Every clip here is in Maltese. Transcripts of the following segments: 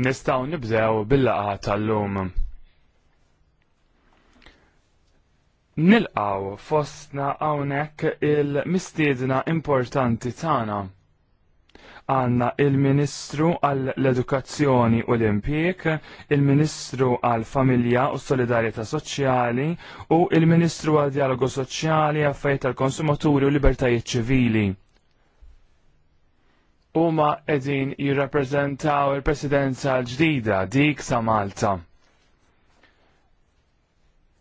Nistaw nibdew bil-laqa tal-lum. Nilqaw fostna hawnhekk il-mistiedna importanti tagħna. Għanna il-Ministru għall-Edukazzjoni u l-Impjek, il-Ministru għall-Familja u Solidarieta Soċjali u il-Ministru għall dialogu Soċjali għaffajt tal-Konsumaturi u Libertajiet Ċivili huma qegħdin jirrappreżentaw il-presidenza l-ġdida dik sa Malta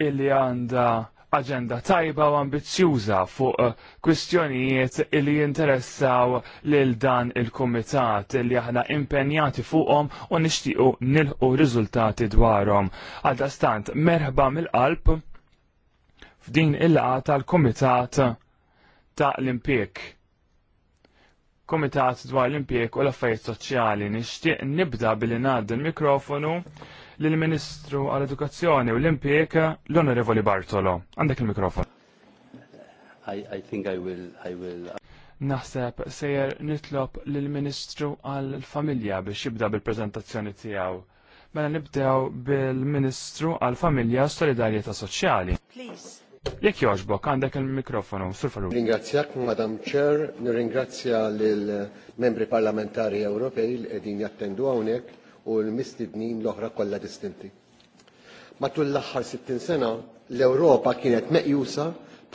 illi għandha aġenda tajba u ambizzjuża fuq kwistjonijiet illi jinteressaw lil dan il-kumitat illi aħna impenjati fuqhom u nixtiequ nilħu riżultati dwarhom. Għadda stant merħba mill-qalb f'din il-laqa tal-kumitat ta' l-impjek Komitat dwar l-impjeg u l-affarijiet soċjali nixtieq nibda billi ngħaddi l-mikrofonu lill-Ministru għall-Edukazzjoni u l-impjeg l-Onorevoli Bartolo. Għandek il-mikrofon. I, I think I will, I will. Naħseb sejjer nitlob lill-Ministru għall-Familja biex jibda bil-preżentazzjoni tiegħu. Mela nibdew bil-Ministru għall-Familja Solidarjetà Soċjali. Please. Jekk joġbok, għandek il-mikrofonu, surfaru. Ringrazzjak, Madam Chair, nirringrazzja l-membri parlamentari Ewropej li qegħdin jattendu hawnhekk u l-mistidnin l-oħra kollha distinti. Matul l-aħħar 60 sena, l-Ewropa kienet meqjusa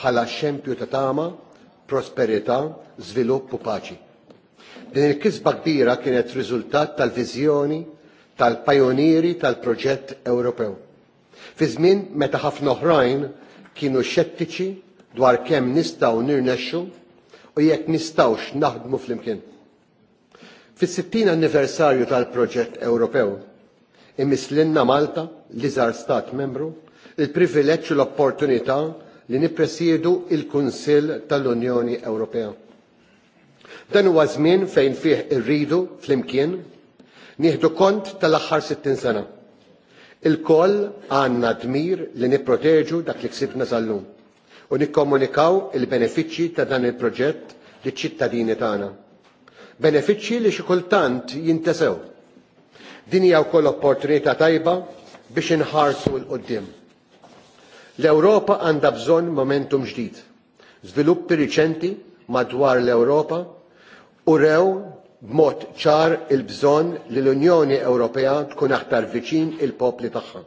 bħala xempju ta' tama, prosperità, żvilupp u paċi. Din il-kisba kbira kienet riżultat tal-viżjoni tal pajoniri tal-proġett Ewropew. Fi żmien meta ħafna oħrajn kienu xettiċi dwar kemm nistgħu nirnexxu u jekk nistgħux naħdmu flimkien. Fis-60 anniversarju tal-proġett Ewropew, imislinna Malta li żar stat membru il-privileġġ u l-opportunità li nippresiedu il-Kunsill tal-Unjoni Ewropea. Dan huwa żmien fejn fih irridu flimkien nieħdu kont tal-aħħar 60 sena Il-koll għanna dmir li niproteġu dak li ksibna sal-lum u nikkomunikaw il-benefiċċji ta' dan il-proġett li ċittadini tagħna. Benefiċċji li xi kultant jintesew. Din hija wkoll opportunità tajba biex inħarsu l qoddim L-Ewropa għandha bżonn momentum ġdid. Żviluppi riċenti madwar l-Ewropa u rew b'mod ċar il-bżonn li l-Unjoni Ewropea tkun aktar viċin il-popli tagħha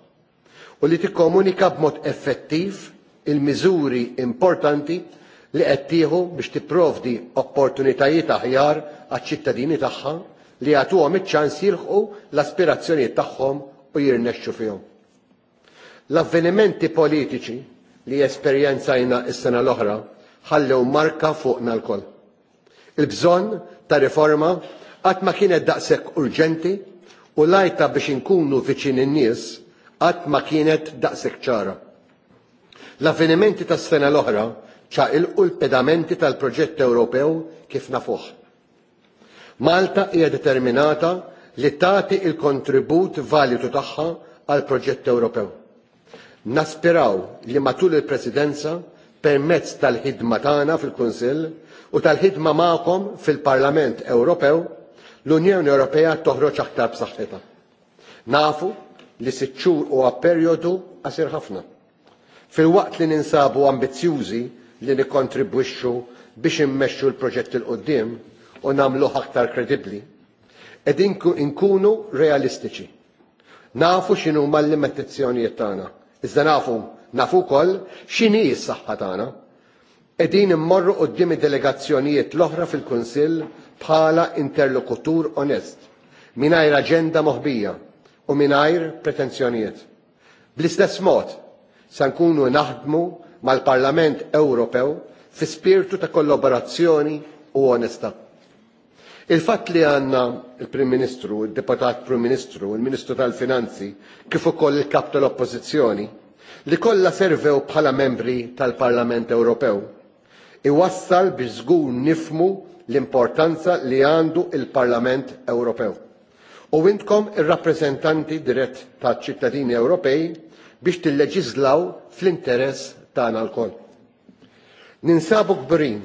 u li tikkomunika b'mod effettiv il-miżuri importanti li qed tieħu biex tipprovdi opportunitajiet aħjar għaċ-ċittadini tagħha li jagħtuhom iċ-ċans jilħqu l-aspirazzjonijiet tagħhom u jirnexxu fihom. L-avvenimenti politiċi li esperjenzajna s sena l-oħra ħallew marka fuqna l-koll. Il-bżonn ta' reforma qatt ma kienet daqshekk urġenti u lajta biex inkunu viċin in-nies qatt ma kienet daqshekk ċara. L-avvenimenti tas-sena l-oħra il l-pedamenti tal-proġett Ewropew kif nafuh. Malta hija determinata li tagħti il-kontribut valitu tagħha għal proġett Ewropew. Naspiraw li matul il-Presidenza permezz tal-ħidma tagħna fil-Kunsill u tal-ħidma maqom fil-Parlament Ewropew l-Unjoni Ewropea toħroġ aktar b'saħħitha. Nafu li sitt xhur huwa perjodu qasir ħafna. Fil-waqt li ninsabu ambizzjużi li nikkontribwixxu biex immexxu l-proġett il qoddim u nagħmluh aktar kredibbli, qegħdin inkunu realistiċi. Nafu x'inhuma l limitazzjonijiet tagħna, iżda nafu nafu wkoll x'inhi s-saħħa tagħna Edin immorru qoddim il delegazzjonijiet l-oħra fil-Kunsill bħala interlokutur onest, mingħajr aġenda moħbija u mingħajr pretenzjonijiet. Bl-istess mod, sa nkunu naħdmu mal-Parlament Ewropew fi spirtu ta' kollaborazzjoni u onesta. Il-fatt li għanna il-Prim Ministru, il-Deputat Prim Ministru, il-Ministru tal-Finanzi, kif ukoll il-Kap tal-Oppożizzjoni, li kollha servew bħala membri tal-Parlament Ewropew iwassal biex żgur nifmu l-importanza li għandu il-Parlament Ewropew. U intkom ir-rappreżentanti dirett ta' ċittadini Ewropej biex tilleġislaw fl-interess tagħna lkoll. Ninsabu kbirin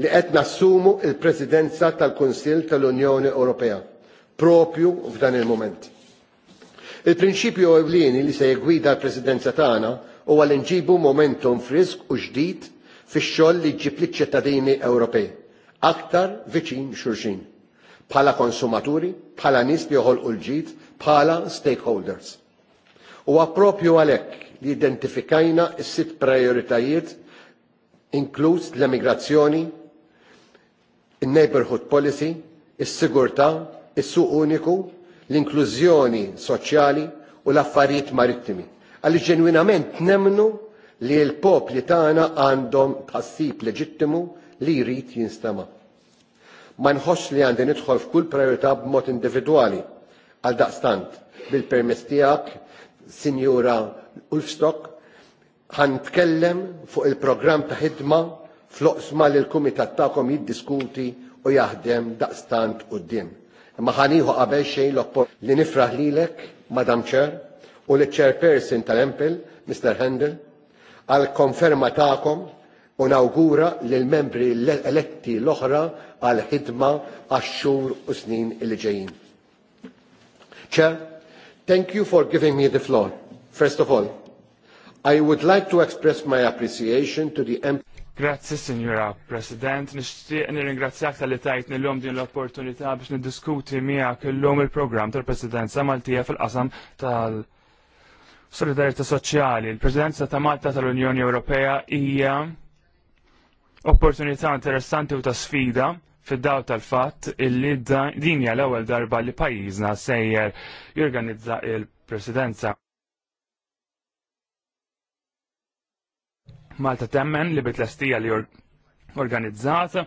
li qed nassumu il-Presidenza tal-Kunsill tal-Unjoni Ewropea propju f'dan il-moment. Il-prinċipju ewlieni li se jgwida l-Presidenza tagħna huwa li nġibu momentum frisk u ġdid fix-xogħol li ġib li ċittadini Ewropej aktar viċin xurxin bħala konsumaturi, bħala nies li joħolqu l-ġid, bħala stakeholders. U għapropju għalhekk li identifikajna s sit prioritajiet inkluż l-immigrazzjoni, il-neighborhood policy, il sigurtà is-suq uniku, l-inklużjoni soċjali u l-affarijiet marittimi. Għalli ġenwinament nemnu li l-popli tagħna għandhom tħassib leġittimu li jrid jinstema'. Ma nħoss li għandi nidħol f'kull priorità b'mod individwali għal daqstant bil-permess tiegħek, Sinjura Ulfstock, ħan tkellem fuq il-programm ta' ħidma fl-oqsma li l-kumitat tagħkom jiddiskuti u jaħdem daqstant qudiem. Imma ħanieħu qabel xejn l-oppor li nifraħ lilek, Madam Chair, u l-Chairperson tal-Empel, Mr. Handel, għal konferma ta'kom u nawgura lil membri eletti l-oħra għal ħidma għax xur u snin li ġejjin. Chair, thank you for giving me the floor. First of all, I would like to express my appreciation to the MP Grazzi, Signora President. Nishtiq nirringrazzjak tal-li tajtni l-lum din l-opportunità biex niddiskuti miegħek l-lum il-programm tal-Presidenza Maltija fil-qasam tal-, presidenza solidarieta soċjali. Il-Presidenza ta' Malta tal-Unjoni Ewropea hija opportunità interessanti u ta' sfida fid-daw tal-fatt illi din hija l-ewwel darba li pajjiżna sejjer jorganizza il-Presidenza. Malta temmen li bitlestija li organizzata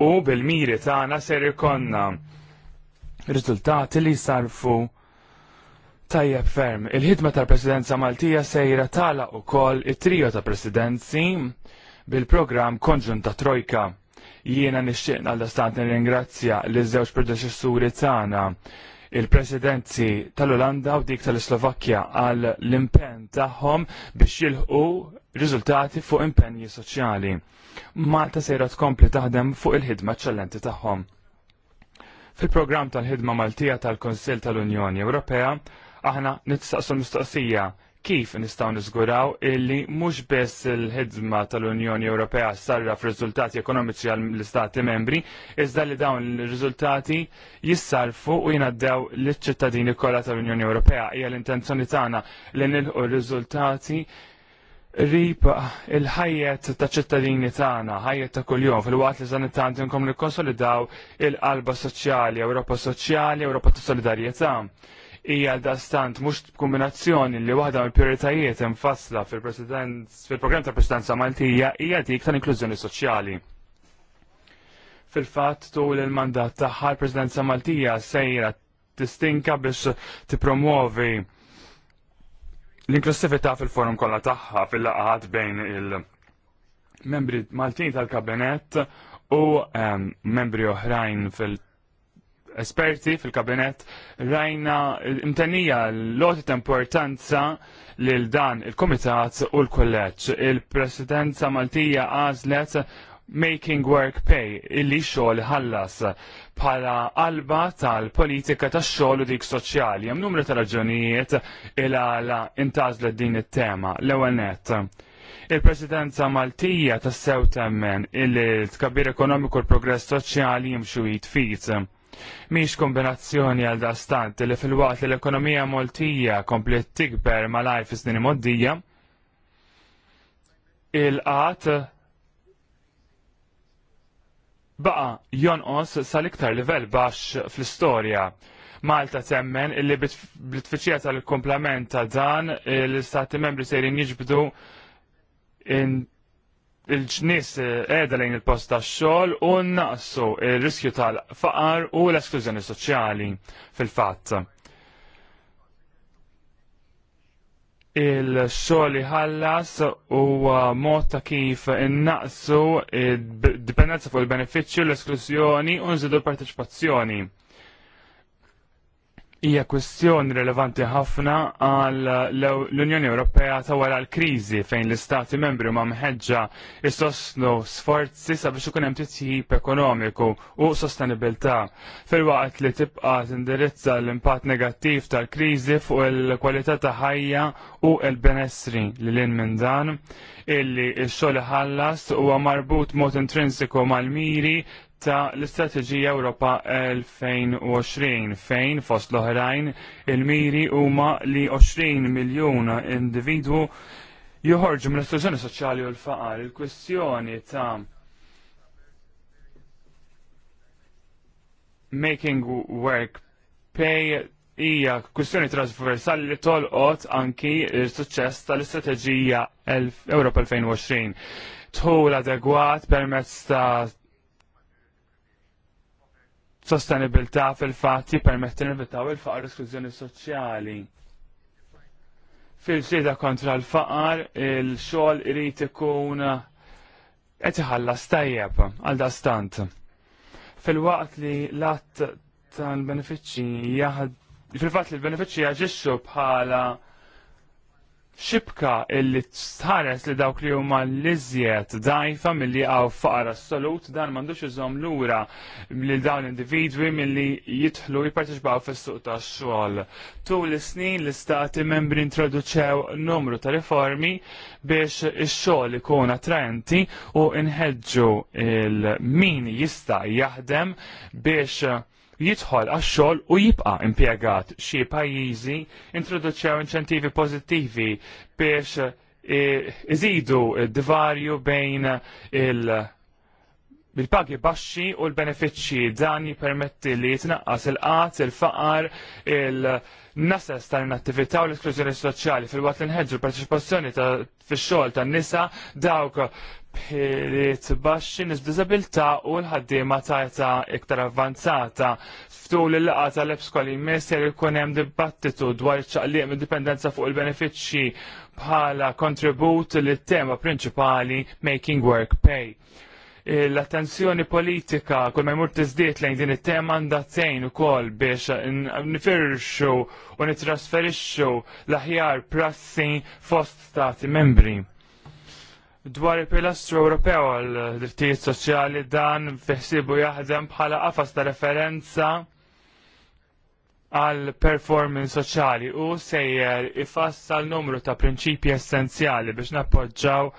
u bil-miri tagħna ser ikonna riżultati li sarfu Tajjeb ferm, il-ħidma tal-Presidenza Maltija sejra tala u kol it-trio ta' presidenzi bil-program konġun ta' Trojka. Jiena nixtieq għal-dastant nir-ingrazzja li żewġ predeċessuri tagħna il-presidenzi tal-Olanda u dik tal-Slovakkja għal l-impenn tagħhom biex jilħu riżultati fuq impenji soċjali. Malta sejra tkompli taħdem fuq il-ħidma ċellenti tagħhom. Fil-programm tal-ħidma Maltija tal-Konsil tal-Unjoni Ewropea aħna nistaqsu mistoqsija kif nistaw niżguraw illi mhux biss il-ħidma tal-Unjoni Ewropea sarra f'riżultati ekonomiċi għall-istati membri, iżda li dawn il-riżultati jissarfu u jinaddew l ċittadini kollha tal-Unjoni Ewropea. Hija l-intenzjoni tagħna li nilħu r-riżultati il-ħajjet ta' ċittadini tagħna, ħajjet ta' kuljum fil-waqt li żan tant inkom nikkonsolidaw il-qalba soċjali, Ewropa soċjali, Ewropa ta' solidarjetà hija dastant mhux kombinazzjoni li waħda mill-prijoritajiet infassla fil-President fil-programm ta' Presidenza Maltija hija dik tal-inklużjoni soċjali. Fil-fatt tul il-mandat tagħha l-Presidenza Maltija sejra tistinka biex tippromuovi l-inklusività fil-forum kollha tagħha fil-laqgħat bejn il-membri Maltin tal-Kabinett u ehm, membri oħrajn fil- esperti fil-kabinet rajna imtenija l-loti importanza lil dan il-komitat u l-kolleġġ. Il-presidenza Maltija għażlet Making Work Pay illi xogħol ħallas bħala qalba tal-politika tax xogħol u dik soċjali. Hemm numru ta' raġunijiet il għala intażlet din it-tema l-ewwel nett. Il-Presidenza Maltija tassew temmen illi l-tkabbir ekonomiku l progress soċjali jimxu jitfit. Miex kombinazzjoni għal dastant li fil-waqt li l-ekonomija Maltija komplet tikber ma lajf is-snin moddija, il-qat baqa jonqos sal-iktar livell baxx fl-istorja. Malta temmen illi bit-tfittxija tal-komplement ta' dan l-istati membri sejrin jiġbdu il-ġnis edha eh, lejn il-post ta' xol u naqsu il-riskju tal-faqar u l-esklużjoni soċjali fil-fatt. Il-xol ħallas u mod ta' kif innaqsu id-dipendenza fuq il-benefiċċju l-esklużjoni u nżidu l-parteċipazzjoni hija kwestjoni rilevanti ħafna għal l-Unjoni Ewropea ta' wara l-kriżi fejn l-Istati membri ma' mħeġġa jistosnu sforzi sabiex ikun hemm titjib ekonomiku u sostenibilità fil-waqt li tibqa' tindirizza l-impatt negattiv tal-kriżi fuq il-kwalità ta' ħajja u l-benessri li lin minn dan illi x-xogħol ħallas huwa marbut mod intrinsiku mal-miri ta' l-Istrateġija Ewropa 2020 fejn fost l-oħrajn il-miri huma li 20 miljun individwu joħorġu mill istruzzjoni soċjali u l-faqar. Il-kwestjoni ta' making work pay hija kwestjoni trasversali li tolqot anki l suċċess tal-Istrateġija Ewropa 2020. Tħul adegwat permezz ta' sostenibilità fil-fatt jippermetti nibitaw il-faqar esklużjoni soċjali. Fil-ġrieda kontra l-faqar, il-xogħol irid ikun qed iħallas tajjeb għal dastant. Fil-waqt li l-att tal benefiċi jahad, fil-fatt li l benefiċi jaġixxu bħala xibka illi tħares li dawk li huma l-iżjed dajfa milli għaw faqar assolut dan m'għandux iżom lura li dawn individwi milli jidħlu jiparteċbaw fis-suq tax-xogħol. Tul is-snin l-istati membri introduċew numru ta' riformi biex ix-xogħol ikun attraenti u nħeġġu il min jista' jaħdem biex jidħol għax-xogħol u jibqa' impjegat. Xi pajjiżi introduċew inċentivi pożittivi biex eh, iżidu d-divarju bejn il- bil-pagi baxxi u l-benefiċċji dan jippermetti li jitnaqqas il-qat, il-faqar, il-nasas tal-nattività u l-esklużjoni soċjali fil-wat li nħedġu l-parteċipazzjoni fix-xogħol tan-nisa dawk bħiriet baxxi nis b'diżabilità u l-ħaddiema tajta iktar avvanzata. Ftul il laqgħa tal-EBSCO li jmesser ikun hemm dibattitu dwar iċ-ċaqliq mid-dipendenza fuq il-benefiċċji bħala kontribut lit tema prinċipali Making Work Pay l-attenzjoni politika kull ma jmur tiżdiet lejn din it-tema u ukoll biex nifirxu u nitrasferixxu l-aħjar prassi fost stati membri. Dwar il-pilastru Ewropew għal drittijiet soċjali dan fiħsibu jaħdem bħala qafas ta' referenza għal performance soċjali u sejjer ifassal numru ta' prinċipji essenzjali biex nappoġġaw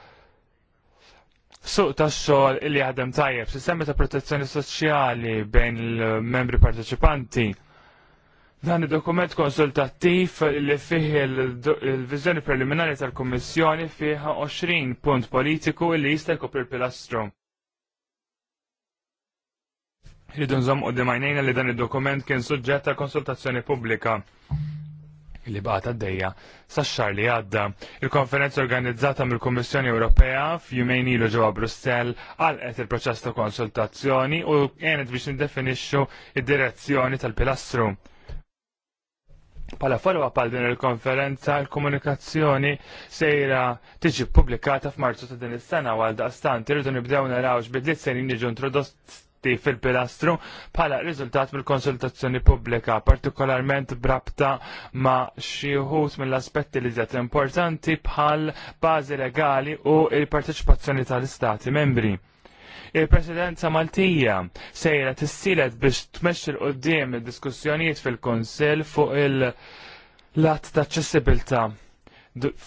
Suq ta' xogħol li jaħdem tajjeb, sistemi ta' protezzjoni soċjali bejn il-membri parteċipanti. Dan id-dokument konsultattiv li fih il-viżjoni preliminari tal-Kummissjoni fih 20 punt politiku li jista' jkopri l-pilastru. Rridu nżomm u dimajnejna li dan id-dokument kien suġġett ta' konsultazzjoni pubblika li baqgħet għaddejja sax-xar li għadda. Il-konferenza organizzata mill-Kummissjoni Ewropea f'jumejn ilu ġewwa Brussell għalqet il-proċess ta' konsultazzjoni u kienet biex niddefinixxu id-direzzjoni tal-pilastru. Pala follow up din il-konferenza, l-komunikazzjoni sejra tiġi publikata f'Marzu ta' din is-sena għal daqstant irridu nibdew naraw x'bidliet se jiġu introdotti proposti fil-pilastru bħala riżultat mill-konsultazzjoni pubblika, partikolarment brabta ma xieħut mill-aspetti li zjat importanti bħal bażi legali u il-parteċipazzjoni tal-istati membri il-presidenza Maltija sejra tissilet biex tmexxi il qoddim id-diskussjonijiet fil-Kunsill fuq il-lat ta' ċessibilta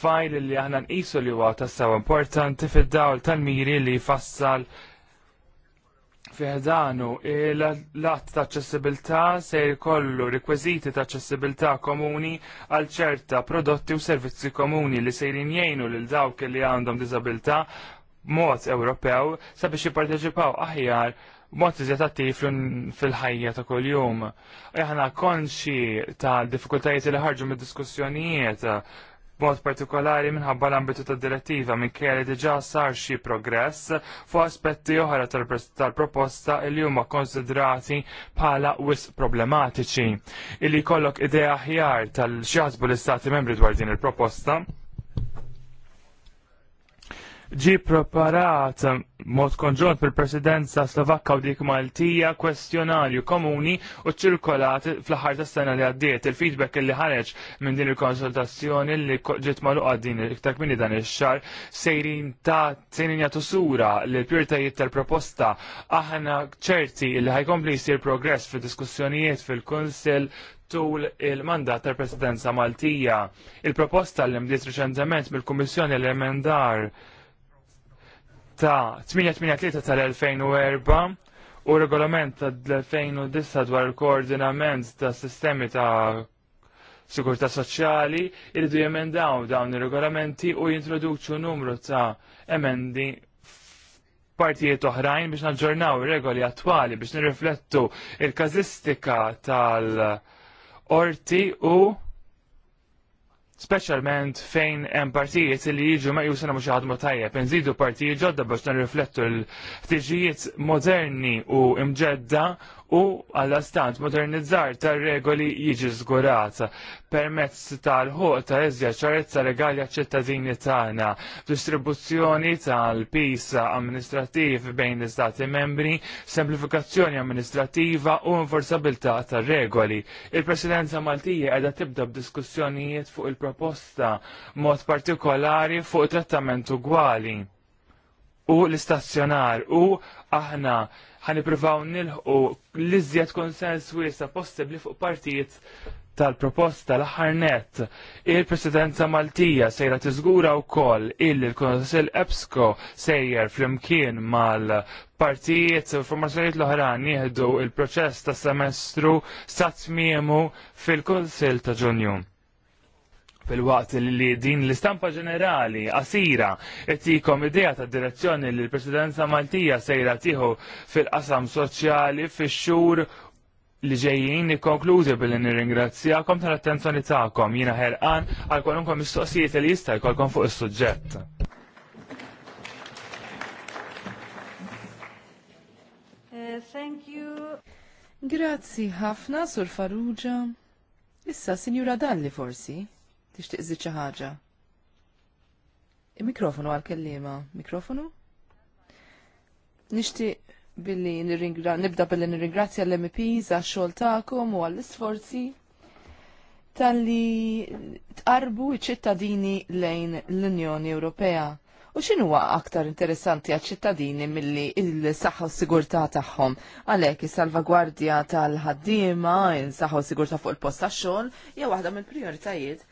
fajl li aħna nqisu li huwa tassew importanti fid-dawl tal-miri li jfassal Fiħdanu, l-att ta' ċessibilta se jkollu rekwiziti ta' ċessibilta komuni għal ċerta prodotti u servizzi komuni li sejrin jgħinu lil dawk li għandhom diżabilità mod Ewropew sabiex jipparteċipaw aħjar mod attiv fil-ħajja ta' kuljum. Aħna konxi ta' diffikultajiet li ħarġu mid-diskussjonijiet b'mod partikolari minħabba l-ambitu ta' direttiva minn li diġà sar xi progress fuq aspetti oħra tal-proposta li huma konsidrati bħala wis problematiċi. Illi jkollok idea ħjar tal-xi l-istati membri dwar din il-proposta ġi preparat mod konġunt fil-presidenza Slovakka u dik Maltija kwestjonarju komuni u ċirkolat fl-ħar ta' sena li għaddiet. Il-feedback li ħareġ minn din il-konsultazzjoni li ġiet malu din iktar minni dan ix-xar sejrin ta' sejrin jagħtu sura li l-pjortajiet tal-proposta aħna ċerti li ħajkompli jsir progress fid-diskussjonijiet fil-Kunsill tul il-mandat tal-Presidenza Maltija. Il-proposta li mdiet reċentement mill-Kummissjoni l-Emendar ta' 883 tal-2004 u regolament ta' 2009 dwar il-koordinament ta' sistemi ta' sigurta soċjali irridu jemendaw dawn ir-regolamenti u jintroduċu numru ta' emendi partijiet oħrajn biex naġġornaw regoli attwali biex nirriflettu il-kazistika tal-orti u specialment fejn hemm partijiet li jiġu ma jusana mhux jaħdmu tajjeb, nżidu partijiet ġodda biex nirriflettu l-ħtiġijiet moderni u imġedda u għall modernizzar tar regoli jiġi żgurata permezz tal-ħuq ta' eżja ċarezza legali ċittadini tagħna, distribuzzjoni tal-pisa amministrativ bejn l-istati membri, semplifikazzjoni amministrativa u inforzabilità tar regoli. Il-Presidenza Maltija qiegħda tibda b'diskussjonijiet fuq il-proposta mod partikolari fuq trattament ugwali u l-istazzjonar u aħna ħanipruvaw nilħu l-iżjed konsens wiesa possibbli fuq partijiet tal-proposta l-aħħar Il-Presidenza Maltija sejra tiżgura wkoll illi l-Konsil EBSCO sejjer flimkien mal-partijiet u formazzjoniet l-oħrajn jieħdu il-proċess tas semestru sa tmiemu fil-Konsil ta' Ġunju fil-waqt li din l-istampa ġenerali qasira qed tikom idea ta' direzzjoni li l-Presidenza Maltija sejra tieħu fil-qasam soċjali fix-xhur li ġejjin nikkonklużi billi nirringrazzjakom tal-attenzjoni tagħkom. Jiena ħerqan għal kwalunkwe mistoqsijiet li jista' jkollkom fuq is-suġġett. Eh, thank you. Grazzi ħafna, Sur Farrugia. Issa, Sinjura Dalli forsi tixtieq żid xi ħaġa. Il-mikrofonu għal-kellima. Mikrofonu? Nixtieq billi nibda billi nirringrazzja l-MPs għax-xogħol tagħkom u għall-isforzi tal-li tqarbu ċittadini lejn l-Unjoni Ewropea. U xinu huwa aktar interessanti għal ċittadini milli il-saħħa u sigurtà tagħhom għalhekk is-salvagwardja tal-ħaddiema, il-saħħa u sigurtà fuq il-post tax-xogħol hija waħda mill-prijoritajiet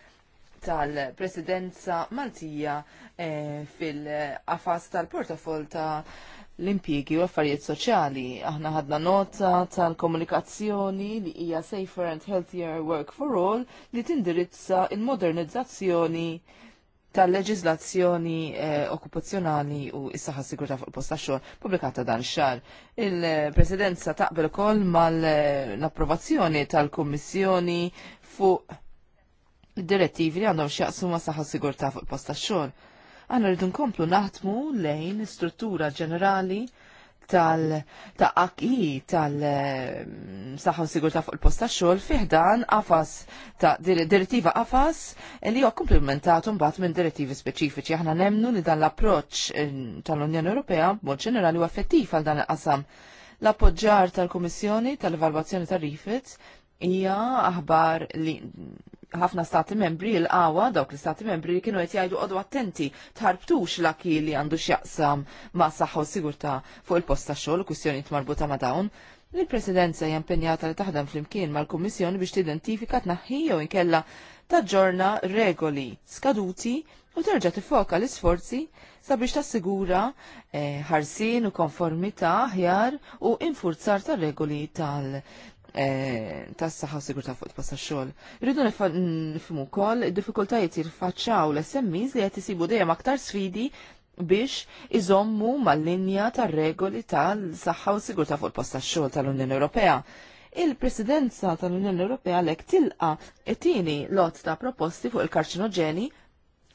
tal-presidenza Maltija eh, fil-qafas tal-portafol ta' l-impjiegi u affarijiet soċjali. Aħna ħadna nota tal-komunikazzjoni li hija Safer and Healthier Work for All li tindirizza il-modernizzazzjoni tal-leġizlazzjoni eh, okkupazzjonali u is-saħħa sigurta fuq il xogħol pubblikata dan xar. xahar Il-Presidenza taqbel ukoll mal-approvazzjoni eh, tal-Kummissjoni fuq direttivi li għandhom xjaqsmu ma saħħa sigurtà fuq posta xogħol. Aħna rridu nkomplu naħdmu lejn struttura ġenerali tal ta' AQI tal mm, saħħa u sigurtà fuq il-posta xogħol fih dan qafas ta' direttiva qafas li huwa komplementatu mbagħad minn direttivi speċifiċi. Aħna nemnu li dan l-approċċ mm, tal-Unjoni Ewropea b'mod ġenerali huwa effettiv għal dan il-qasam. L-appoġġar tal-Kummissjoni tal-Evalwazzjoni tar-Rifit hija aħbar li ħafna stati membri l-qawa, dawk l-stati membri li kienu qed jgħidu għadu attenti tħarbtux l-aki li għandu x'jaqsam ma' saħħa u sigurtà fuq il-post tax-xogħol, kwistjonijiet marbuta ma' dawn. Il-Presidenza jampenjata li taħdem fl-imkien mal-Kummissjoni biex tidentifika tnaħħija u inkella taġġorna regoli skaduti u terġa' tifoka l-isforzi sabiex tassigura eh, ħarsin u konformità aħjar u infurzar tar regoli tal Eh, tas-saħħa u sigurtà fuq tpassa xogħol. Irridu nifhmu wkoll id-diffikultajiet jirfaċċaw l-SMEs li qed isibu dejjem aktar sfidi biex iżommu mal-linja tar-regoli tal-saħħa u ta' fuq il-posta xogħol tal-Unjoni Ewropea. Il-Presidenza tal-Unjoni Ewropea lek tilqa tieni lot ta' proposti fuq il-karċinoġeni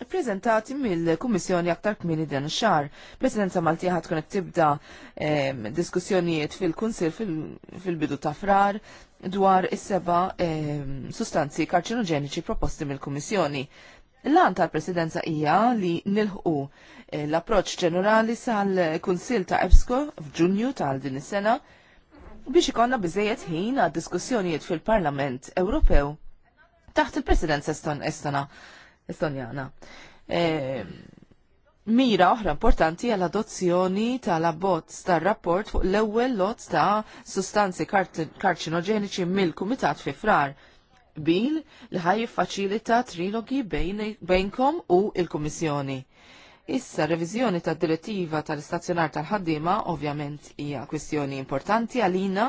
prezentati mill-Kummissjoni aktar kmini dan xar. Presidenza Maltija ħat konek tibda diskussjonijiet fil-Kunsil fil-bidu ta' frar dwar is-seba sustanzi karċinoġeniċi proposti mill-Kummissjoni. L-għan tal-presidenza hija li nilħu eh, l-approċ ġenerali sal-Kunsil ta' EBSCO f'Ġunju tal din is-sena biex ikonna biżejjed ħin għad diskussjonijiet fil-Parlament Ewropew taħt il-presidenza Estona. Estonjana. mira oħra importanti għal adozzjoni tal-abbozz tar-rapport fuq l-ewwel lot ta' sustanzi karċinoġeniċi mill-Kumitat fi frar bil li ħaj jiffaċilita trilogi bejnkom u il-Kummissjoni. Issa reviżjoni tad direttiva tal-istazzjonar tal-ħaddima ovvjament hija kwistjoni importanti għalina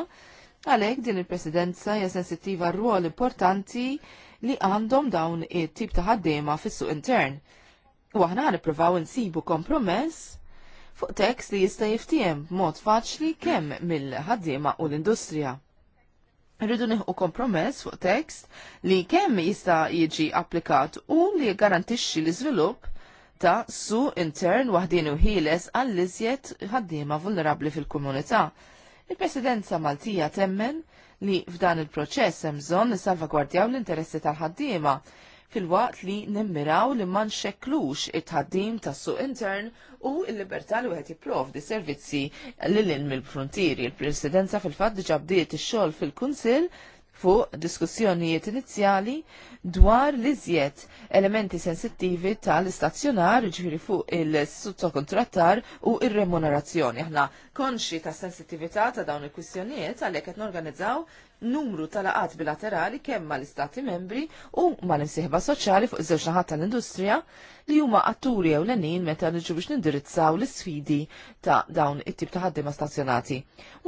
għalhekk din il-Presidenza hija sensittiva rwol importanti li għandhom dawn it-tip ta' ħaddiema fis-suq intern. U aħna nippruvaw insibu kompromess fuq tekst li jista' jiftiem mod faċli kemm mill-ħaddiema u l-industrija. Rridu nieħu kompromess fuq tekst li kemm jista' jiġi applikat u li garantixxi l-iżvilupp ta' su intern waħdin u ħieles għall-iżjed ħaddiema vulnerabli fil-komunità. Il-Presidenza Maltija temmen li f'dan il-proċess hemm bżonn nissalvagwardjaw l-interessi tal-ħaddiema fil-waqt li nimmiraw li ma nxekklux it-ħaddim tas-suq intern u l-libertà li wieħed jipprovdi servizzi lil mill-frontieri. Il-Presidenza fil-fatt diġà bdiet ix-xogħol fil-Kunsill fuq diskussjonijiet inizjali dwar li zjed elementi sensittivi tal-istazzjonar ġifiri fuq il-sottokontrattar u il-remunerazzjoni. Aħna konxi ta' sensittivita ta' dawn il-kwistjonijiet għalhekk qed norganizzaw numru tal-aqat bilaterali kemm mal-Istati membri u mal-imsieħba soċjali fuq iż-żewġ naħat tal-industrija li huma atturi ewlenin meta niġu biex nindirizzaw l-isfidi ta' dawn it-tip ta' ħaddiema stazzjonati.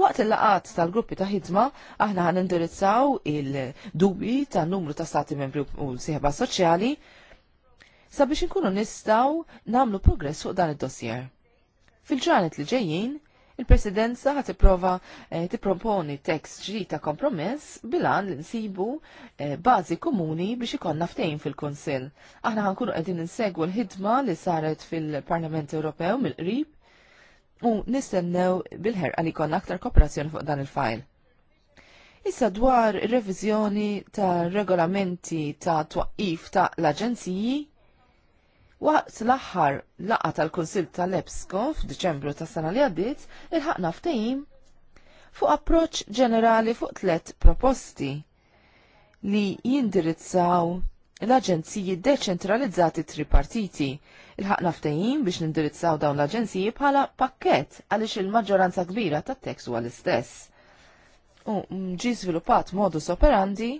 Waqt il-laqat tal-gruppi ta' ħidma aħna ħan indirizzaw il-dubi ta' numru ta' stati membri u l-sieħba soċjali sabiex inkunu nistaw namlu progress fuq dan id-dossier. Fil-ġranet li ġejjin, Il-Presidenza għat tipprova eh, tipproponi tekst ġri ta' kompromess bilan li nsibu eh, bażi komuni biex ikon ftejn fil-Kunsill. Aħna ħankunu n insegwu l-ħidma li saret fil-Parlament Ewropew mill-qrib u nistennew bil-ħerqa li konna aktar kooperazzjoni fuq dan il-fajl. Issa dwar ir-reviżjoni ta' regolamenti ta' twaqif ta' l-aġenziji Waqt l-aħħar laqa tal-Kunsil tal-EBSCO f'Diċembru ta' sena li għaddiet, il-ħaqna ftehim fuq approċ ġenerali fuq tlet proposti li jindirizzaw l-aġenziji deċentralizzati tripartiti. Il-ħaqna ftehim biex nindirizzaw dawn l-aġenziji bħala pakket għaliex il-maġġoranza kbira tat-tekst huwa l-istess. U ġi żviluppat modus operandi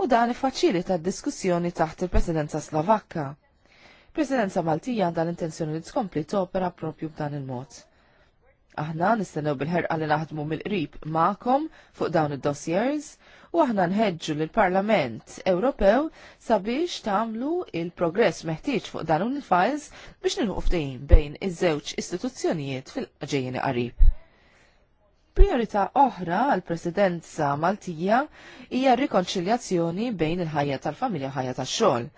u dan ifaċilita d-diskussjoni taħt il-Presidenza Slovakka Presidenza Maltija għandha l-intenzjoni li tkompli topera propju b'dan il-mod. Aħna nistennew bil-ħerqa li naħdmu mill-qrib magħkom fuq dawn id-dossiers u aħna nħeġġu lill parlament Ewropew sabiex tagħmlu il-progress meħtieġ fuq dawn il-files biex nilħu ftehim bejn iż-żewġ istituzzjonijiet fil-ġejjeni qarib priorità oħra għal presidenza Maltija hija r rikonċiljazzjoni bejn il-ħajja tal-familja u ħajja tax-xogħol.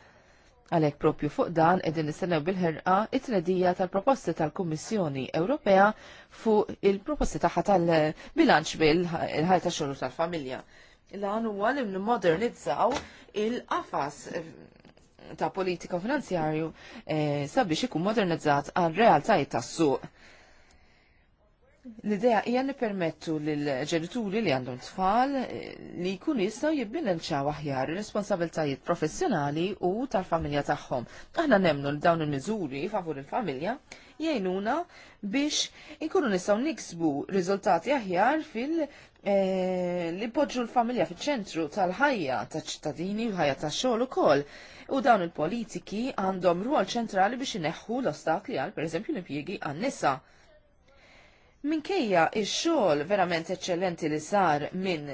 Għalek propju fuq dan edin nistennew bil-ħerqa it-tnedija tal-proposti tal-Kummissjoni Ewropea fuq il-proposti taħħa tal-bilanċ bil-ħajta xogħol tal-familja. Lan huwa li modernizzaw il-qafas eh, ta' politika finanzjarju eh, sabiex ikun modernizzat għal realtajiet tas-suq L-idea hija nippermettu lill-ġenituri li għandhom tfal eh, li jkunu jistgħu jibbilanċaw aħjar ir-responsabiltajiet professjonali u tal-familja tagħhom. Aħna nemmnu li dawn il-miżuri favur il-familja jgħinuna biex inkunu nistgħu niksbu riżultati aħjar fil- eh, li poġġu l-familja fiċ-ċentru tal-ħajja taċ-ċittadini u ħajja tax-xogħol ukoll. U dawn il-politiki għandhom rwol ċentrali biex ineħħu l-ostakli għal pereżempju l-impjiegi għan-nisa. Minkejja il-xogħol verament eċċellenti li sar minn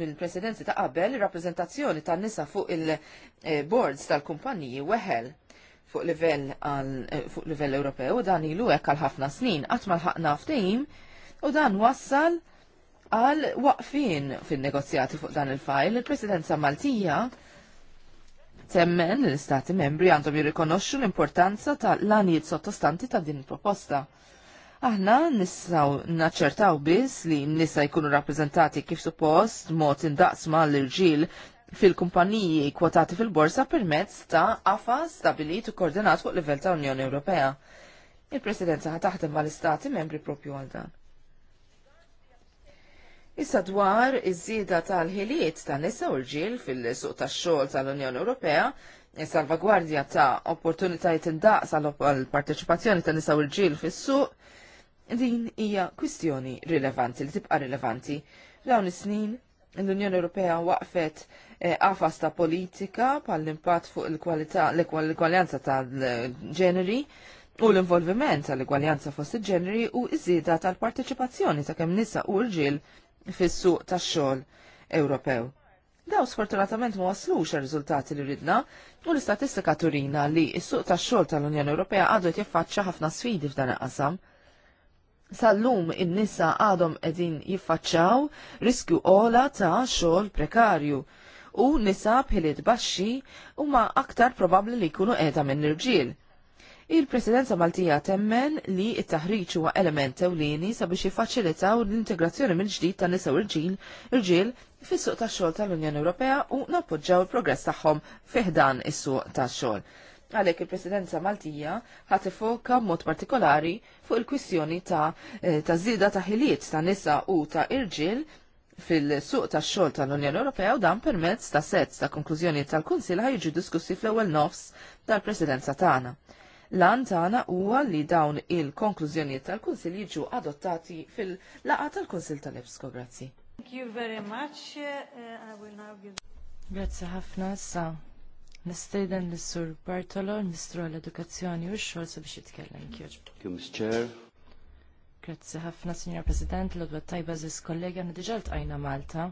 min presidenzi ta' qabel, rappreżentazzjoni ta' nisa fuq il-boards eh, tal kumpanji weħel fuq livell eh, fuq livell Ewropew u dan ilu hekk għal ħafna snin qatt ma ħaqna ftehim u dan wassal għal waqfin fin-negozjati fuq dan il-fajl il-Presidenza Maltija temmen l-Istati membri għandhom jirrikonoxxu l-importanza tal-lanijiet sottostanti ta' din il-proposta. il proposta Aħna nissaw naċċertaw biss li nisa jkunu rappreżentati kif suppost mod indaqsma l-irġiel fil-kumpaniji kwotati fil-borsa permezz ta' AFA stabilit u koordinat fuq livell ta' Unjoni Ewropea. Il-Presidenza ħa taħdem mal-Istati membri propju għal dan. Issa dwar iż-żieda tal-ħiliet ta' nisa u l-ġil fil-suq tax-xogħol tal-Unjoni Ewropea, salvagwardja ta' opportunitajiet indaqs għal parteċipazzjoni ta' nisa u l-ġil fis-suq, din hija kwistjoni rilevanti li tibqa' rilevanti. Dawn is-snin l-Unjoni Ewropea waqfet għafas eh, ta' politika pal impatt fuq l ekwalijanza tal-ġeneri u l-involviment tal egwaljanza fost il-ġeneri u iż-żieda tal-parteċipazzjoni ta' kemm nisa u l-ġil fis-suq tax-xogħol Ewropew. Daw sfortunatament ma waslux ir-riżultati li ridna u l-istatistika turina li s-suq tax-xogħol tal-Unjoni Ewropea għadu jiffaċċja ħafna sfidi f'dan il-qasam. Sal-lum in-nisa għadhom qegħdin jiffaċċaw riskju ola ta' xogħol prekarju u nisa bħiliet baxxi huma aktar probabbli li jkunu qiegħda minn irġiel. Il-Presidenza Maltija temmen li it-taħriġ huwa element ewlieni sabiex jiffaċilitaw l-integrazzjoni mill-ġdid tan nisa u irġiel irġiel fis-suq tax-xogħol tal-Unjoni Ewropea u nappoġġjaw il-progress tagħhom fiħdan is-suq tax-xogħol. Għalhekk il-Presidenza Maltija ħat ifoka mod partikolari fuq il kwissjoni ta' eh, ta' żieda ta' ħiliet ta' nisa u ta' irġiel fil-suq ta' xogħol tal-Unjoni Ewropea u dan permezz ta' sets ta' konklużjoni tal-Kunsil ħajġu diskussi fl-ewwel nofs tal-Presidenza tagħna. Lan tagħna huwa li dawn il-konklużjonijiet tal-Kunsil jiġu adottati fil-laqgħa tal-Kunsil tal-Epsko. Grazzi. Thank you very much. Uh, I will now give... Grazzi ħafna sa Nistejden l-Sur Bartolo, Ministru għall-Edukazzjoni u x-xogħol sabiex jitkellem Chair. Grazzi ħafna, Signor President, l-odwa tajba ziz kollega diġà għajna Malta.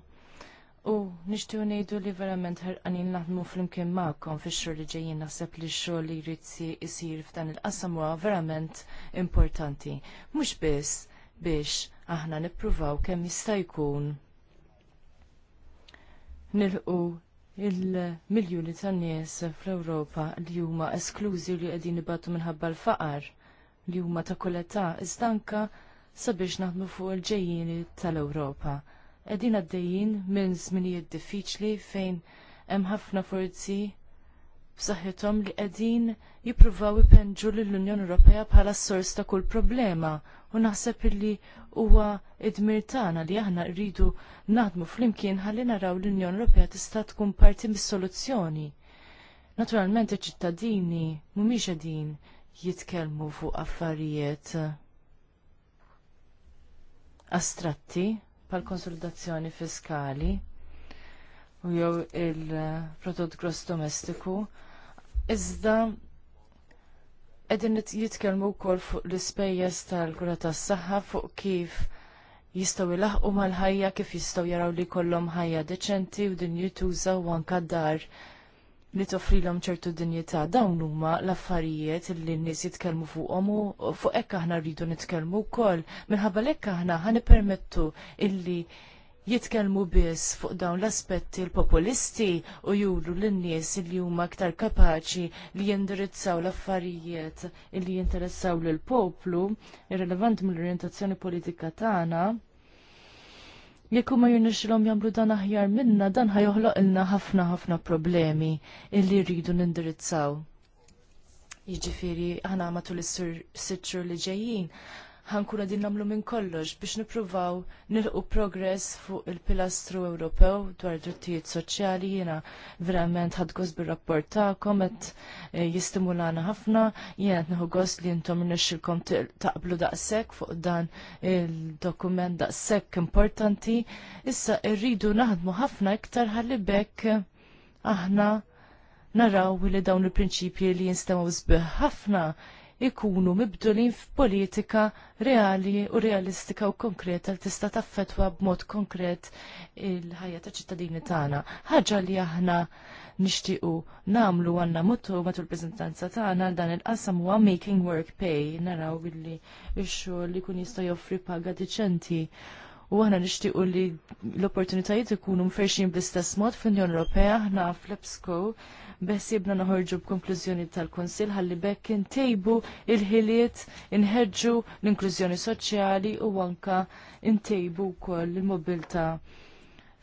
U nishtu ngħidu li verament ħerqanin naħdmu flimkien magħkom fix-xogħol li ġejjin naħseb li x-xogħol li jritzi jisir f'dan il-qasam huwa verament importanti. Mhux biss biex aħna nippruvaw kemm jista' jkun nilqu il-miljuni ta' nies fl-Ewropa li huma esklużi li qegħdin ibatu minħabba l-faqar li huma ta' kuletà iżda anke sabiex naħdmu fuq il-ġejjini tal-Ewropa. Qegħdin għaddejjin minn żminijiet diffiċli fejn hemm ħafna forzi b'saħħithom li qegħdin jippruvaw ipenġu lill-Unjoni Ewropea bħala s-sors ta' kull problema u naħseb illi huwa id-dmir tagħna li aħna rridu naħdmu flimkien ħalli naraw l-Unjoni Ewropea tista' tkun parti mis-soluzzjoni. Naturalment iċ-ċittadini mhumiex qegħdin jitkellmu fuq affarijiet astratti pal konsolidazzjoni fiskali u jew il-prodott gross domestiku, Iżda qegħdin jitkellmu wkoll fuq l-ispejjeż tal-kura tas-saħħa fuq kif jistgħu ilaħqu mal-ħajja kif jistgħu jaraw li kollhom ħajja deċenti u din jituża u anka dar li toffrilhom ċertu dinjità dawn huma l-affarijiet li n-nies jitkellmu fuqhom u fuq hekk aħna rridu nitkellmu wkoll minħabba l-hekk aħna ħanipermettu illi jitkellmu biss fuq dawn l-aspetti l-populisti u juru lin-nies li huma aktar kapaċi li jindirizzaw l-affarijiet li jinteressaw lill poplu irrelevant mill-orjentazzjoni politika tagħna. Jekk huma jirnexxilhom jagħmlu dan aħjar minna dan ħajoħloq ilna ħafna ħafna problemi illi rridu nindirizzaw. Jiġifieri aħna matul is sur xhur li ġejjin ħankun din namlu minn kollox biex nipruvaw nilqu progress fuq il-pilastru Ewropew dwar drittijiet soċjali jiena verament ħad gost bil rapport ta' qed eh, jistimulana ħafna, jiena qed nieħu gost li intom irnexxilkom taqblu daqshekk fuq dan il-dokument daqshekk importanti. Issa rridu naħdmu ħafna iktar ħalli bekk aħna naraw li dawn il-prinċipji li jinstemaw zbiħ ħafna ikunu mibdulin f'politika reali u realistika u konkreta li tista' taffetwa b'mod konkret il-ħajja ta' ċittadini tagħna. Ħaġa li aħna nixtiequ namlu għandna mutu matul preżentanza tagħna għal dan il-qasam huwa making work pay naraw billi x-xogħol li jkun jista' joffri paga diċenti u għana nishtiqu li l-opportunitajiet ikunu mferxin bl-istess mod fl unjoni Ewropea ħna fl epsco besibna noħorġu b'konklużjoni tal-Konsil ħalli bekk intejbu il-ħiliet, inħeġġu l-inklużjoni soċjali u anka intejbu wkoll il-mobilta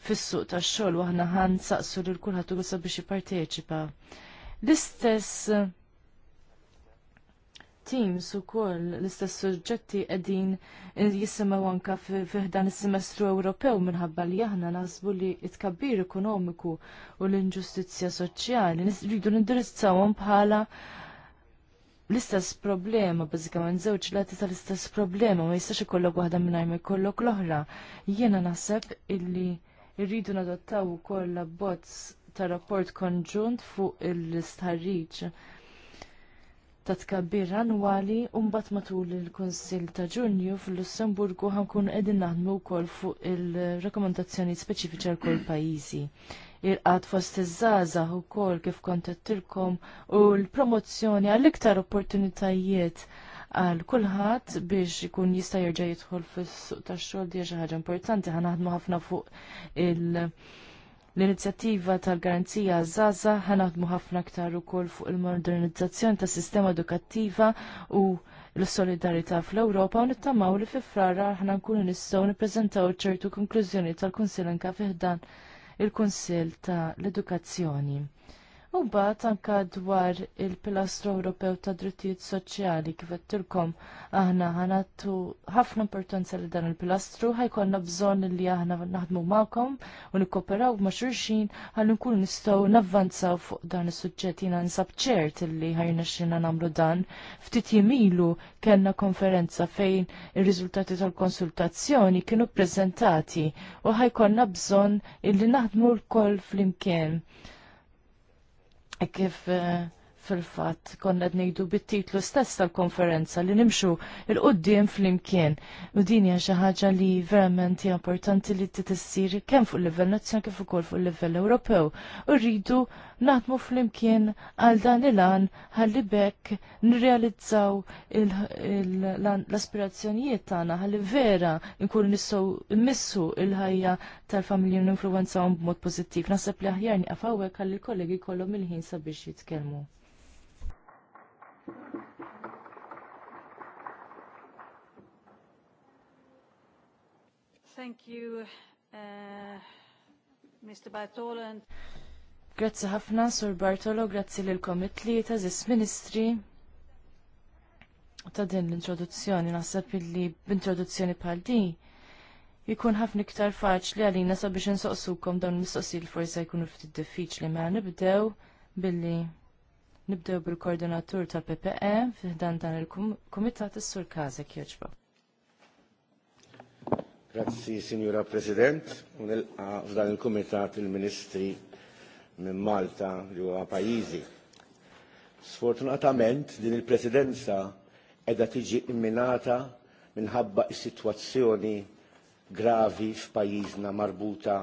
fis-suq tax-xogħol waħna ħan saqsu lil kulħadd u biex jipparteċipa. L-istess teams ukoll l-istess suġġetti qegħdin jisimgħu anke fiħdan is-semestru Ewropew minħabba li aħna naħsbu li it tkabbir ekonomiku u l-inġustizzja soċjali rridu nindirizzawhom bħala l-istess problema, bażikament żewġ lati tal-istess problema, ma jistax ikollok waħda mingħajr ma jkollok l-oħra. Jiena naħseb illi rridu nadottaw ukoll bots ta' rapport konġunt fuq il-istħarriġ ta' tkabbir annwali u mbagħad matul il-Kunsill ta' Ġunju fil-Lussemburgu ħankun qegħdin naħdmu wkoll fuq il rekomendazzjoni speċifiċi għal kull pajjiżi il-qad fost iż-żaza u kol kif kontettilkom u l-promozzjoni għall-iktar opportunitajiet għal kulħadd biex ikun jista' jerġa' jidħol fis-suq tax-xogħol diġa xi ħaġa importanti ħanaħdmu ħafna fuq il- L-inizjattiva tal-garanzija Zaza ħanaħdmu ħafna aktar ukoll fuq il-modernizzazzjoni tas sistema edukattiva u l-solidarità fl-Ewropa u nittamaw li fi frara ħna nkunu nistgħu nippreżentaw ċertu konklużjoni tal-Kunsill anke fiħdan il-Kunsill tal-Edukazzjoni u bat anka dwar il-pilastru Ewropew ta' drittijiet soċjali kif għedtilkom aħna ħanattu ħafna importanza li dan il-pilastru ħajkonna bżonn li aħna naħdmu magħkom u nikkoperaw ma' xulxin ħalli nkunu nistgħu navvanzaw fuq dan is-suġġett jiena nsab ċert li ħajna xina nagħmlu dan. Ftit jimilu kellna konferenza fejn ir-riżultati tal-konsultazzjoni kienu ppreżentati u ħajkonna bżonn illi naħdmu l-koll flimkien E kif uh, fil-fatt konna ngħidu bit-titlu stess tal-konferenza li nimxu il-qudiem fl-imkien. U din hija xi ħaġa li verament importanti li titissir kemm fuq il-livell nazzjonali kif ukoll fuq il-livell Ewropew. U rridu naħdmu fl-imkien għal dan il-an ħalli bekk nirrealizzaw l-aspirazzjonijiet tagħna ħalli vera nkunu nistgħu immissu il-ħajja tal-familji u influenzawhom b'mod pożittiv. Naħseb li aħjar nieqaf hawnhekk ħalli l-kollegi kollhom il-ħin sabiex jitkellmu. Thank you, uh, Mr. Bartolo. Grazzi ħafna, Sur Bartolo, grazzi l-komitli ta' zis ministri ta' din l-introduzzjoni. Nasab li b'introduzzjoni bħal di jikun ħafna iktar faċli għalina sabiex nsoqsukom dawn l-mistoqsil forsi jkunu ftit diffiċli ma' nibdew billi Nibdew bil-koordinatur ta' PPE fiħdan dan il-Kumitat is-Sur Kaza Kjoċba. Grazzi, Signora President, u nilqa f'dan il-Kumitat il-Ministri minn Malta li huwa pajjiżi. Sfortunatament din il-Presidenza qiegħda tiġi imminata minħabba is-sitwazzjoni gravi f'pajjiżna marbuta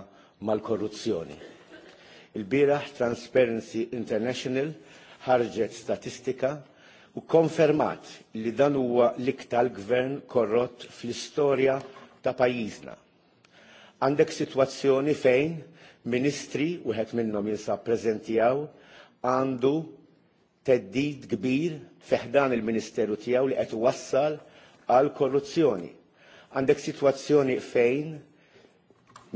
mal-korruzzjoni. Il-bieraħ Transparency International – ħarġet statistika u konfermat li dan huwa l-iktar gvern korrott fl-istorja ta' pajjiżna. Għandek situazzjoni fejn ministri, u għet minnom jinsa prezentijaw, għandu teddid kbir feħdan il-ministeru tijaw li għet wassal għal korruzzjoni. Għandek situazzjoni fejn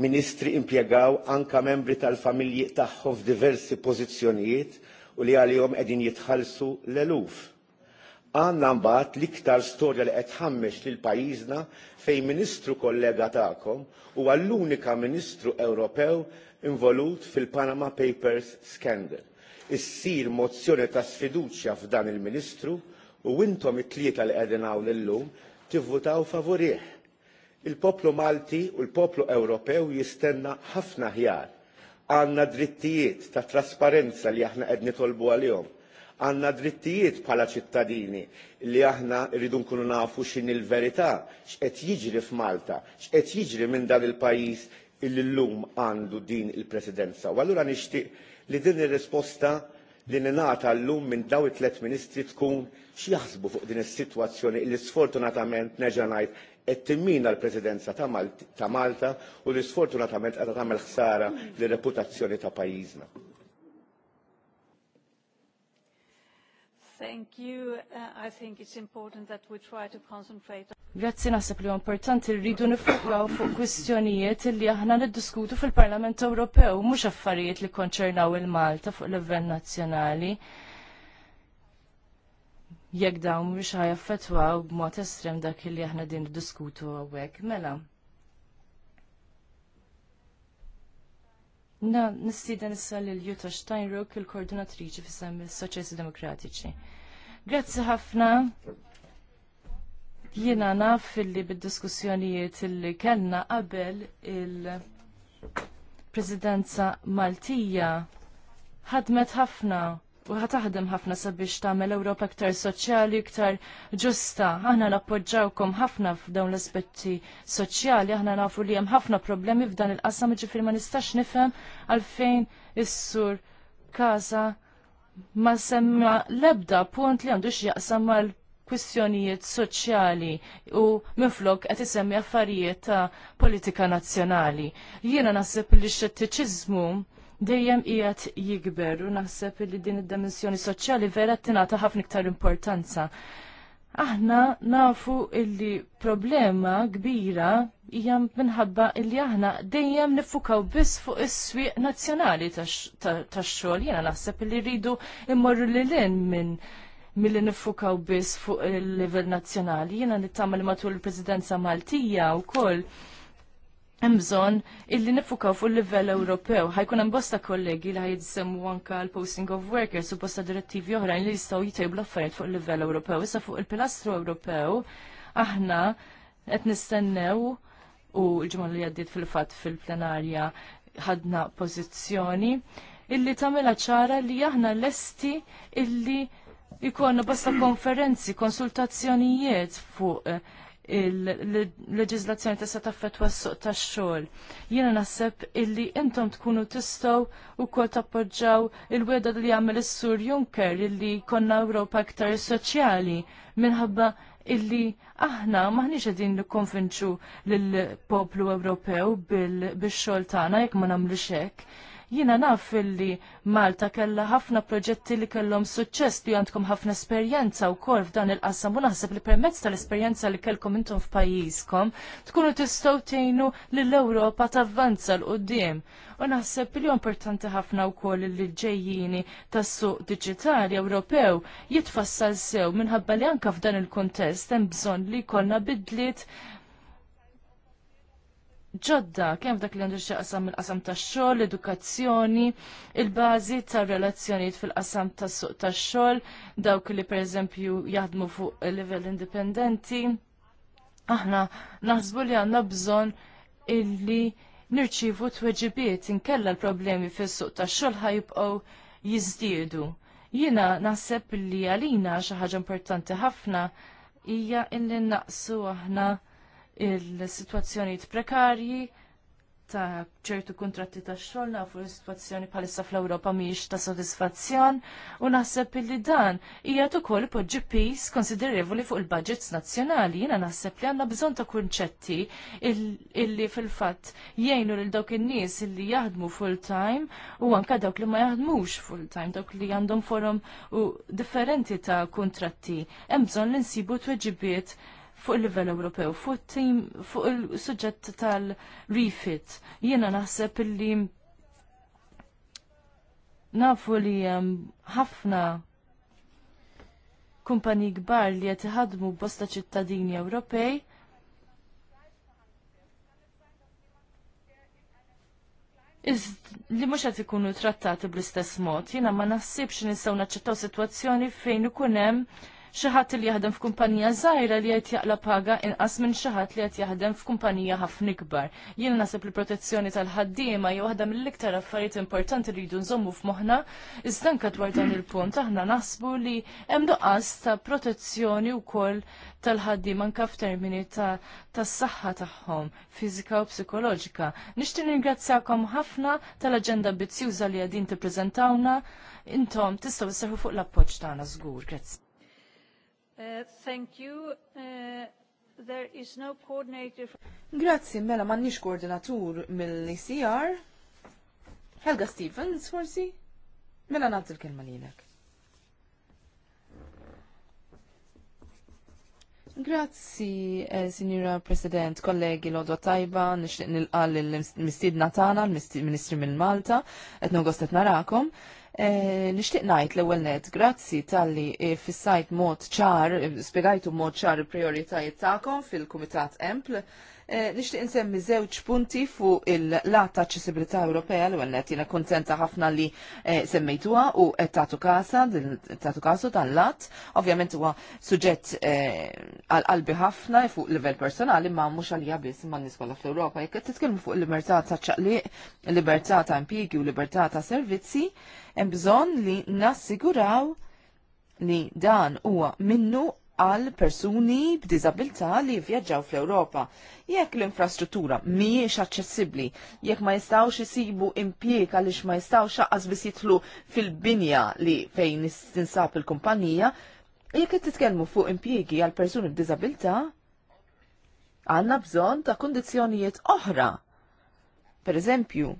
ministri impiegaw anka membri tal-familji tagħhom f'diversi pożizzjonijiet u li għalihom qegħdin jitħallsu l-eluf. Għanna mbagħad l-iktar storja li qed ħammex lil pajjiżna fejn Ministru kollega tagħkom huwa l-unika Ministru Ewropew involut fil-Panama Papers scandal. Issir mozzjoni ta' sfiduċja f'dan il-Ministru u intom it-tlieta li qegħdin hawn illum tivvutaw favorih. Il-poplu Malti u l-poplu Ewropew jistenna ħafna ħjar għanna drittijiet ta' trasparenza li aħna qed nitolbu għalihom. Għanna drittijiet bħala ċittadini li aħna rridu nkunu nafu xin il-verità, x'qed jiġri f'Malta, x'qed jiġri minn dan il-pajjiż illi llum għandu din il-presidenza. U allura nixtieq li din ir-risposta li ninata l-lum minn daw it-tlet ministri tkun x'jaħsbu fuq din is-sitwazzjoni li sfortunatament neġa' ngħid qed timmina l-Presidenza ta' Malta u li sfortunatament qed tagħmel ħsara lir reputazzjoni ta' pajjiżna. Thank you. Uh, I think it's important that we try to concentrate on Grazzi naħseb li importanti rridu nifukaw fuq kwistjonijiet li aħna niddiskutu fil-Parlament Ewropew, mhux affarijiet li konċernaw il-Malta fuq l livell nazzjonali jekk dawn mhux ħajaffettwaw b'mod estrem dak li aħna din diskutu hawnhekk mela. Na, nistida nissal il Jutta Steinrock, il-koordinatriċi fissam il soċessi Demokratiċi. Grazzi ħafna. Jiena naf li bid-diskussjonijiet li kellna qabel il-Presidenza Maltija ħadmet ħafna u ħataħdem ħafna sabiex tagħmel Ewropa aktar soċjali, iktar ġusta. Aħna nappoġġawkom ħafna f'dawn l-aspetti soċjali, aħna nafu li hemm ħafna problemi f'dan il-qasam ġifieri ma nistax nifhem għalfejn is-sur kaza ma semma l-ebda punt li għandu jaqsam mal kwistjonijiet soċjali u minflok qed isemmi affarijiet ta' politika nazzjonali. Jiena naħseb li x-xettiċiżmu dejjem qiegħed jikber u naħseb li din id-dimensjoni soċjali vera tingħata ħafna iktar importanza. Aħna nafu illi problema kbira hija minħabba illi aħna dejjem nifukaw biss fuq is-swieq nazzjonali tax-xogħol. Jiena naħseb illi rridu immorru lil minn mill-li nifukaw biss fuq il livell nazzjonali. Jiena nittama li matul il-Presidenza Maltija wkoll hemm bżonn illi nifukaw fuq livell Ewropew. Ħajkun hemm bosta kollegi li ħajsemmu anka l-posting of workers u bosta direttivi oħrajn li jistgħu jitejbu l-affarijiet fuq livell Ewropew. Issa fuq il-pilastru Ewropew aħna qed nistennew u l-ġimgħa li għaddiet fil-fatt fil-plenarja ħadna pożizzjoni illi tagħmilha ċara li aħna lesti illi jkollna bosta konferenzi, konsultazzjonijiet fuq il-leġizlazzjoni tista' taffettwa s-suq tax-xogħol. Jiena naħseb illi intom tkunu tistgħu wkoll tappoġġjaw il-weda li jagħmel is-Sur Juncker illi konna Ewropa aktar soċjali minħabba illi aħna maħniġ qegħdin nikkonvinċu lill-poplu Ewropew bil-xogħol tagħna jekk ma nagħmlux hekk Jiena naf illi Malta kellha ħafna proġetti li kellhom suċċess li għandkom ħafna esperjenza wkoll f'dan il-qasam u naħseb li permezz tal-esperjenza li kellkom intom f'pajjiżkom tkunu tistgħu tgħinu lill-Ewropa tavvanza l qudiem U naħseb li importanti ħafna wkoll li l-ġejjini tas-suq diġitali Ewropew jitfassal sew minħabba li anke f'dan il-kuntest hemm bżonn li jkollna bidliet ġodda kemm dak li għandu xaqsam il-qasam tax-xogħol, l-edukazzjoni, il-bażi tar-relazzjonijiet fil-qasam tas-suq tax-xogħol, dawk li pereżempju jaħdmu fuq livell indipendenti. Aħna naħsbu li għandna bżonn illi nirċivu tweġibiet inkella l-problemi fis-suq tax-xogħol ħajbqgħu jiżdiedu. Jiena naħseb li għalina xi ħaġa importanti ħafna hija illi naqsu aħna il-situazzjonijiet prekarji ta' ċertu kontratti ta' xogħol nafu l-sitwazzjoni bħalissa fl-Ewropa miex ta' sodisfazzjon u naħseb li dan hija ukoll poġġi pis konsiderevoli fuq il-budgets nazzjonali. Jiena naħseb li għandna bżonn ta' kunċetti illi fil-fatt jgħinu lil dawk in-nies illi jaħdmu full-time u anke dawk li ma jaħdmux full-time, dawk li għandhom forum u differenti ta' kuntratti. Hemm bżonn li nsibu tweġibiet fuq il-livell Ewropew, fuq tim fuq il-suġġett tal-refit. Jiena naħseb li nafu li ħafna kumpani kbar li qed iħadmu bosta ċittadini Ewropej Iż li mhux qed ikunu trattati bl-istess mod, jiena ma naħsibx nistgħu naċċettaw sitwazzjoni fejn ikun hemm xi ħadd li jaħdem f'kumpanija żgħira li qed jaqla paga inqas minn xi ħadd li qed jaħdem f'kumpanija ħafna ikbar. Jien naħseb li protezzjoni tal-ħaddiema jew waħda mill-iktar affarijiet importanti li jdu nżommu f'moħħna, iżda anke dwar dan il-punt aħna naħsbu li hemm nuqqas ta' protezzjoni wkoll tal-ħaddiema anke f'termini ta' tas-saħħa tagħhom, fiżika u psikoloġika. Nixtieq ningrazzjakom ħafna tal-aġenda ambizzjuża li qegħdin tippreżentawna intom tistgħu isseħħu fuq l-appoġġ tagħna żgur. Grazzi. Uh, thank you. Uh, there is no coordinator. Grazzi, mela m'għandniex koordinatur mill-ICR. Helga Stevens, forsi? Mela il kelma lilek. Grazzi, eh, Signora President, kollegi Lodwa Tajba, nixtieq nilqal l-mistidna tagħna, l-Ministri mill-Malta, qed nogostet narakom. Eh, Eh, Nishtiq najt l ewwel net, grazzi tal-li eh, fissajt mod ċar, eh, spiegajtu mod ċar prioritajiet ta'kom fil-Kumitat Empl, Eh, nixtieq insemmi żewġ punti fuq il-lat ta' ċisibilità Ewropea li għalnet jiena kuntenta ħafna li eh, semmejtuha u qed tagħtu kasa tatu kasu tal-lat. Ovvjament huwa suġġett eh, għal qalbi ħafna fuq livell personali ma mhux ja biss ma' nies kollha fl-Ewropa. Jekk qed titkellmu fuq il-libertà ta' ċaqliq, libertà ta' impjiegi u libertà ta' servizzi, hemm bżonn li nassiguraw li dan huwa minnu għal persuni b'diżabilità li vjaġġaw fl-Ewropa. Jekk l-infrastruttura mhijiex aċċessibbli, jekk ma jistgħux isibu impjieg għaliex ma jistgħux aqas biss jitlu fil-binja li fejn tinsab il-kumpanija, jekk qed titkellmu fuq impjiegi għal persuni b'diżabilità, għandna bżonn ta' kundizzjonijiet oħra. Per eżempju,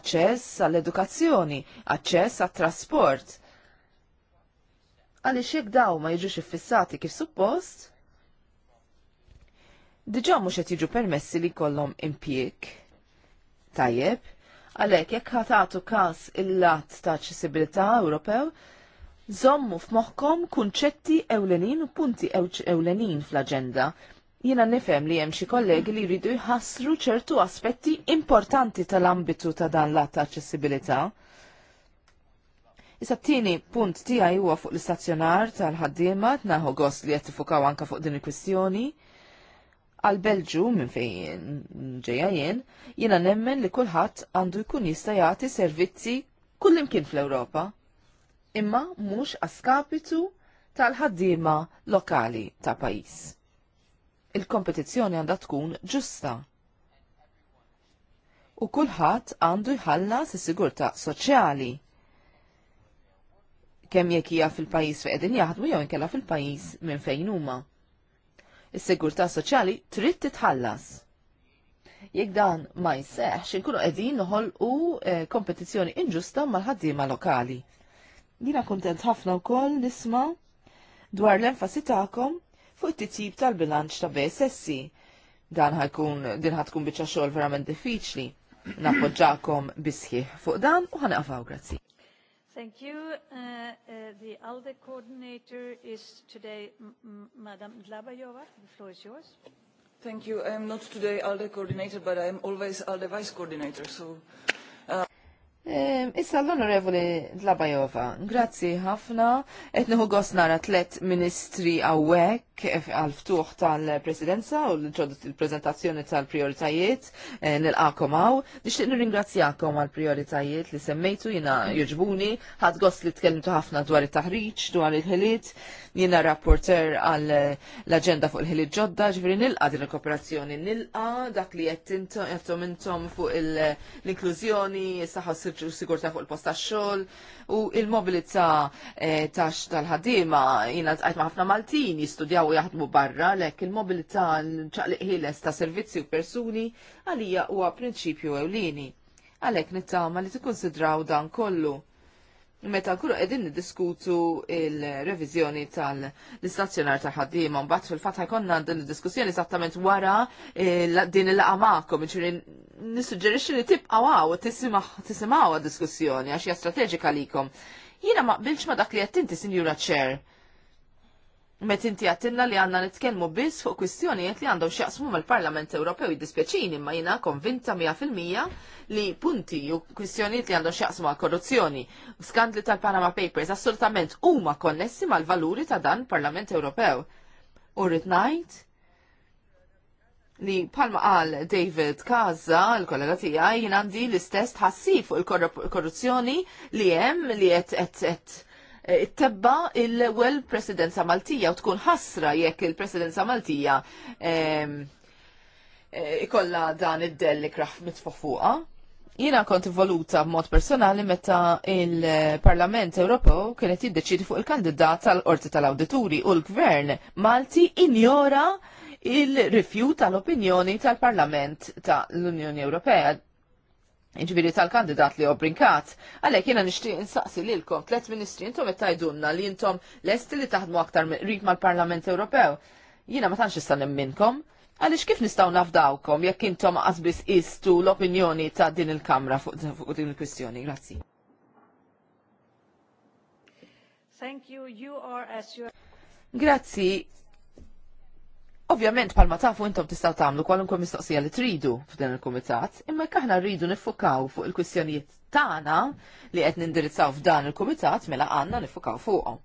aċċess għall-edukazzjoni, aċċess għat-trasport, għaliex xiek daw ma jiġux iffissati kif suppost, diġà mhux qed jiġu permessi li jkollhom impjieg. Tajjeb, għalhekk jekk ħatatu każ il-lat ta' ċessibilità Ewropew, żommu f'moħħkom kunċetti ewlenin u punti ewlenin fl-aġenda jina nifem li hemm xi kollegi li jridu jħassru ċertu aspetti importanti tal-ambitu ta' dan l ta' aċċessibilità. Issa t-tieni punt tiegħi huwa fuq l-istazzjonar tal-ħaddiema tnaħu gost li qed tifukaw anke fuq din il-kwistjoni. Għal Belġu minn fejn ġejja jien, jiena nemmen li kulħadd għandu jkun jista' jagħti servizzi kullimkien fl-Ewropa. Imma mhux għaskapitu tal-ħaddiema lokali ta' pajjiż. Il-kompetizzjoni għandha tkun ġusta u kulħadd għandu jħallas is-sigurtà soċjali kemm jekk hija fil-pajjiż fejn qegħdin jaħdmu jew inkella fil-pajjiż minn fejn huma. Is-sigurtà soċjali trid titħallas. Jekk dan ma jseħħx inkunu qegħdin noħolqu eh, kompetizzjoni inġusta mal-ħaddiema lokali. Jina kuntent ħafna wkoll nisma' dwar l-enfasi tagħkom fuq it-titjib tal-bilanċ ta' BSSI. Dan ħajkun din ħatkun biċċa xogħol verament diffiċli. Nappoġġakom bisħiħ fuq dan u ħanaqfaw grazzi. Thank you. Uh, uh, the ALDE coordinator is today M Madam Dlabajova. The floor is yours. Thank you. I am not today ALDE coordinator, but I am always ALDE vice coordinator, so Issa l-onorevoli Dlabajova, grazzi ħafna, etnuħu gos nara tlet ministri għawek għal-ftuħ tal-presidenza u l-prezentazzjoni il tal-prioritajiet eh, nil-għakom għaw. Nishtiq nir-ingrazzjakom għal-prioritajiet li semmejtu jina juġbuni, ħad gos li tkellimtu ħafna dwar il-taħriċ, dwar il-ħiliet, jina rapporter għal-agenda eh, fuq il ħilit ġodda, ġifri nil-qa din il-kooperazzjoni, nil-qa dak li jettintom intom fuq l-inklużjoni, saħħa u sigurta fuq il-post tax-xogħol u il-mobilità eh, tax tal-ħaddiema jina għajt ma' ħafna Maltin jistudjaw u jaħdmu barra lek il-mobilità ċaqliq ħieles ta' servizzi u persuni għalija huwa prinċipju ewlieni. Għalhekk nittama li tikkunsidraw dan kollu meta kura qegħdin niddiskutu il-reviżjoni tal-istazzjonar ta' ħaddiema mbagħad fil-fatt ħajkonna din id-diskussjoni esattament wara din il-laqa magħkom, jiġifieri nissuġġerixxi li tibqa' waw għad diskussjoni għax hija strateġika likom. Jiena ma bilċ ma dak li għattinti, inti, Sinjura Chair Met inti għattinna li għanna nitkelmu biss fuq kwistjonijiet li għandhom xaqsmu mal-Parlament Ewropew jiddispjaċini imma jina konvinta 100% li punti u kwistjonijiet li għandhom xaqsmu għal korruzzjoni u skandli tal-Panama Papers assolutament huma konnessi mal-valuri ta' dan Parlament Ewropew. U rritnajt li palma għal David Kaza, l-kollega tijaj, jina għandi l-istess tħassif fuq il-korruzzjoni li jem li jett Eh, tebba il-ewwel presidenza Maltija u tkun ħasra jekk il-presidenza Maltija ehm, eh, ikolla dan id-delli kraħ mitfuq jina kont voluta b'mod personali meta il-Parlament Ewropew kienet jiddeċidi fuq il-kandidat tal-Qorti tal-Awdituri u l-Gvern Malti injora il-rifjut tal-opinjoni tal-Parlament tal-Unjoni Ewropea Iġviri tal-kandidat li obrinkat, għalek jena nishtiq insaqsi li l-kom tlet ministri jintom tajdunna li jintom lesti li taħdmu aktar rrit mal-Parlament Ewropew. Jena ma tanx istan minnkom, għalix kif nistaw nafdawkom jekk intom għazbis istu l-opinjoni ta' din il-Kamra fuq din il-kwistjoni. Grazzi. Thank you, you are as you Grazzi, Ovvjament, palma tafu intom tistaw tamlu kwalunkwe mistoqsija li tridu f'dan il-komitat, imma jekk aħna rridu nifukaw fuq il-kwistjonijiet tagħna li qed nindirizzaw f'dan il-komitat mela għandna nifukaw fuqhom.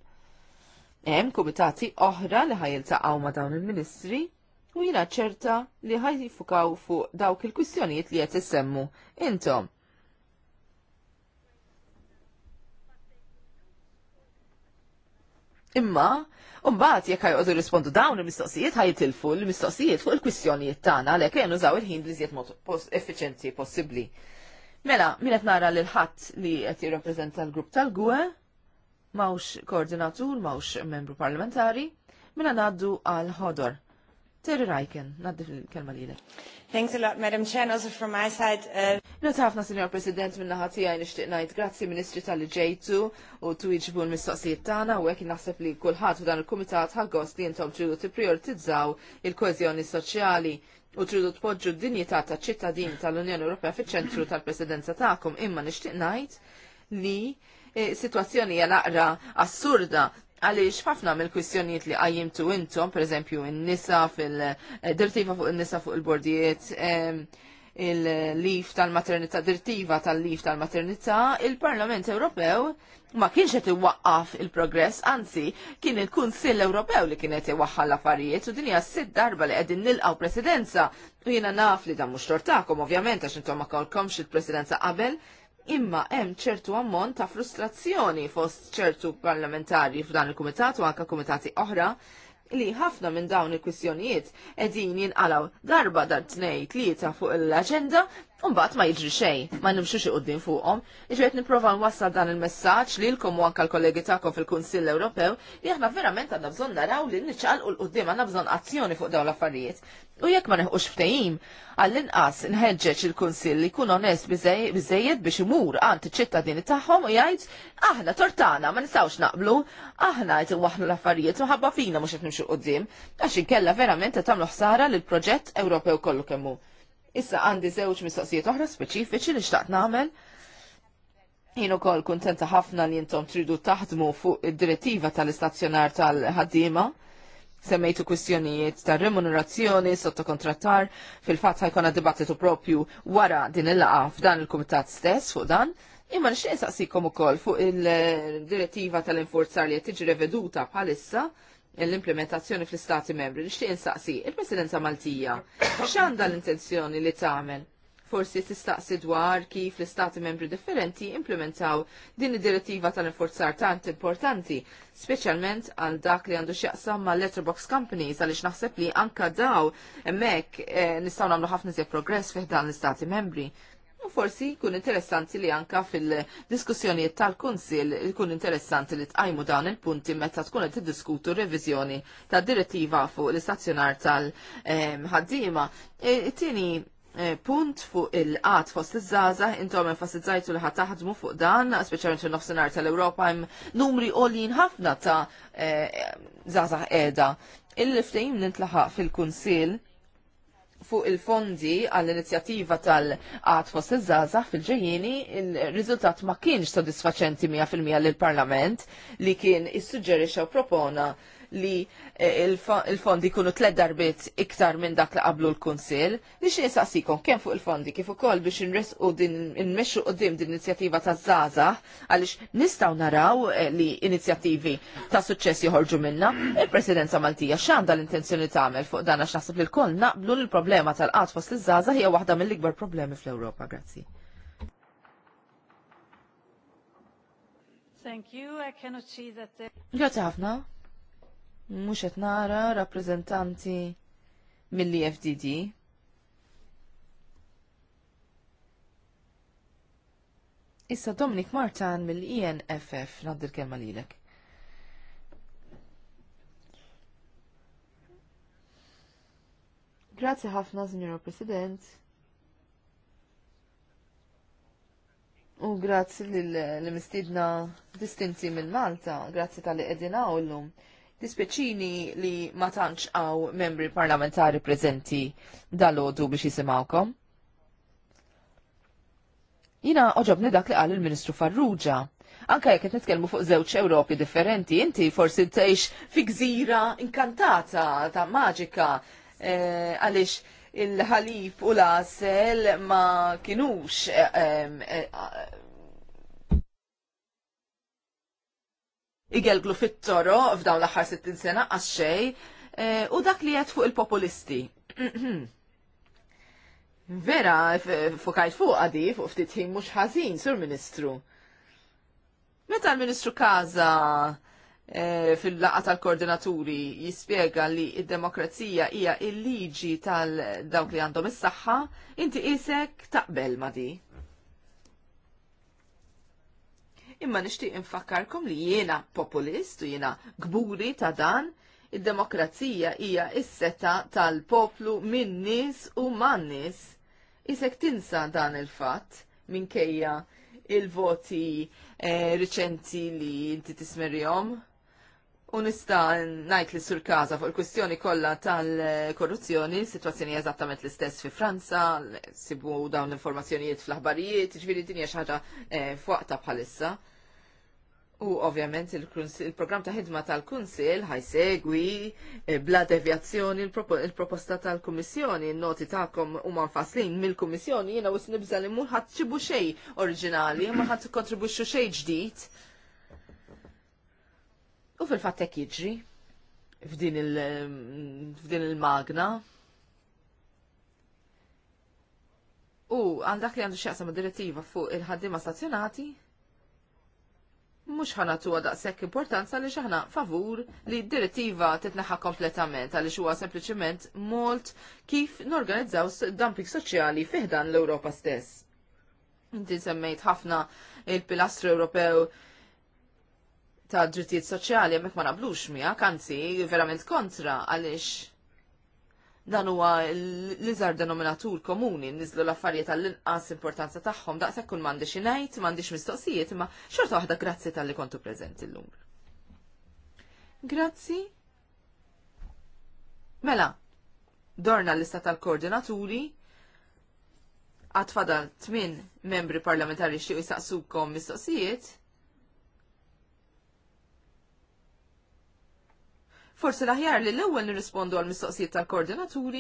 Hemm komitati oħra li ħajiltaqgħu ma' dawn il-ministri u jiena ċerta li jifukaw fuq dawk il-kwistjonijiet li qed issemmu intom. Imma, Umbat, jekk ħajqodu rispondu dawn il-mistoqsijiet tilfu l-mistoqsijiet fuq il-kwistjonijiet tagħna għalhekk jenu zaw il-ħin li zjiet mod effiċenti possibbli. Mela, min qed nara lil ħadd li qed jirrappreżenta l-grupp tal-GUE, mawx koordinatur, mawx membru parlamentari, mela ngħaddu għal ħodor. Terry Rajken, naddi fil-kelma li Thanks a lot, Madam Chair, also from my side. No uh, tafna, Signor President, minna ħati għaj nishtiq najt, grazzi Ministri tal-ġejtu u tu iġbu l-mistoqsijiet tana u għek naħseb li kullħat u dan il-Komitat ħaggost li jintom tridu t-prioritizzaw il kozjoni soċjali u tridu tpoġġu d-dinjità ta' ċittadini tal-Unjoni Ewropea fiċ-ċentru tal-Presidenza tagħkom imma nixtieq ngħid li eh, situazzjoni hija assurda għaliex ħafna mill-kwistjonijiet li għajjimtu intom, per eżempju, n-nisa fil-dirtiva fuq n-nisa fuq il-bordijiet, il-lif tal-maternità, dirtiva tal-lif tal-maternità, il-Parlament Ewropew ma kienx qed iwaqqaf il-progress, anzi kien il-Kunsill Ewropew li kienet iwaħħal l-affarijiet u din hija sitt darba li qegħdin nilqgħu presidenza u jiena naf li dan mhux tortakom ovvjament għax intom ma kolkomx il-presidenza qabel, imma hemm ċertu ammont ta' frustrazzjoni fost ċertu parlamentari f'dan il-kumitat u anka kumitati oħra li ħafna minn dawn il-kwistjonijiet edin jinqalaw darba dar tnej tlieta fuq l-agenda Umbat ma jiġri xejn, ma nimxux iqoddim fuqhom, iġiet nipprova nwassal dan il-messaġġ kom u anke l-kollegi tagħkom fil-Kunsill Ewropew li aħna verament għandna bżonn naraw li u l qoddim għandna bżonn azzjoni fuq dawn l-affarijiet. U jekk ma neħqux ftehim, għall-inqas nħeġġeġ il-Kunsill li kun onest biżejjed biex imur għant ċittadini tagħhom u jgħid aħna tortana ma nistgħux naqblu, aħna qed waħlu l-affarijiet u ħabba fina mhux qed nimxu qudiem għax inkella verament qed tagħmlu ħsara lill-proġett Ewropew kollu kemm hu. Issa għandi żewġ mistoqsijiet oħra speċifiċi li xtaqt nagħmel. Jien ukoll kuntenta ħafna li intom tridu taħdmu fuq id-direttiva tal-istazzjonar tal-ħaddiema semmejtu kwistjonijiet ta' remunerazzjoni, sottokontrattar, fil-fatt ħajkona dibattitu propju wara din il-laqa f'dan il-kumitat stess fuq dan, imma nixtieq saqsikom ukoll fuq il-direttiva tal-infurzar li qed tiġi reveduta bħalissa l-implementazzjoni fl-Istati membri. Nixtieq insaqsi, il-Presidenza Maltija, x'għandha l-intenzjoni li tagħmel? Forsi tistaqsi dwar kif l-Istati membri differenti implementaw din id-direttiva tal-infurzar tant importanti, speċjalment għal dak li għandu x'jaqsam ma' letterbox companies għaliex naħseb li anka daw hemmhekk eh, nistgħu nagħmlu ħafna żjed progress fih dan l-Istati membri. U forsi jkun interessanti li anka fil-diskussjonijiet tal-Kunsil jkun interessanti li tqajmu dawn il-punti meta tkun qed tiddiskutu revizjoni tad direttiva fuq l-istazzjonar tal-ħaddiema. E, Tieni e, punt fuq il-qat fost iż-żaza, intom enfasizzajtu li taħdmu fuq dan, speċjalment fin nofsinhar tal-Ewropa hemm numri għoljin ħafna ta' e, żaza qiegħda. Il-ftehim nintlaħaq fil-Kunsil fuq il-fondi għall-inizjattiva tal-għat fost iż żaża fil-ġejjini, il-riżultat ma kienx sodisfaċenti 100% lill parlament li kien issuġġerixxa u propona li eh, il-fondi kunu tled darbit iktar minn dak li qablu l-Kunsil, nix nisaqsikom kemm fuq il-fondi kif ukoll biex nresqu din nmexxu qudiem din inizjattiva ta' Zaza għaliex nistgħu naraw eh, li inizjattivi ta' suċċess joħorġu minna. Il-Presidenza Maltija x'għandha l-intenzjoni tagħmel fuq dan għax naħseb li l kol naqblu l-problema tal-qatt fost iż żgħażagħ hija waħda mill-ikbar problemi fl-Ewropa. Grazzi. Thank you. I cannot see that Grazie ħafna mhux qed nara rappreżentanti mill-EFDD. Issa Dominik Martan mill-INFF naddi l-kelma lilek. Grazie ħafna, Signora President. U grazzi l-mistidna distinti mill-Malta, grazzi tal-li edina u l-lum. Dispeċini li ma tantx għaw membri parlamentari prezenti dal-ħodu biex jisimawkom. Jina oġobni dak li għal il-Ministru Farrugia. Anka jek nitkellmu fuq żewġ Ewropi differenti, inti forsi tgħix fi gżira inkantata ta' maġika eh, għaliex il-ħalif u l-asel ma kinux eh, eh, igelglu fit-toro f'dawn l-aħħar 60 sena għax xej e, u dak li qed fuq il-populisti. Vera, fukajt fuq għadi, fuq ftit ħin mhux ħażin, sur Ministru. Meta l-Ministru Kaza e, fil-laqa tal-koordinaturi jispjega li id-demokrazija hija il-liġi tal-dawk li għandhom is-saħħa, inti isek taqbel ma' di. imma nixtieq infakkarkom li jiena populist u jiena gburi ta' dan, id-demokrazija hija is-seta tal-poplu minn nies u man nies. Isek tinsa dan il-fatt minkejja il-voti eh, riċenti li inti tismerjom. U nista najt li sur fuq il kwistjoni kollha tal-korruzzjoni, situazzjoni eżattament l-istess fi Franza, sibu dawn l-informazzjonijiet fl-aħbarijiet, ġviri dinja ħaġa eh, fuqta bħalissa. U ovvjament il-programm ta' ħidma tal-Kunsil ħajsegwi eh, bla devjazzjoni il-proposta tal-Kummissjoni. Noti ta'kom u ma' faslin mill-Kummissjoni jena wis nibżal li ħadd ċibu xej oriġinali, ma ħadd kontribuxxu xej ġdid. U fil-fatt hekk jiġri f'din il-magna. U għal dak li għandu ma' direttiva fuq il-ħaddima stazzjonati, mux ħanatu għada sekk importanza li xaħna favur li direttiva titnaħa kompletament għalli xuwa sempliciment molt kif norganizzaw dumping soċjali fiħdan l-Europa stess. Inti semmejt ħafna il-pilastru Ewropew ta' drittijiet soċjali jemmek ma nablux mija, kanzi verament kontra għalix dan huwa l-iżar denominatur komuni nizlu l-affarijiet tal-inqas importanza tagħhom daqshekk kun m'għandi xi ngħid, m'għandix mistoqsijiet, imma xorta waħda grazzi tal-li kontu preżenti llum. Grazzi. Mela, dorna l-lista tal-koordinaturi, għatfadal 8 membri parlamentari u jisaqsukom mistoqsijiet, Forsi l-aħjar li l-ewwel nirrispondu għal mistoqsijiet tal-koordinaturi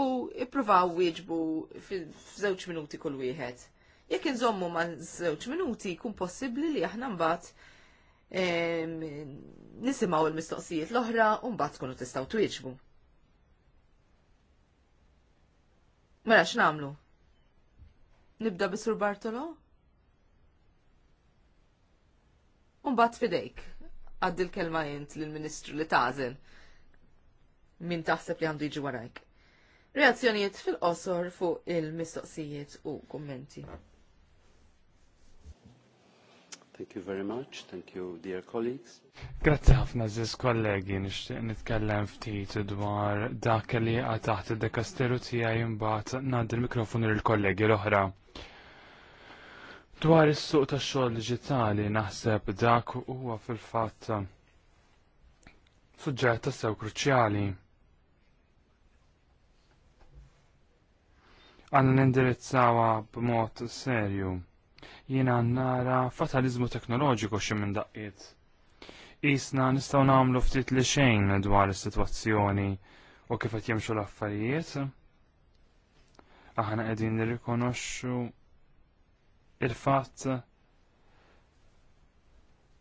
u ippruvaw wieġbu f'żewġ minuti kull wieħed. Jekk inżommu ma' żewġ minuti jkun possibbli li aħna mbagħad nisimgħu l-mistoqsijiet l-oħra u mbagħad tkunu tistgħu twieġbu. Mela x'namlu? Nibda bis-Sur Bartolo? Umbat fidejk, għaddi l-kelma jint l-ministru li tażel min taħseb li għandu jiġi warajk. Reazzjonijiet fil-qosor fuq il-mistoqsijiet u kummenti. Thank you very much. Thank you, dear colleagues. Grazzi ħafna ziz kollegi, nixtieq nitkellem ftit dwar dak li għataħt id-dekasteru tiegħi mbagħad ngħaddi l-mikrofonu lill-kollegi l-oħra. Dwar is-suq tax-xogħol diġitali naħseb dak huwa fil-fatt suġġett sew kruċjali. Għanna nindirizzawha b'mod serju. Jiena nara fatalizmu teknoloġiku xi minn daqqiet. Isna nistgħu nagħmlu ftit li xejn dwar is-sitwazzjoni u kif qed jimxu l-affarijiet. Aħna qegħdin nirrikonoxxu il-fatt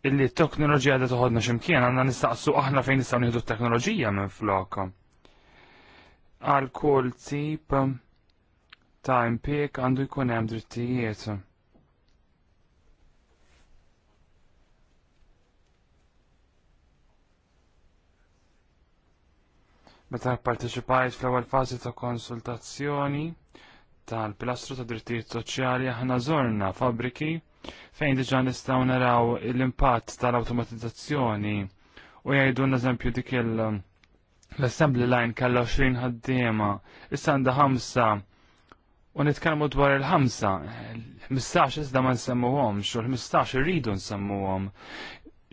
illi t-teknoloġija da toħodna ximkien, għanna nistaqsu aħna fejn nistaw nieħdu t-teknoloġija minn flok. Għal kull tip ta' impjek għandu jkun hemm drittijiet. Meta pparteċipajt fl-ewwel fażi ta' konsultazzjoni, tal-pilastru ta' drittijiet soċjali aħna żorna fabriki fejn diġà nistgħu naraw l-impatt tal-awtomatizzazzjoni u jgħidu eżempju dik l-assembly line kellha 20 ħaddiema, issa għandha ħamsa u nitkellmu dwar il-ħamsa, l-15 iżda ma nsemmuhomx xur l-15 irridu nsemmuhom.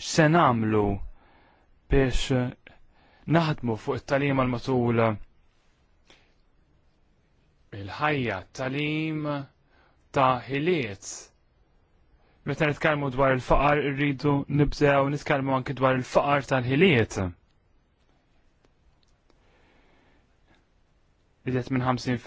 X'se nagħmlu biex naħdmu fuq it-talima l-matul il-ħajja talim ta' ħiliet. Meta nitkellmu dwar il-faqar irridu nibżew nitkellmu anki dwar il-faqar tal-ħiliet. Idet minn 50%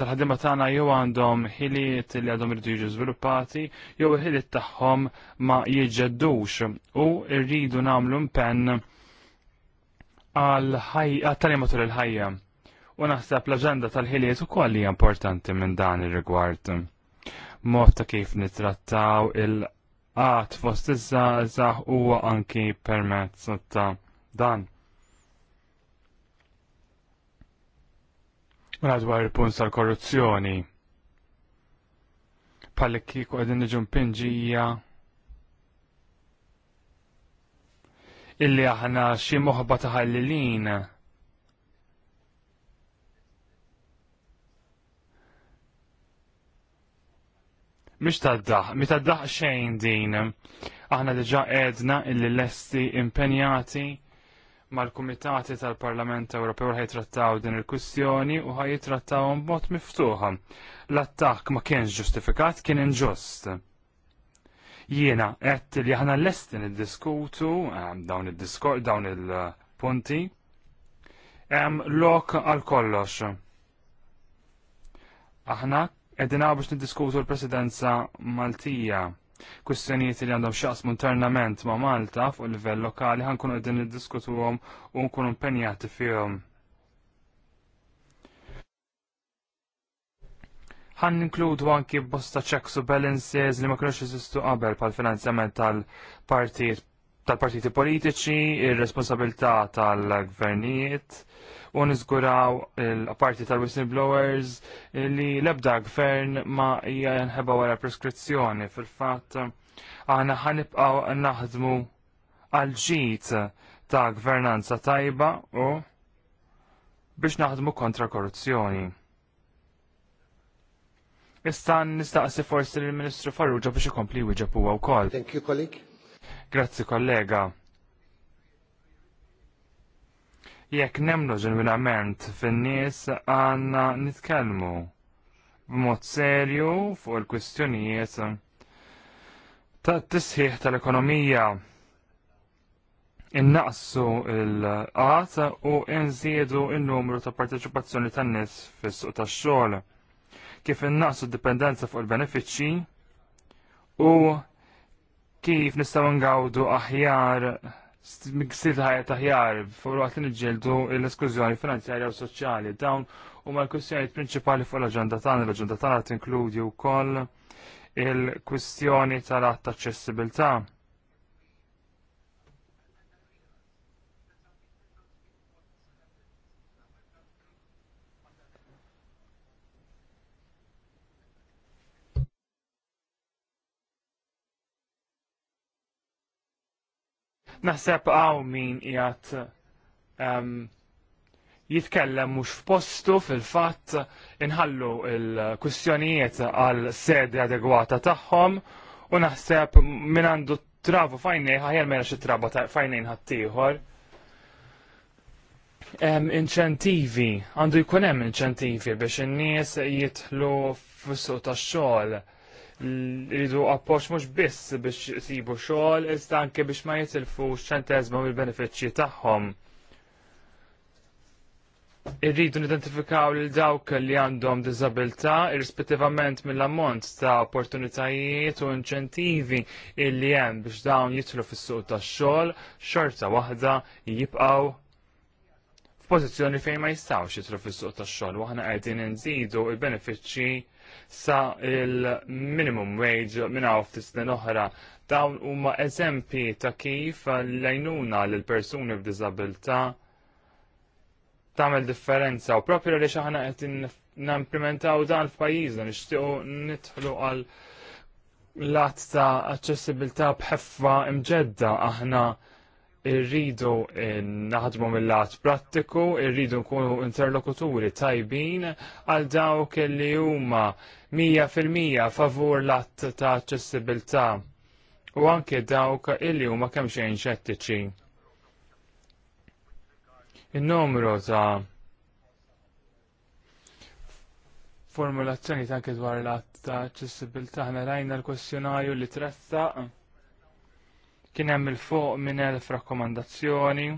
tal-ħadima tagħna jew għandhom ħiliet li għadhom irridu jiġu żviluppati, jew il-ħiliet tagħhom ma jiġġeddux u rridu nagħmlu impenn għal ħajja tal-ħajja. U naħseb l-aġenda tal-ħiliet ukoll hija importanti minn dan ir-rigward. Mod ta' kif nitrattaw il-qat fost iż-żgħażagħ huwa anki permezz ta' dan. U dwar il-punt tal-korruzzjoni. Palli u qegħdin niġu mpinġija illi aħna xi moħba ta' ħallilin Mish taddaħ, mi taddaħ xejn din. Aħna diġà edna illi l-esti impenjati mal-Kumitati tal-Parlament Ewropew li trattaw din il-kwistjoni u ħaj trattaw b'mod miftuħ. L-attakk ma kienx ġustifikat, kien inġust. Jiena għedt li aħna lesti niddiskutu dawn il diskor dawn il-punti. Hemm lok għal kollox. Aħna Edina biex nidiskutu l-presidenza Maltija. Kustenijiet li għandhom xaqsmu internament ma' Malta fuq livell lokali ħankunu qegħdin niddiskutuhom u nkunu impenjati fihom. ħan inkludu anki bosta checks u balances li ma kienux jesistu qabel pal finanzjament tal-partijiet tal-partiti politiċi, il responsabilità tal-gvernijiet, u nizguraw l-parti tal-whistleblowers li lebda gvern ma hija jenħeba wara preskrizzjoni fil-fatt aħna ħanibqaw naħdmu għal-ġit ta' gvernanza tajba u biex naħdmu kontra korruzzjoni. Istan nistaqsi forsi l-Ministru Farrugia biex ikompli wieġeb huwa wkoll. Thank you, colleague. Grazzi kollega. Jekk nemlu ġenwilament fin-nies għandna nitkellmu b'mod serju fuq il-kwistjonijiet ta' tisħiħ tal-ekonomija innaqsu il-qat u nżiedu il-numru ta' parteċipazzjoni tan nies fis-suq tax-xogħol. Kif innaqsu d-dipendenza fuq il-benefiċċji u kif nistaw ngawdu aħjar miksir ħajja taħjar fuq waqt li niġġieldu l-eskużjoni finanzjarja u soċjali dawn huma l-kwistjonijiet prinċipali fuq l-aġenda tagħna l-aġenda tagħna tinkludi wkoll il-kwistjoni tal-att aċċessibilità. Naħseb għaw min jgħat um, jitkellem mux f'postu fil-fatt inħallu il-kwistjonijiet għal sedi adegwata tagħhom u naħseb min għandu trabu fajnej ħajjal mera xi trabu fajnej ħaddieħor. Um, inċentivi, għandu jkun hemm inċentivi biex in-nies jidħlu f'suq tax-xogħol rridu appoġġ mhux biss biex sibu xogħol, iżda anke biex ma jitilfux xċentezmu mill-benefiċċji tagħhom. Irridu nidentifikaw lil dawk li għandhom diżabilità irrispettivament mill-ammont ta' opportunitajiet u inċentivi illi hemm biex dawn jitlu fis-suq tax-xogħol xorta waħda jibqgħu f'pożizzjoni fejn ma jistgħux jitlu fis-suq tax-xogħol u aħna qegħdin inżidu l benefiċċji sa il-minimum wage minn għaw l oħra. Dawn huma eżempi ta' kif lejnuna l persuni b'diżabilità tagħmel differenza u propri li aħna qed implementaw dan f'pajjiżna nixtiequ nidħlu għal lat ta' accessibilta b'ħeffa imġedda aħna irridu naħdmu mill-lat prattiku, irridu nkunu interlokuturi tajbin għal dawk li huma 100% favur l-att ta' aċċessibilità u anke dawk illi huma kemm xejn xettiċi. In-numru ta' formulazzjoni ta' anke dwar l-att ta' aċċessibilità ħna rajna l-kwestjonarju li tretta kien hemm il-fuq minn elf rakkomandazzjoni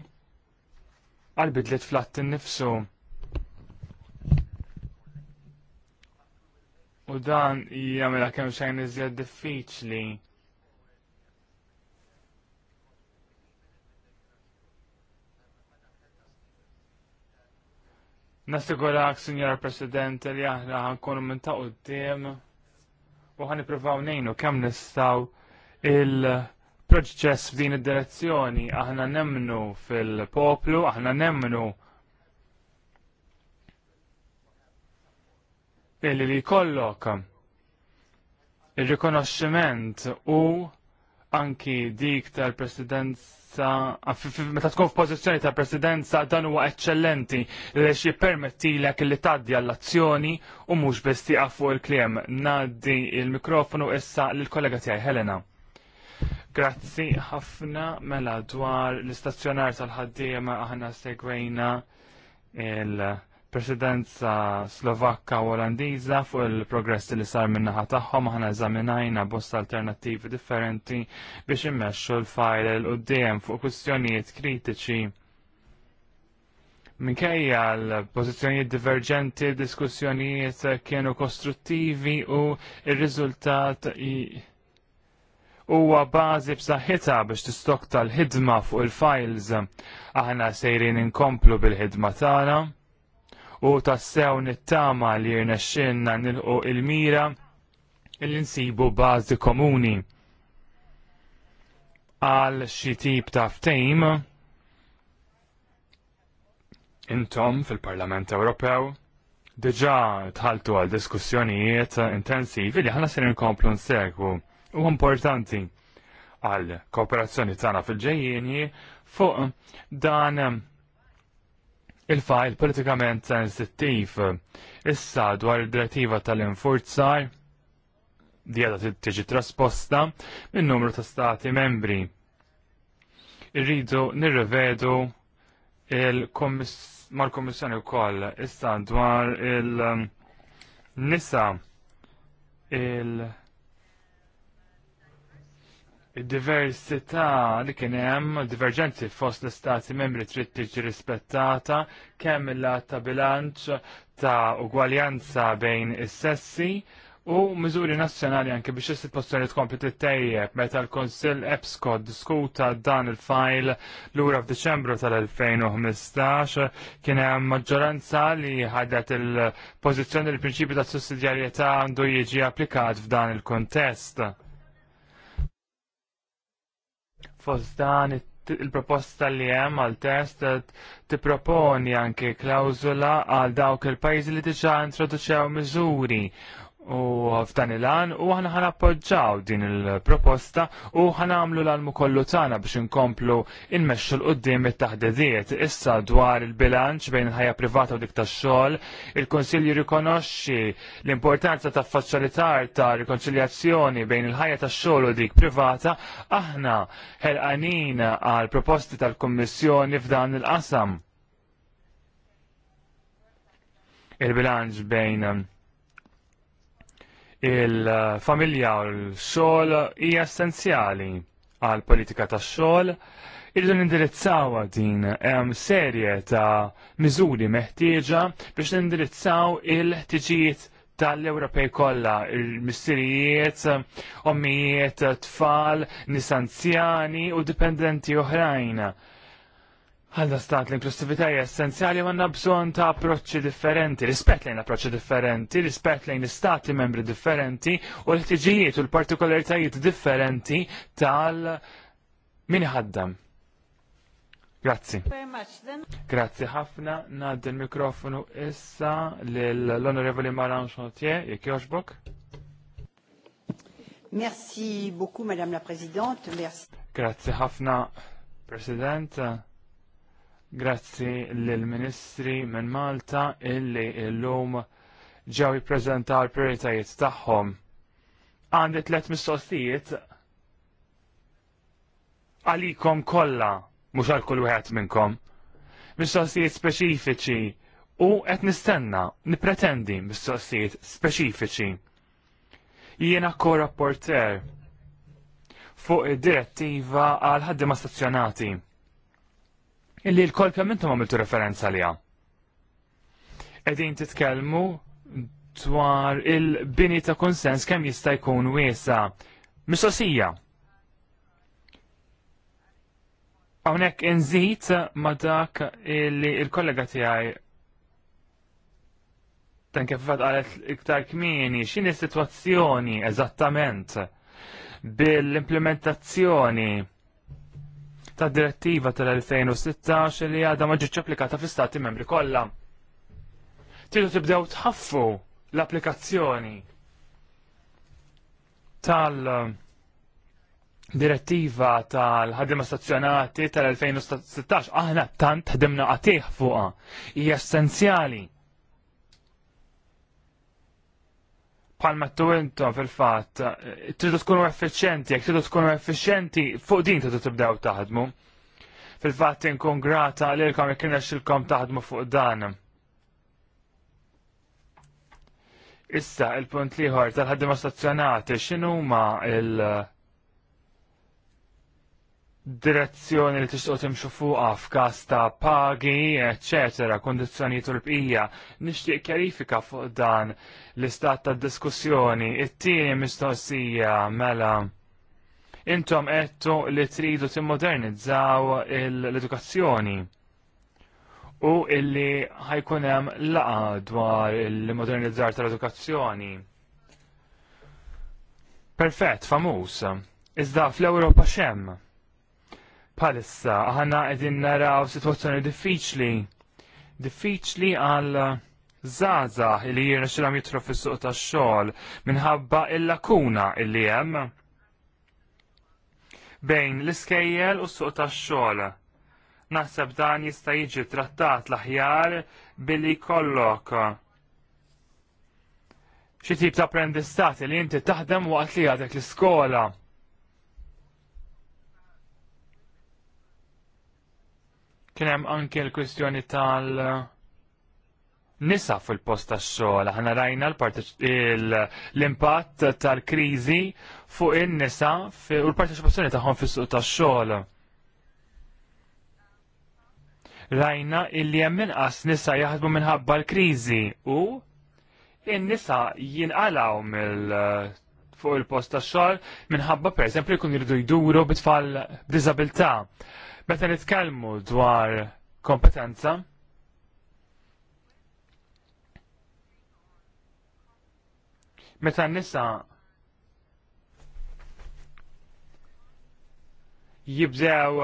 għal bidlet flatt innifsu. nifsu U dan jgħamela kemm xejn iżjed diffiċli. Nassigurak, Sinjora President, li aħna ħankunu minn ta' qoddim u ħan ipruvaw nejnu kemm nistaw il-proċess f'din id-direzzjoni. Aħna nemmnu fil-poplu, aħna nemmnu. illi li jkollok il-rikonoxximent u anki dik tal-presidenza meta tkun f'pożizzjoni tal-presidenza dan huwa eċċellenti permetti jippermettilek li tgħaddi għall-azzjoni u mhux biss tieqa' fuq il-kliem. Ngħaddi il-mikrofonu issa lill-kollega tiegħi Helena. Grazzi ħafna mela dwar l-istazzjonar tal-ħaddiema aħna segwejna il- presidenza Slovakka u Olandiża fuq il-progress li sar min-naħa tagħhom aħna eżaminajna bosta alternattivi differenti biex immexxu l-fajl il qudiem fuq kwistjonijiet kritiċi. Minkejja l-pożizzjonijiet diverġenti, diskussjonijiet kienu kostruttivi u r-riżultat huwa bażi b'saħħitha biex tistokta l-ħidma fuq il-files. Aħna sejrin inkomplu bil-ħidma tagħna u tassew nittama li xinna nilqu il-mira li nsibu bażi komuni għal xi tip ta' ftejm intom fil-Parlament Ewropew diġà tħaltu għal diskussjonijiet intensivi li ħana ser inkomplu nsegwu u importanti għal kooperazzjoni tagħna fil ġejjini fuq dan il-fajl politikament sensittiv issa dwar id-direttiva tal-infurzar di għada tiġi trasposta minn numru ta' stati membri. Irridu nirrevedu mal u wkoll issa dwar il-nisa il-, -nisa, il diversità li kien hemm diverġenti fost l-istati membri trid tiġi rispettata kemm il ta' bilanċ ta' ugwaljanza bejn is-sessi u miżuri nazzjonali anke biex is postjoni tkompli tittejjeb meta l-Kunsill EBSCO diskuta dan il-fajl lura f'Diċembru tal-2015 kien hemm maġġoranza li ħadet il-pożizzjoni l-prinċipju tas sussidjarjetà għandu jiġi applikat f'dan il-kontest Fost dan il-proposta li hemm għal test tipproponi anke klawzula għal dawk il-pajjiżi li diġà introduċew miżuri u f'dan il-għan u ħana ħana appoġġaw din il-proposta u ħana għamlu l-almu kollu tana biex inkomplu inmexxu l-qoddim it-taħdediet issa dwar il-bilanċ bejn ħajja privata u dik tax-xogħol, il-Konsilju rikonoxxi l-importanza ta' faċilitar ta' rikonċiljazzjoni bejn il-ħajja tax-xogħol u dik privata, aħna ħelqanin għal proposti tal-Kummissjoni f'dan il-qasam. Il-bilanċ bejn il-familja u l-xogħol hija essenzjali għal politika tax-xogħol irridu nindirizzaw din hemm serje ta' miżuri meħtieġa biex nindirizzaw il-ħtiġijiet tal-Ewropej kollha, il-missirijiet, ommijiet, tfal, nisanzjani u dipendenti oħrajn. Għalda stant l-inklusivita essenzjali u għanna bżon ta' approċċi differenti, rispett lejn approċċi differenti, rispett lejn istati membri differenti u l-ħtiġijiet u l-partikolaritajiet differenti tal min ħaddam. Grazzi. Grazzi ħafna, nad il-mikrofonu issa l-Onorevoli Maran Chantier, jek joġbok. Merci beaucoup, Madame la Présidente. Merci. Grazie ħafna, President. Grazzi l-Ministri minn Malta illi illum ġew jippreżenta l-prioritajiet tagħhom. Għandi tliet mistoqsijiet għalikom kollha mhux għal kull wieħed minnkom. Mistoqsijiet speċifiċi u qed nistenna nippretendi mistoqsijiet speċifiċi. Jiena korrapporter fuq id-direttiva għal ħaddiema stazzjonati illi l-kolpjament ma għamiltu referenza liha. Qegħdin titkellmu dwar il-bini ta' konsens kemm jista' jkun wiesa. Misosija. Hawnhekk inżid ma dak li l-kollega tiegħi tan kif fat qalet iktar kmieni x'inhi sitwazzjoni eżattament bil-implementazzjoni ta' direttiva tal-2016 li għadha ma ġietx applikata fl-istati membri kollha. Tidu tibdew tħaffu l-applikazzjoni tal- direttiva tal ħadim stazzjonati tal-2016 aħna tant ħdimna għatih fuqa hija essenzjali palma t fil-fat, tridu tkunu effiċenti, jek tridu tkunu efficienti, fuq din tridu tibdew taħdmu. Fil-fat inkun grata għalilkom jek kienna xilkom taħdmu fuq dan. Issa, il-punt liħor tal-ħaddima stazzjonati, xinu ma il- direzzjoni li tixtuq timxu fuqha f'każ ta' pagi, eċċetera, kondizzjoni tulbqija. Nixtieq kjarifika fuq dan l-istat ta' diskussjoni. It-tieni mistoqsija mela intom għettu li tridu timmodernizzaw l-edukazzjoni u illi ħajkun hemm laqa dwar il-modernizzar tal-edukazzjoni. Perfett, famus. Iżda fl-Ewropa xemm palissa. Aħna qegħdin naraw situazzjoni diffiċli. Diffiċli għal zaza li jirna xilhom jitru fis-suq tax-xogħol minħabba il-lakuna illi hemm bejn l-iskejjel u s-suq tax-xogħol. Naħseb dan jista' jiġi trattat l-aħjar billi kollok. xi tip ta' apprendistati li inti taħdem waqt li għadek l-iskola Kien hemm anke l-kwistjoni tal- eh, nisa fil-post tax-xogħol. Aħna rajna l-impatt tal-kriżi fuq in-nisa u l-parteċipazzjoni tagħhom fis-suq tax-xogħol. Rajna illi hemm inqas nisa jaħdmu minħabba l-kriżi u in-nisa jinqalgħu mill eh, fuq il-post tax-xogħol minħabba pereżempju jkun jridu jduru bit-tfal b'diżabilità. Meta nitkellmu dwar kompetenza, meta nisa jibdew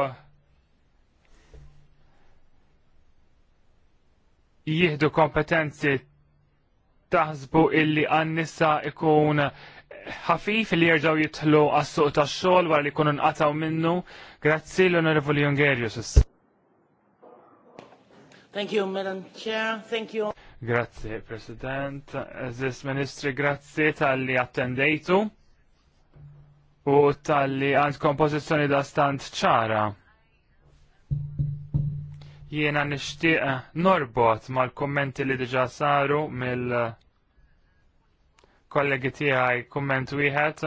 jihdu kompetenzi taħsbu illi għan-nisa ikun ħafif li jerġgħu jitħlu għas-suq tax-xogħol wara li jkunu nqataw minnu. Grazzi l-Onorevoli Jungerius. Thank you, Madam Chair. Thank you. Grazzi, President. Aziz Ministri, grazzi tal-li attendejtu u tal-li għand kompozizjoni da stant ċara. Jiena nixtieq norbot mal-kommenti li diġa saru mill- kollegi tiegħi kumment wieħed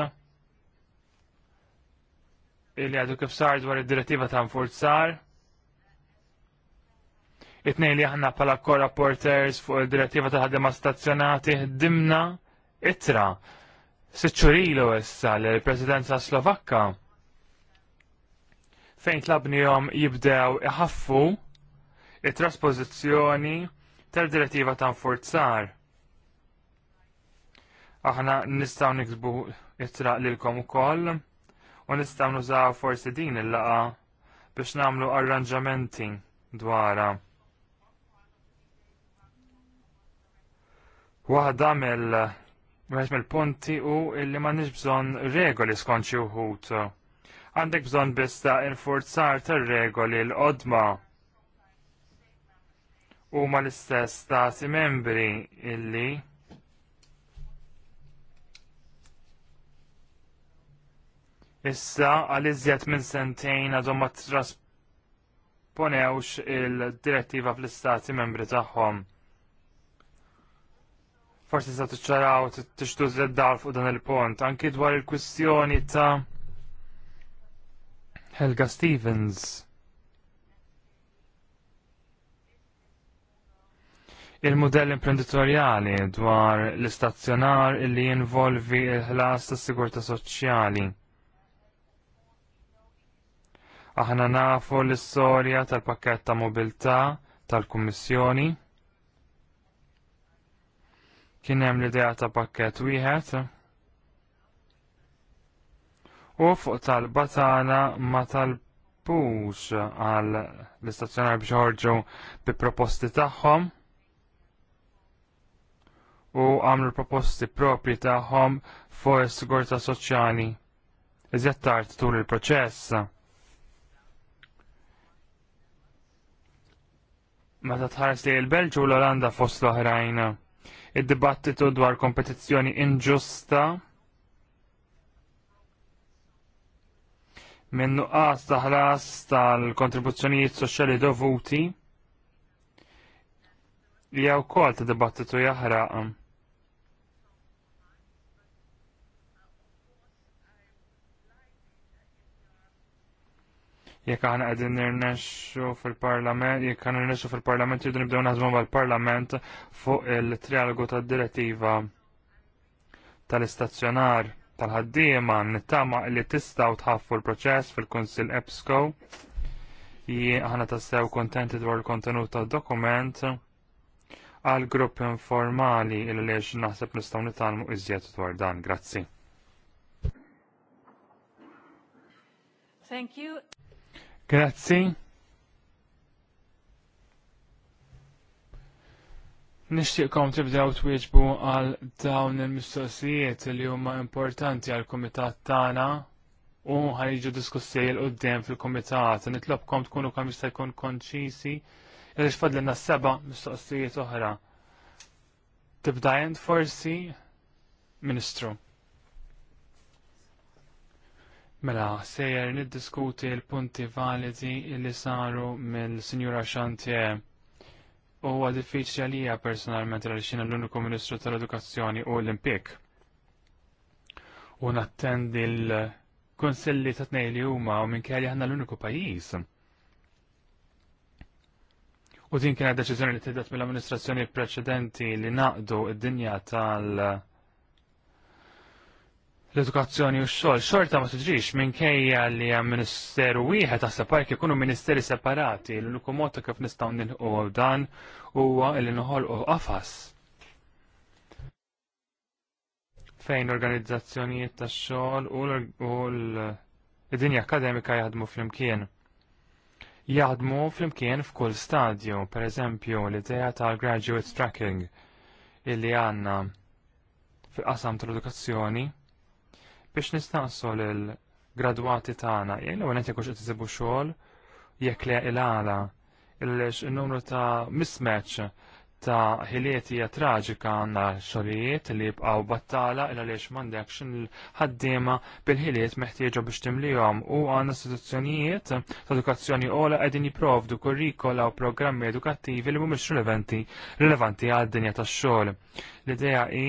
illi għadu kif sar dwar id-direttiva ta' nfurzar. Itnej li aħna pala korrapporters fuq id-direttiva ta' ħadema stazzjonati dimna itra. Sitxurilu issa l-presidenza Slovakka. Fejn tlabnihom jibdew iħaffu it traspożizzjoni tal-direttiva ta' nfurzar. Aħna nistgħu niksbu ittraq lilkom ukoll u nistgħu nużaw forsi din il-laqa biex nagħmlu arranġamenti dwarha. Waħda mill Mħeċ mill-punti u illi ma nix bżon regoli skonċi uħut. Għandek bżon bista infurzar ta' regoli l-qodma. U ma l-istess ta' membri illi Issa għal iżjed minn sentejn għadhom ma trasponewx il-direttiva fl-istati membri tagħhom. Forsi sa tiċċaraw tixtu dal fuq dan il-pont, anki dwar il-kwistjoni ta' Helga Stevens. il-modell imprenditorjali dwar l-istazzjonar illi jinvolvi il-ħlas tas sigurta soċjali. Aħna nafu l-istorja tal-pakket ta' mobilità tal-Kummissjoni. Kien hemm l-idea ta' pakket wieħed. U fuq tal-batana ma tal-pux għal l-istazzjonar biex ħorġu bi proposti tagħhom u għamlu proposti propri tagħhom fuq is-sigurtà soċjali. Iżjed tard tul il-proċess. meta tħares li l-Belġu u l-Olanda fost l-oħrajn. Id-dibattitu dwar kompetizzjoni inġusta minn nuqqas taħlas tal-kontribuzzjonijiet soċjali dovuti li għaw kol ta' dibattitu jaħraqam. jekk aħna qegħdin nirnexxu fil-Parlament, jekk aħna nirnexxu fil-Parlament jridu nibdew naħdmu mal-Parlament fuq il-trialogu tad-direttiva tal-istazzjonar tal-ħaddiema nittama li tistgħu tħaffu l-proċess fil-Kunsill EBSCO. Aħna tassew kontenti dwar il-kontenut tad-dokument għal grupp informali il lex naħseb nistgħu nitalmu iżjed dwar dan. Grazzi. Thank you. Grazzi. Nixtieqkom tibdew twieġbu għal dawn il-mistoqsijiet li huma importanti għal kumitat tagħna u ħajġu diskussi l qudiem fil komitat Nitlobkom tkunu kemm jista' jkun konċisi li fadlilna seba' mistoqsijiet oħra. Tibda forsi Ministru. Mela, sejjer niddiskuti l-punti validi li saru mill-Sinjura Xantie. Huwa diffiċli għalija personalment għal xina l-uniku Ministru tal-Edukazzjoni u l-Impik. U nattendi l-konsilli ta' tnej li huma u minn kelli aħna l-uniku pajjiż. U din kienet deċiżjoni li tiddet mill-amministrazzjoni preċedenti li naqdu id-dinja tal- l-edukazzjoni u x-xogħol xorta ma tiġix minkejja li hemm ministeru wieħed taħseb park ikunu ministeri separati l unku mod kif nistgħu nilħu dan huwa li noħolqu qafas. Fejn organizzazzjonijiet tax-xogħol u l-dinja akademika jaħdmu flimkien. Jaħdmu flimkien f'kull stadju, pereżempju l-idea tal-graduate tracking illi għandna fil-qasam tal-edukazzjoni biex nistaqsu l-gradwati tagħna jgħin u qed jkunx qed xogħol jekk le il-għala il-numru ta' mismatch ta' ħilieti hija traġika għandna xogħlijiet li jibqgħu battala il għaliex m'għandekx il-ħaddiema bil-ħiliet meħtieġa biex timlihom u għandna istituzzjonijiet ta' edukazzjoni ogħla qegħdin jipprovdu kurrikola u programmi edukattivi li mhumiex rilevanti rilevanti għad-dinja tax-xogħol. L-idea hi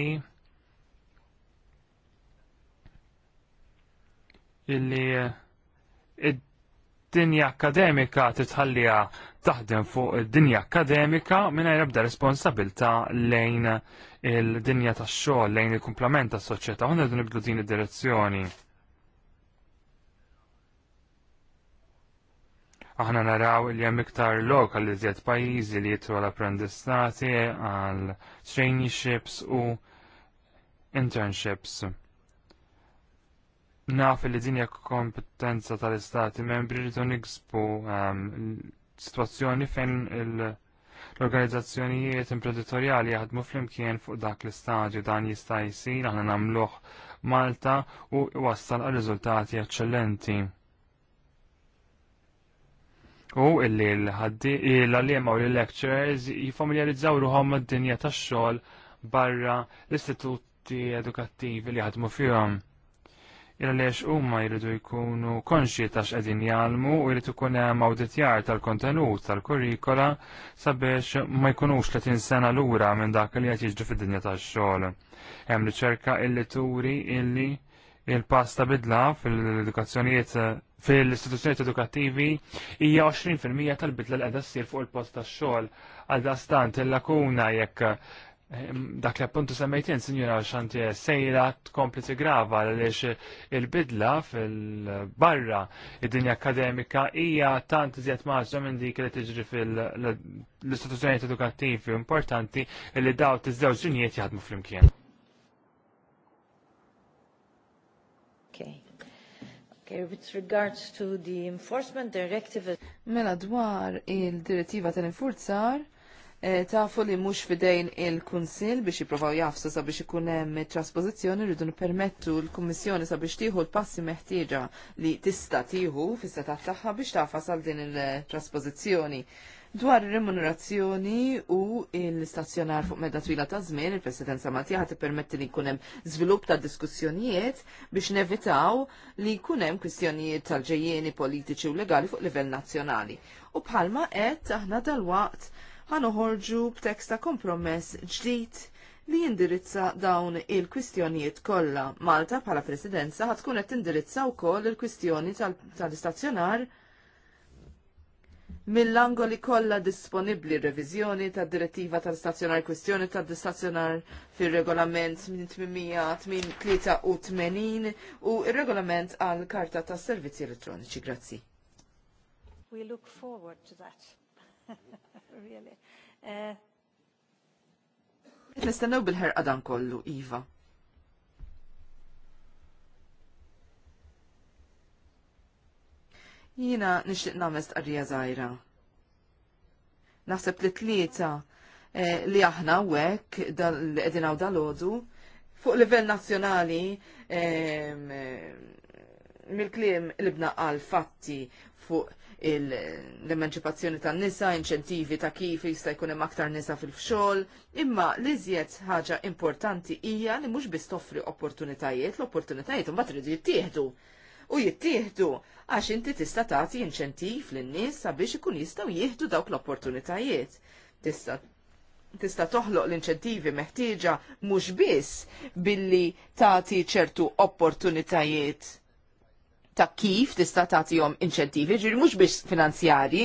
illi eh, id-dinja akademika titħallija taħdem fuq id-dinja akademika minna ebda responsabilta lejn il-dinja tax-xogħol lejn il-kumplament tas-soċjetà u nibdu din id-direzzjoni. Aħna naraw li hemm iktar lokal li żjed pajjiżi li jitru għal apprendistati għal traineeships u internships naf li dinja kompetenza tal-istati membri rridu niksbu um, situazzjoni fejn l-organizzazzjonijiet imprenditorjali jaħdmu flimkien fuq dak l-istadju dan jista' jsir aħna nagħmluh Malta u wassal għal riżultati eċċellenti. U illi l-għalliem u l-lecturers jifamiljarizzaw ruħom mad-dinja tax-xogħol barra l-istituti edukattivi li jaħdmu fihom il-lex umma jridu jkunu konxi ta' xedin jgħalmu u jiridu jkun hemm awditjar tal-kontenut tal-kurrikola sabiex ma jkunux 30 sena lura minn dak li qed jiġri fid-dinja tax-xogħol. Hemm riċerka illi turi illi il-pasta bidla fil-edukazzjonijiet fil-istituzzjonijiet edukattivi hija 20% tal-bidla li qiegħda ssir fuq il-post tax-xogħol għal dastant il-lakuna jekk Ehm, dak li appuntu semmejtien, sinjura xanti sejra tkompli grava għaliex il-bidla fil-barra id-dinja akademika hija tant iżjed maġġa minn dik li tiġri fil-istituzzjonijiet edukattivi importanti li daw tiż-żewġ ġunijiet jaħdmu flimkien. Okay. Okay, with regards to the enforcement directive. Mela dwar il-direttiva tal-infurzar, Eh, tafu li mhux fidejn il-Kunsill biex jippruvaw jafsu sabiex ikun hemm trasposizzjoni rridu nippermettu l-Kummissjoni sabiex tieħu l-passi meħtieġa li tista' tieħu fis-setat tagħha biex tafas għal din il-trasposizzjoni. Dwar remunerazzjoni u l-istazzjonar fuq medda twila ta' żmien, il-Presidenza Matija ħat permetti li jkun hemm żvilupp ta' diskussjonijiet biex nevitaw li jkun hemm kwistjonijiet tal-ġejjieni politiċi u legali fuq livell nazzjonali. U bħalma qed aħna dalwaqt ħanoħorġu b'tekst ta' kompromess ġdid li jindirizza dawn il-kwistjonijiet kollha. Malta bħala presidenza ħad tkun qed tindirizza wkoll il-kwistjoni tal-istazzjonar mill-angoli kollha disponibbli reviżjoni tad direttiva tal-istazzjonar kwistjoni tad istazzjonar fir-regolament 883 u ir-regolament għall karta tas servizzi elettroniċi. Grazzi. We look forward to that. really. Eh, nistennew bil-ħerqa dan kollu, Iva. Jina nixtieq namest stqarrija żgħira. Naħseb li tlieta eh, li aħna hekk li qegħdin hawn dalodu fuq livell nazzjonali eh, mill-kliem li bnaqal fatti fuq l-emanċipazzjoni tan nisa inċentivi ta' kif jista' jkun hemm aktar nisa fil-xogħol, imma li żjed ħaġa importanti hija li mhux biss toffri opportunitajiet, l-opportunitajiet imbagħad iridu jittieħdu u jittieħdu għax inti tista' tagħti inċentiv lin-nies sabiex ikun jistgħu jieħdu dawk l-opportunitajiet. Tista' tista' toħloq l-inċentivi meħtieġa mhux biss billi tagħti ċertu opportunitajiet ta' kif tista' tagħtihom inċentivi, ġiri mhux biex finanzjarji,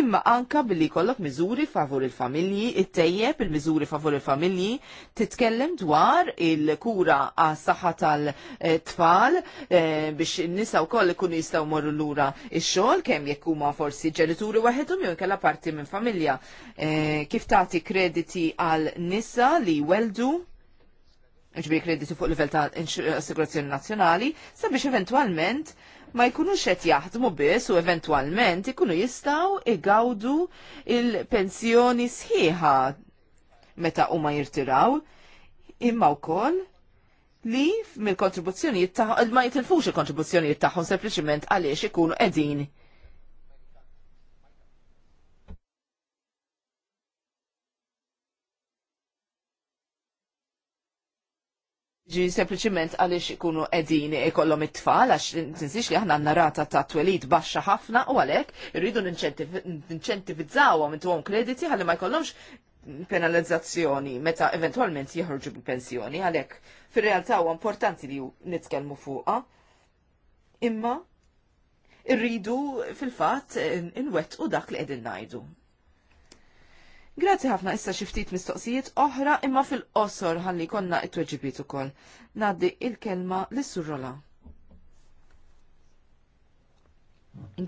imma anka billi kollok miżuri favur il-familji, it-tejjeb il-miżuri favur il-familji, titkellem dwar il-kura għas saħħa tal-tfal eh, biex nisa u koll ikunu jistaw morru l-ura il-xol, kem jekkuma forsi ġenituri waħedhom jew kella parti minn familja. Eh, kif tagħti krediti għal nisa li weldu ġbiri krediti fuq livell ta' assigurazzjoni nazzjonali, sabiex eventualment ma jkunux qed jaħdmu biss u eventualment ikunu jistaw igawdu il-pensjoni sħiħa meta huma jirtiraw, imma wkoll li mill-kontribuzzjonijiet tagħhom ma jitilfux il-kontribuzzjonijiet tagħhom sempliċiment għaliex ikunu qegħdin ġi sempliciment għalix ikunu edini ikollom it-tfal, għax tinsix li aħna narrata ta' twelid baxxa ħafna u għalek irridu ninċentivizzawa minn tuħom krediti għalli ma jkollomx penalizzazzjoni meta eventualment jħorġu bil-pensjoni għalek. Fil-realtà huwa importanti li nitkellmu fuqa. Imma irridu fil-fatt wet u dak li qegħdin ngħidu. Grazzi ħafna issa xi ftit mistoqsijiet oħra imma fil-qosor ħalli konna it-tweġibiet ukoll. Naddi il-kelma l surrola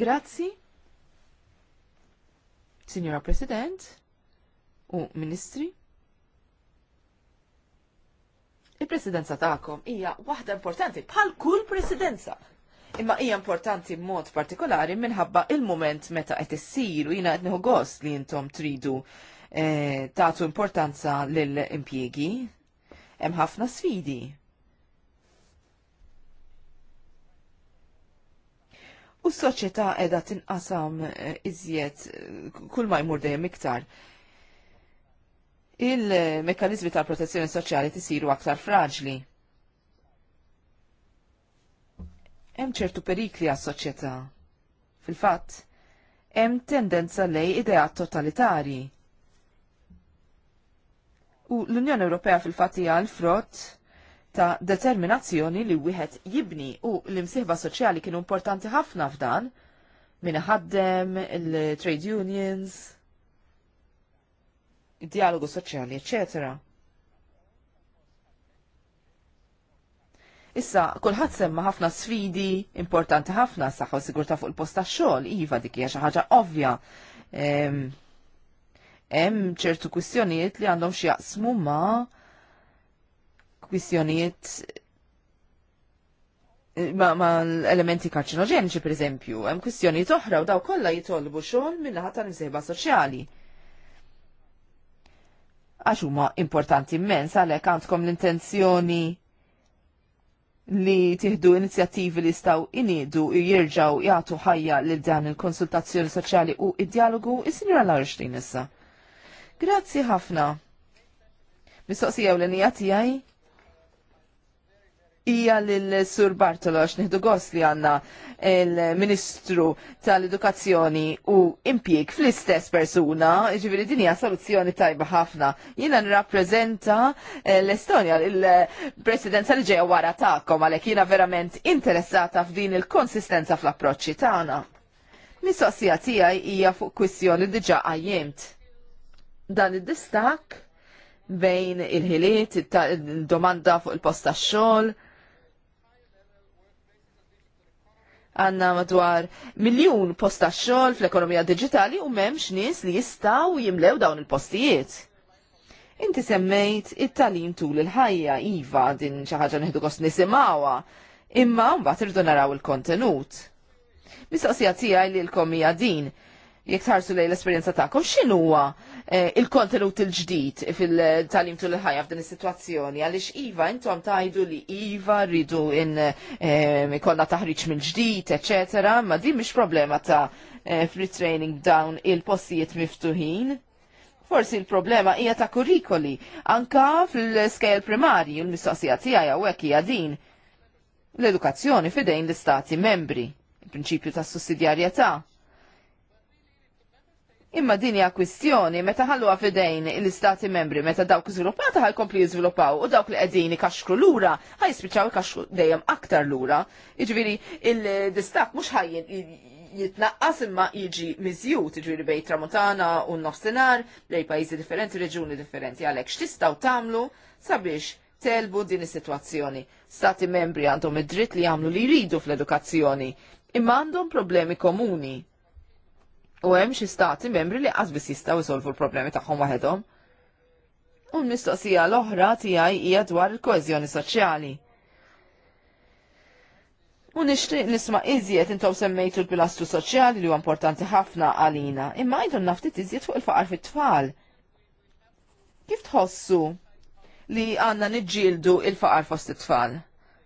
Grazzi. Signora President u Ministri. Il-presidenza ta'kom hija waħda importanti bħal kull presidenza imma hija importanti b'mod partikolari minħabba il-moment meta qed issir u jiena qed nieħu gost li intom tridu eh, tagħtu importanza lill-impjiegi. Hemm ħafna sfidi. U s-soċjetà qiegħda tinqasam eh, iżjed eh, kull ma jmur dejjem iktar. il mekkaniżmi tal protezzjoni soċjali tisiru aktar fraġli. Hemm ċertu perikli għas-soċjetà. Fil-fatt, hemm tendenza lej ideat totalitarji. U l-Unjoni Ewropea fil-fatt hija l-frott ta' determinazzjoni li wieħed jibni u l-imsieħba soċjali kienu importanti ħafna f'dan minn ħaddem, il-trade unions, il-dialogu soċjali, eccetera. Issa, kulħadd semma ħafna sfidi importanti ħafna saħħu u sigurta fuq il posta xogħol iva dik hija xi ħaġa ovvja. Hemm ċertu kwistjonijiet li għandhom xi jaqsmu ma' kwistjonijiet ma, ma l-elementi karċinoġeniċi per eżempju, hemm kwistjonijiet oħra u daw kollha jitolbu xogħol min-naħa tal-imsejba soċjali. Għax huma importanti immens għalhekk għandkom l-intenzjoni li tieħdu inizjattivi li staw inidu jirġaw jagħtu ħajja lil dan il-konsultazzjoni soċjali u id-dialogu is-sinjura Larxtin issa. Grazzi ħafna. Mistoqsija u l-nija tiegħi hija l Sur Bartolox nieħdu gost li għandna il-Ministru tal-Edukazzjoni u impjeg fl-istess persuna, ġiviri din hija soluzzjoni tajba ħafna. Jiena rapprezenta eh, l-Estonja il-Presidenza li ġejja wara tagħkom għalhekk jiena verament interessata f'din il-konsistenza fl-approċċi tagħna. Mistoqsija tiegħi hija fuq kwistjoni ġa għajjemt. Dan id-distak bejn il-ħiliet, il-domanda fuq il-posta xol, xogħol għanna madwar miljun posta xogħol fl-ekonomija digitali u memx nies li jistaw jimlew dawn il-postijiet. Inti semmejt it-talim tul il-ħajja, Iva, din xi ħaġa kost nisimawa, imma mbagħad irdu naraw il-kontenut. Mistoqsija tiegħi li l-komija din jek tħarsu lej l-esperienza ta'kom, xinuwa eh, il-kontenut il-ġdid fil-talim tul ħajja f'din is-sitwazzjoni għaliex iva intom tajdu li iva rridu in eh, ikollna taħriġ mill-ġdid, eċetera, ma din mhix problema ta' eh, free training dawn il-postijiet miftuħin. Forsi il-problema hija ta' kurikoli, anka fil-skejl primarji, l mistoqsija tiegħi hawnhekk hija din. L-edukazzjoni fidejn l-istati membri, il-prinċipju tas sussidjarjetà Imma din hija kwistjoni meta ħalluha f'idejn l-istati membri meta dawk iżviluppata ħajkompli jiżviluppaw u dawk li qegħdin ikaxxru lura ħajspiċċaw ikaxxru dejjem aktar lura. Jiġifieri il-distak mhux ħajjin jitnaqqas imma jiġi miżjut jiġifieri bejn Tramutana u nofsinhar lejn pajjiżi differenti, reġuni differenti għalhekk x'tistgħu tagħmlu sabiex telbu din is-sitwazzjoni. Stati membri għandhom id-dritt li jagħmlu li jridu fl-edukazzjoni imma għandhom problemi komuni U hemm xi stati membri li biss jistgħu jsolvu l-problemi tagħhom waħedhom. U l-mistoqsija l-oħra tiegħi hija dwar il-koeżjoni soċjali. U nixtieq nisma' iżjed intom semmejtu l-pilastru soċjali li huwa importanti ħafna għalina, imma għajdu naftit iżjed fuq il-faqar fit-tfal. Kif tħossu li għanna niġġieldu il-faqar fost it-tfal?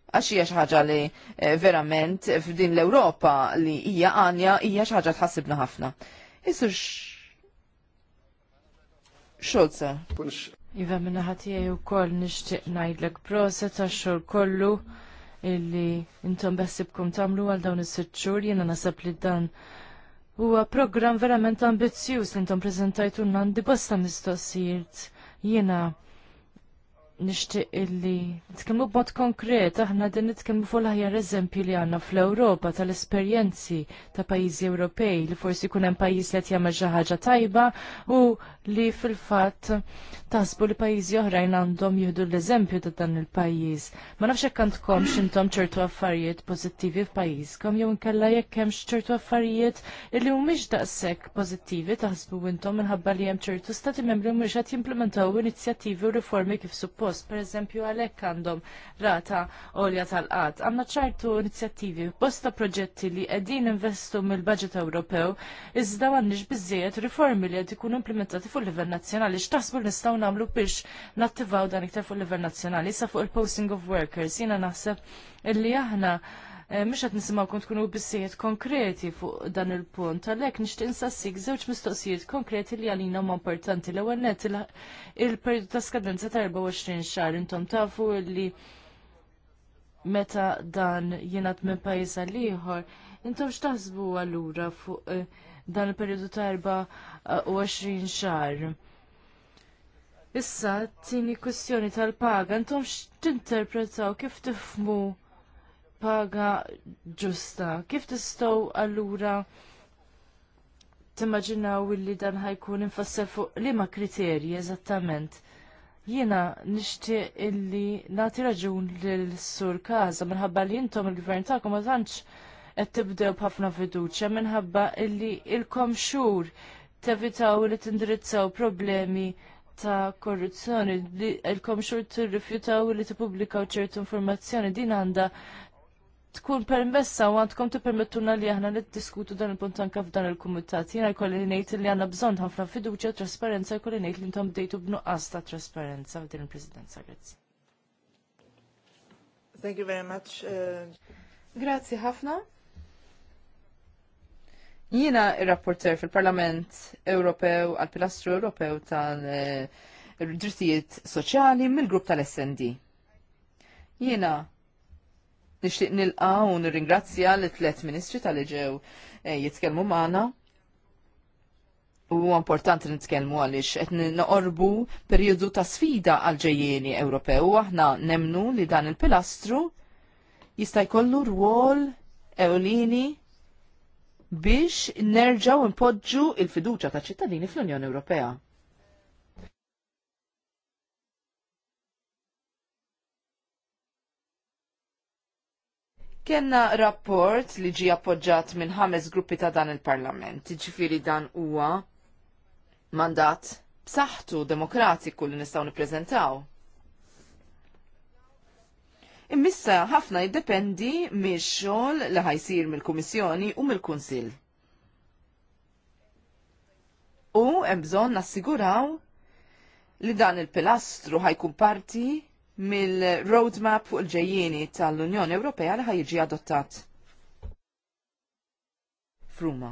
għax hija xi ħaġa li eh, verament f'din l-Ewropa li hija għanja hija xi ħaġa tħassibna ħafna. Isur xolza. Iva minna ħatijaj u koll nishtiq najdlek proset xol kollu illi intom bessibkom tamlu għal dawn is-sitxur jena nasab li dan huwa program verament ambizzjuż li intom prezentajtu nandi bosta mistoqsijiet jena nixtieq illi nitkellmu b'mod konkret, aħna din nitkellmu fuq l-aħjar eżempju li għandna fl-Ewropa tal-esperjenzi ta' pajjiżi Ewropej li forsi jkun hemm pajjiż li qed jagħmel xi ħaġa tajba u li fil-fatt taħsbu li pajjiżi oħrajn għandhom jieħdu l-eżempju ta' dan il-pajjiż. Ma nafx hekk għandkom x'intom ċertu affarijiet pożittivi f'pajjiżkom jew inkella jekk hemm ċertu affarijiet li mhumiex daqshekk pożittivi taħsbu intom minħabba li hemm ċertu stati membri mhumiex qed jimplementaw inizjattivi u riformi kif suppost post, per eżempju għalhekk għandhom rata għolja tal-qatt. Għanna ċartu inizjattivi, bosta proġetti li qegħdin investu mill-budget Ewropew, iżda għannix bizziet riformi li qed ikunu implementati fuq livell nazzjonali. X'taħsbu nistgħu nagħmlu biex nattivaw dan iktar fuq livell nazzjonali sa fuq il-posting of workers. Jiena naħseb illi aħna Eh, mhux qed nisimgħukom tkunu bissijiet konkreti fuq dan il-punt. Għalhekk nixtieq insassik żewġ mistoqsijiet konkreti li għalina huma importanti. L-ewwel il periodu ta' skadenza ta' 24 xahar intom tafu li meta dan jingħad minn pajjiż għal intom x'taħsbu allura fuq eh, dan il-perjodu ta' 24 xar. Issa, t-tini kussjoni tal-paga, intom x'tinterpretaw kif tifmu paga ġusta. Kif tistgħu allura timmaġinaw illi dan ħajkun infassel fuq liema kriterji eżattament? Jiena nixtieq illi nagħti raġun lil sur Kaza minħabba li intom il-gvern tagħkom ma tantx qed tibdew b'ħafna fiduċja minħabba illi ilkom xhur tevitaw li tindirizzaw problemi ta' korruzzjoni li ilkom t-rifjutaw li t-publikaw ċertu informazzjoni din għandha tkun permessa u għandkom permettuna li aħna niddiskutu dan il-punt anka f'dan il-kumitat. Jiena jkolli ngħid li għandna bżonn ħafna fiduċja trasparenza jkolli ngħid li intom bdejtu b'nuqqas ta' trasparenza f'din il-Presidenza. Grazzi. Thank you very much. Uh... Grazzi ħafna. Jiena il-rapporter fil-Parlament Ewropew għal pilastru Ewropew tal-drittijiet eh, soċjali mill-grupp tal-SND. Jiena Nixtieq nilqa u nirringrazzja l tlet ministri tal-ġew eh, jitkellmu magħna. U importanti nitkellmu għaliex qed noqorbu perjodu ta' sfida għal ġejjieni Ewropew u aħna nemnu li dan il-pilastru jista' jkollu rwol ewlieni biex nerġaw impoġġu il-fiduċa ta' ċittadini fl-Unjoni Ewropea. Kenna rapport li ġi appoġġat minn ħames gruppi ta' dan il-parlament, ġifiri dan huwa mandat b'saħħtu demokratiku li nistgħu nippreżentaw. Immissa ħafna jiddependi mix-xogħol li ħajsir mill-Kummissjoni u mill-Kunsill. U hemm bżonn nassiguraw li dan il-pilastru ħajkun parti mill-roadmap fuq il-ġejjieni tal-Unjoni Ewropea li ħajġi adottat. Fruma.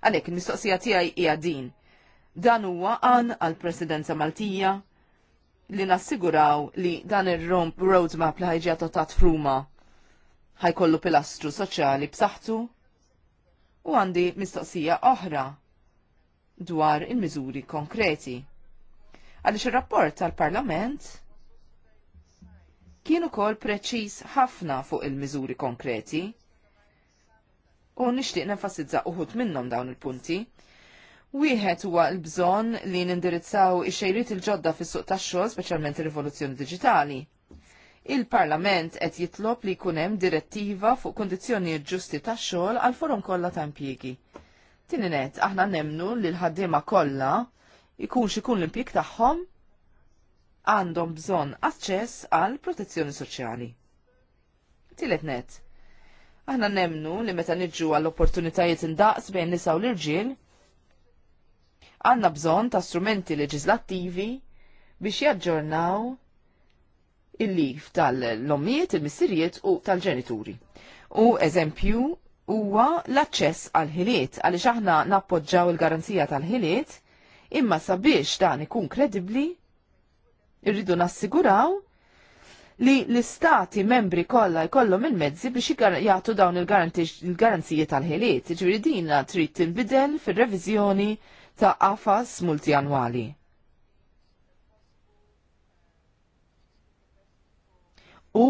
Għalek, il-mistoqsija tiegħi hija din. Dan huwa għan għal-Presidenza Maltija li nassiguraw li dan ir-romp roadmap li ħajġi adottat fruma ħajkollu pilastru soċjali b'saħħtu u għandi mistoqsija oħra dwar il-miżuri konkreti. Għaliex ir-rapport tal-Parlament kien ukoll preċiż ħafna fuq il-miżuri konkreti. U nixtieq nenfasizza uħut minnhom dawn il-punti. Wieħed huwa l-bżonn li nindirizzaw ix-xejriet il-ġodda fis-suq tax-xogħol speċjalment ir-rivoluzzjoni diġitali. Il-Parlament qed jitlob li jkun hemm direttiva fuq kundizzjonijiet ġusti tax-xogħol għal forum kollha ta' impjiegi. Tieni aħna nemnu li l-ħaddiema kollha jkunx ikun l-impjieg tagħhom għandhom bżonn aċċess għal protezzjoni soċjali. Tilet net. Aħna nemnu li meta niġu għall opportunitajiet indaqs bejn nisa u l-irġiel, għandna bżonn ta' strumenti leġislattivi biex jaġġornaw il-lif tal lommiet il-missirijiet u tal-ġenituri. U eżempju huwa l-aċċess għal ħiliet għaliex aħna nappoġġaw il-garanzija tal-ħiliet imma sabiex dan ikun kredibbli Irridu nassiguraw li l-istati membri kollha jkollhom il-mezzi biex jagħtu dawn il-garanzijiet tal-ħiliet, ġifieri din trid tinbidel fir-reviżjoni ta' qafas multianwali. U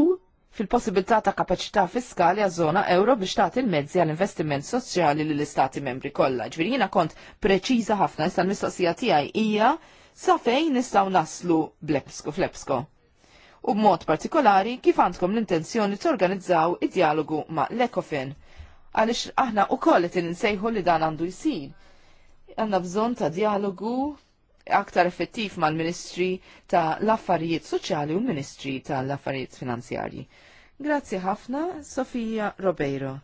fil-possibilità ta' kapaċità fiskali għaż-żona euro biex tagħti l-mezzi għall-investiment soċjali lill istati membri kollha. Ġifieri jiena kont preċiża ħafna issa l-mistoqsija tiegħi hija sa fejn nistgħu naslu blepsko flepsko. U b'mod partikolari kif għandkom l-intenzjoni torganizzaw id-dialogu ma' l-Ekofin għaliex aħna u koll qed insejħu li dan għandu jsir. Għanna bżonn ta' dialogu aktar effettiv mal-Ministri ta' l-Affarijiet Soċjali u l-Ministri tal-Affarijiet Finanzjarji. Grazzi ħafna, Sofija Robeiro.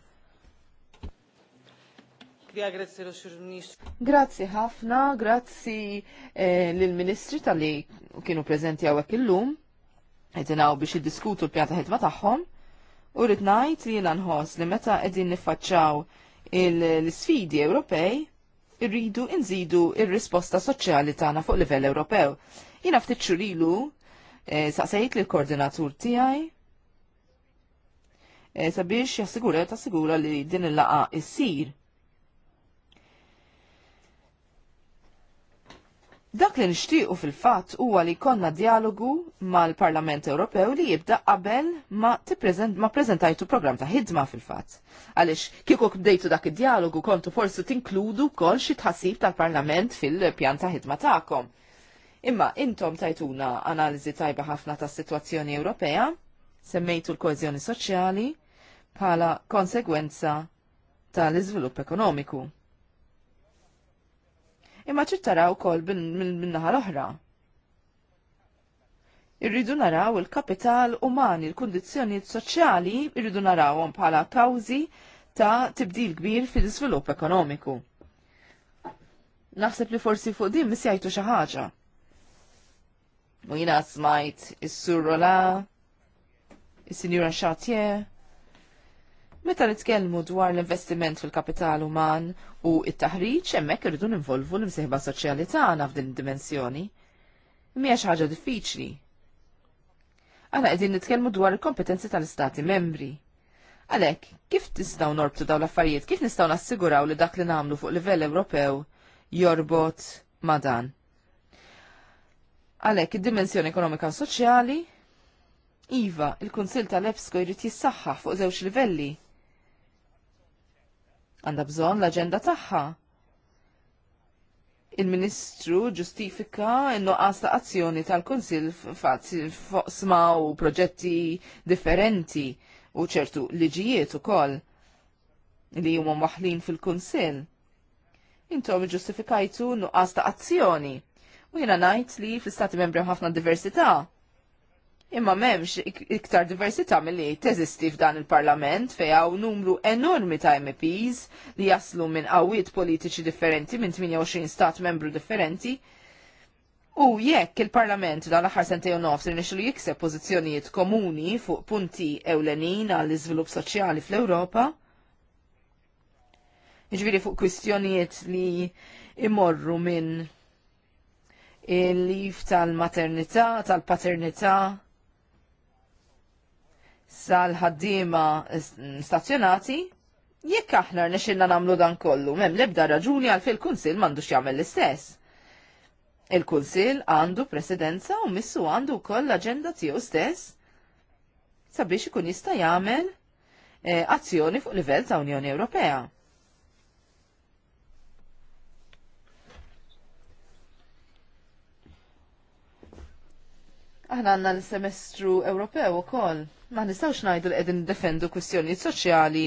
Grazzi ħafna, grazzi eh, lill-Ministri tal-li kienu prezenti għawek illum, għedinaw biex jiddiskutu l-pjata ħidma tagħhom, u rritnajt ngħid li jiena nħoss li meta qegħdin nifacċaw l-sfidi Ewropej, irridu nżidu il risposta soċjali tagħna fuq livell Ewropew. Jiena ftit xurilu e, eh, saqsejt lill koordinatur tiegħi eh, sabiex jassigura tassigura li din il-laqa issir. Dak li nixtiequ fil-fatt huwa li konna dialogu mal-Parlament Ewropew li jibda qabel ma tippreżent ma preżentajtu programm ta' ħidma fil-fatt. Għaliex kieku bdejtu dak id-dialogu kontu forsi tinkludu wkoll xi tħassib tal-Parlament fil-pjan ta' ħidma tagħkom. Imma intom tajtuna analiżi tajba ħafna tas-sitwazzjoni Ewropea, semmejtu l-kohezjoni soċjali bħala konsegwenza tal-iżvilupp ekonomiku imma trid taraw ukoll min-naħa l-oħra. Irridu naraw il-kapital umani, il-kundizzjonijiet soċjali irridu narawhom bħala kawżi ta' tibdil kbir fil-iżvilupp ekonomiku. Naħseb li forsi fuq din misjajtu xi ħaġa. U jiena smajt is-surrola, is-sinjura Xatje, Meta nitkellmu dwar l-investiment fil-kapital uman u it-taħriġ, hemmhekk irridu ninvolvu l-imsieħba soċjali tagħna f'din id-dimensjoni. Mhijiex ħaġa diffiċli. Aħna qegħdin nitkellmu dwar il-kompetenzi tal-istati membri. Għalhekk, kif tistgħu norbtu dawn l-affarijiet, kif nistgħu nassiguraw li dak li nagħmlu fuq livell Ewropew jorbot ma' dan? Għalhekk id-dimensjoni ekonomika u soċjali Iva, il-Kunsil tal-EPSCO jrid jissaħħaħ fuq żewġ livelli għandha bżonn l-aġenda tagħha. Il-Ministru ġustifika n-nuqqas ta' azzjoni tal-Kunsill fuq sma u proġetti differenti u ċertu liġijiet ukoll li huma maħlin fil-Kunsill. Intom ġustifikajtu nuqqas ta' azzjoni. U jena najt li fl istati membri ħafna diversità. Imma memx iktar diversità li teżisti f'dan il-Parlament fej hawn numru enormi ta' MPs li jaslu minn qawwiet politiċi differenti minn 28 stat membru differenti. U jekk il-Parlament dan l-aħħar sentej u nofs irnexxielu jikseb pożizzjonijiet komuni fuq punti ewlenin għall iżvilupp soċjali fl-Ewropa, ġviri jiġifieri fuq kwistjonijiet li imorru minn il-lif tal-maternità, tal-paternità, sal-ħaddima stazzjonati, jekk aħna nixinna namlu dan kollu, mem lebda raġuni għal fil kunsil mandux jagħmel l-istess. Il-kunsil għandu presidenza u missu għandu koll l-agenda tiegħu stess sabiex ikun jista' jagħmel eh, azzjoni fuq livell ta' Unjoni Ewropea. Aħna għanna l-semestru Ewropew u koll ma nistawx najdu li qegħdin defendu kwistjonijiet soċjali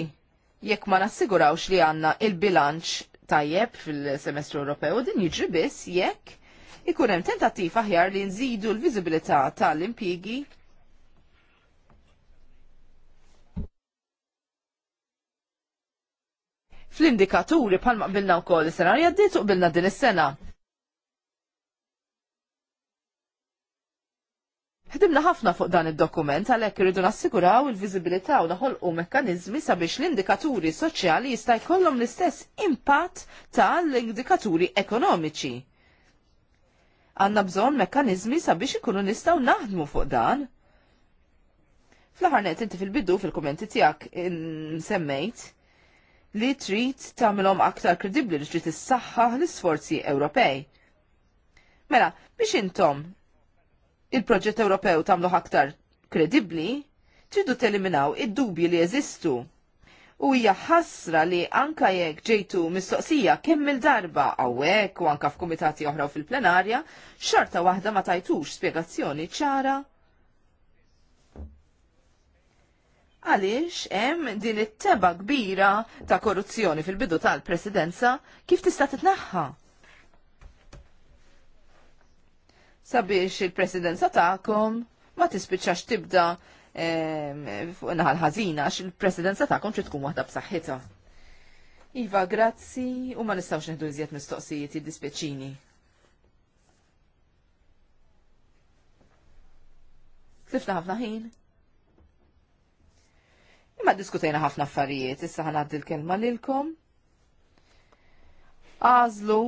jekk ma nassigurawx li għandna il-bilanċ tajjeb fil-semestru Ewropew din jiġri biss jekk ikun hemm tentattiv aħjar li nżidu l-viżibilità tal impjiegi fl-indikaturi bħalma qbilna wkoll is-sena li għaddiet u qbilna din is-sena. Ħdimna ħafna fuq dan id-dokument għalhekk irridu nassiguraw il-viżibilità u naħolqu mekkaniżmi sabiex l-indikaturi soċjali jista' jkollhom l-istess impatt ta l indikaturi ekonomiċi. Għandna bżonn mekkaniżmi sabiex ikunu nistgħu naħdmu fuq dan. Fl-aħħar nett inti fil-bidu fil-kummenti tiegħek semmejt li trid tagħmilhom aktar kredibbli li trid issaħħaħ l-isforzi Ewropej. Mela, biex intom il-proġett Ewropew tagħmlu aktar kredibbli, tridu teliminaw id-dubji li jeżistu. U hija ħasra li anka jekk ġejtu mistoqsija kemm il-darba hawnhekk u anka f'kumitati oħra fil-plenarja, xorta waħda ma tajtux spjegazzjoni ċara. Għaliex hemm din it-teba kbira ta' korruzzjoni fil-bidu tal-presidenza kif tista' titnaħħa? sabiex il-presidenza ta'kom ma tispiċax tibda fuq naħal ħażina għax il-presidenza ta'kom trid tkun waħda b'saħħitha. Iva, grazzi, u ma nistawx neħdu iżjed mistoqsijiet jiddispeċini. Tlifna ħafna ħin. Imma diskutajna ħafna affarijiet, issa ħanaddi l-kelma lilkom. Għazlu,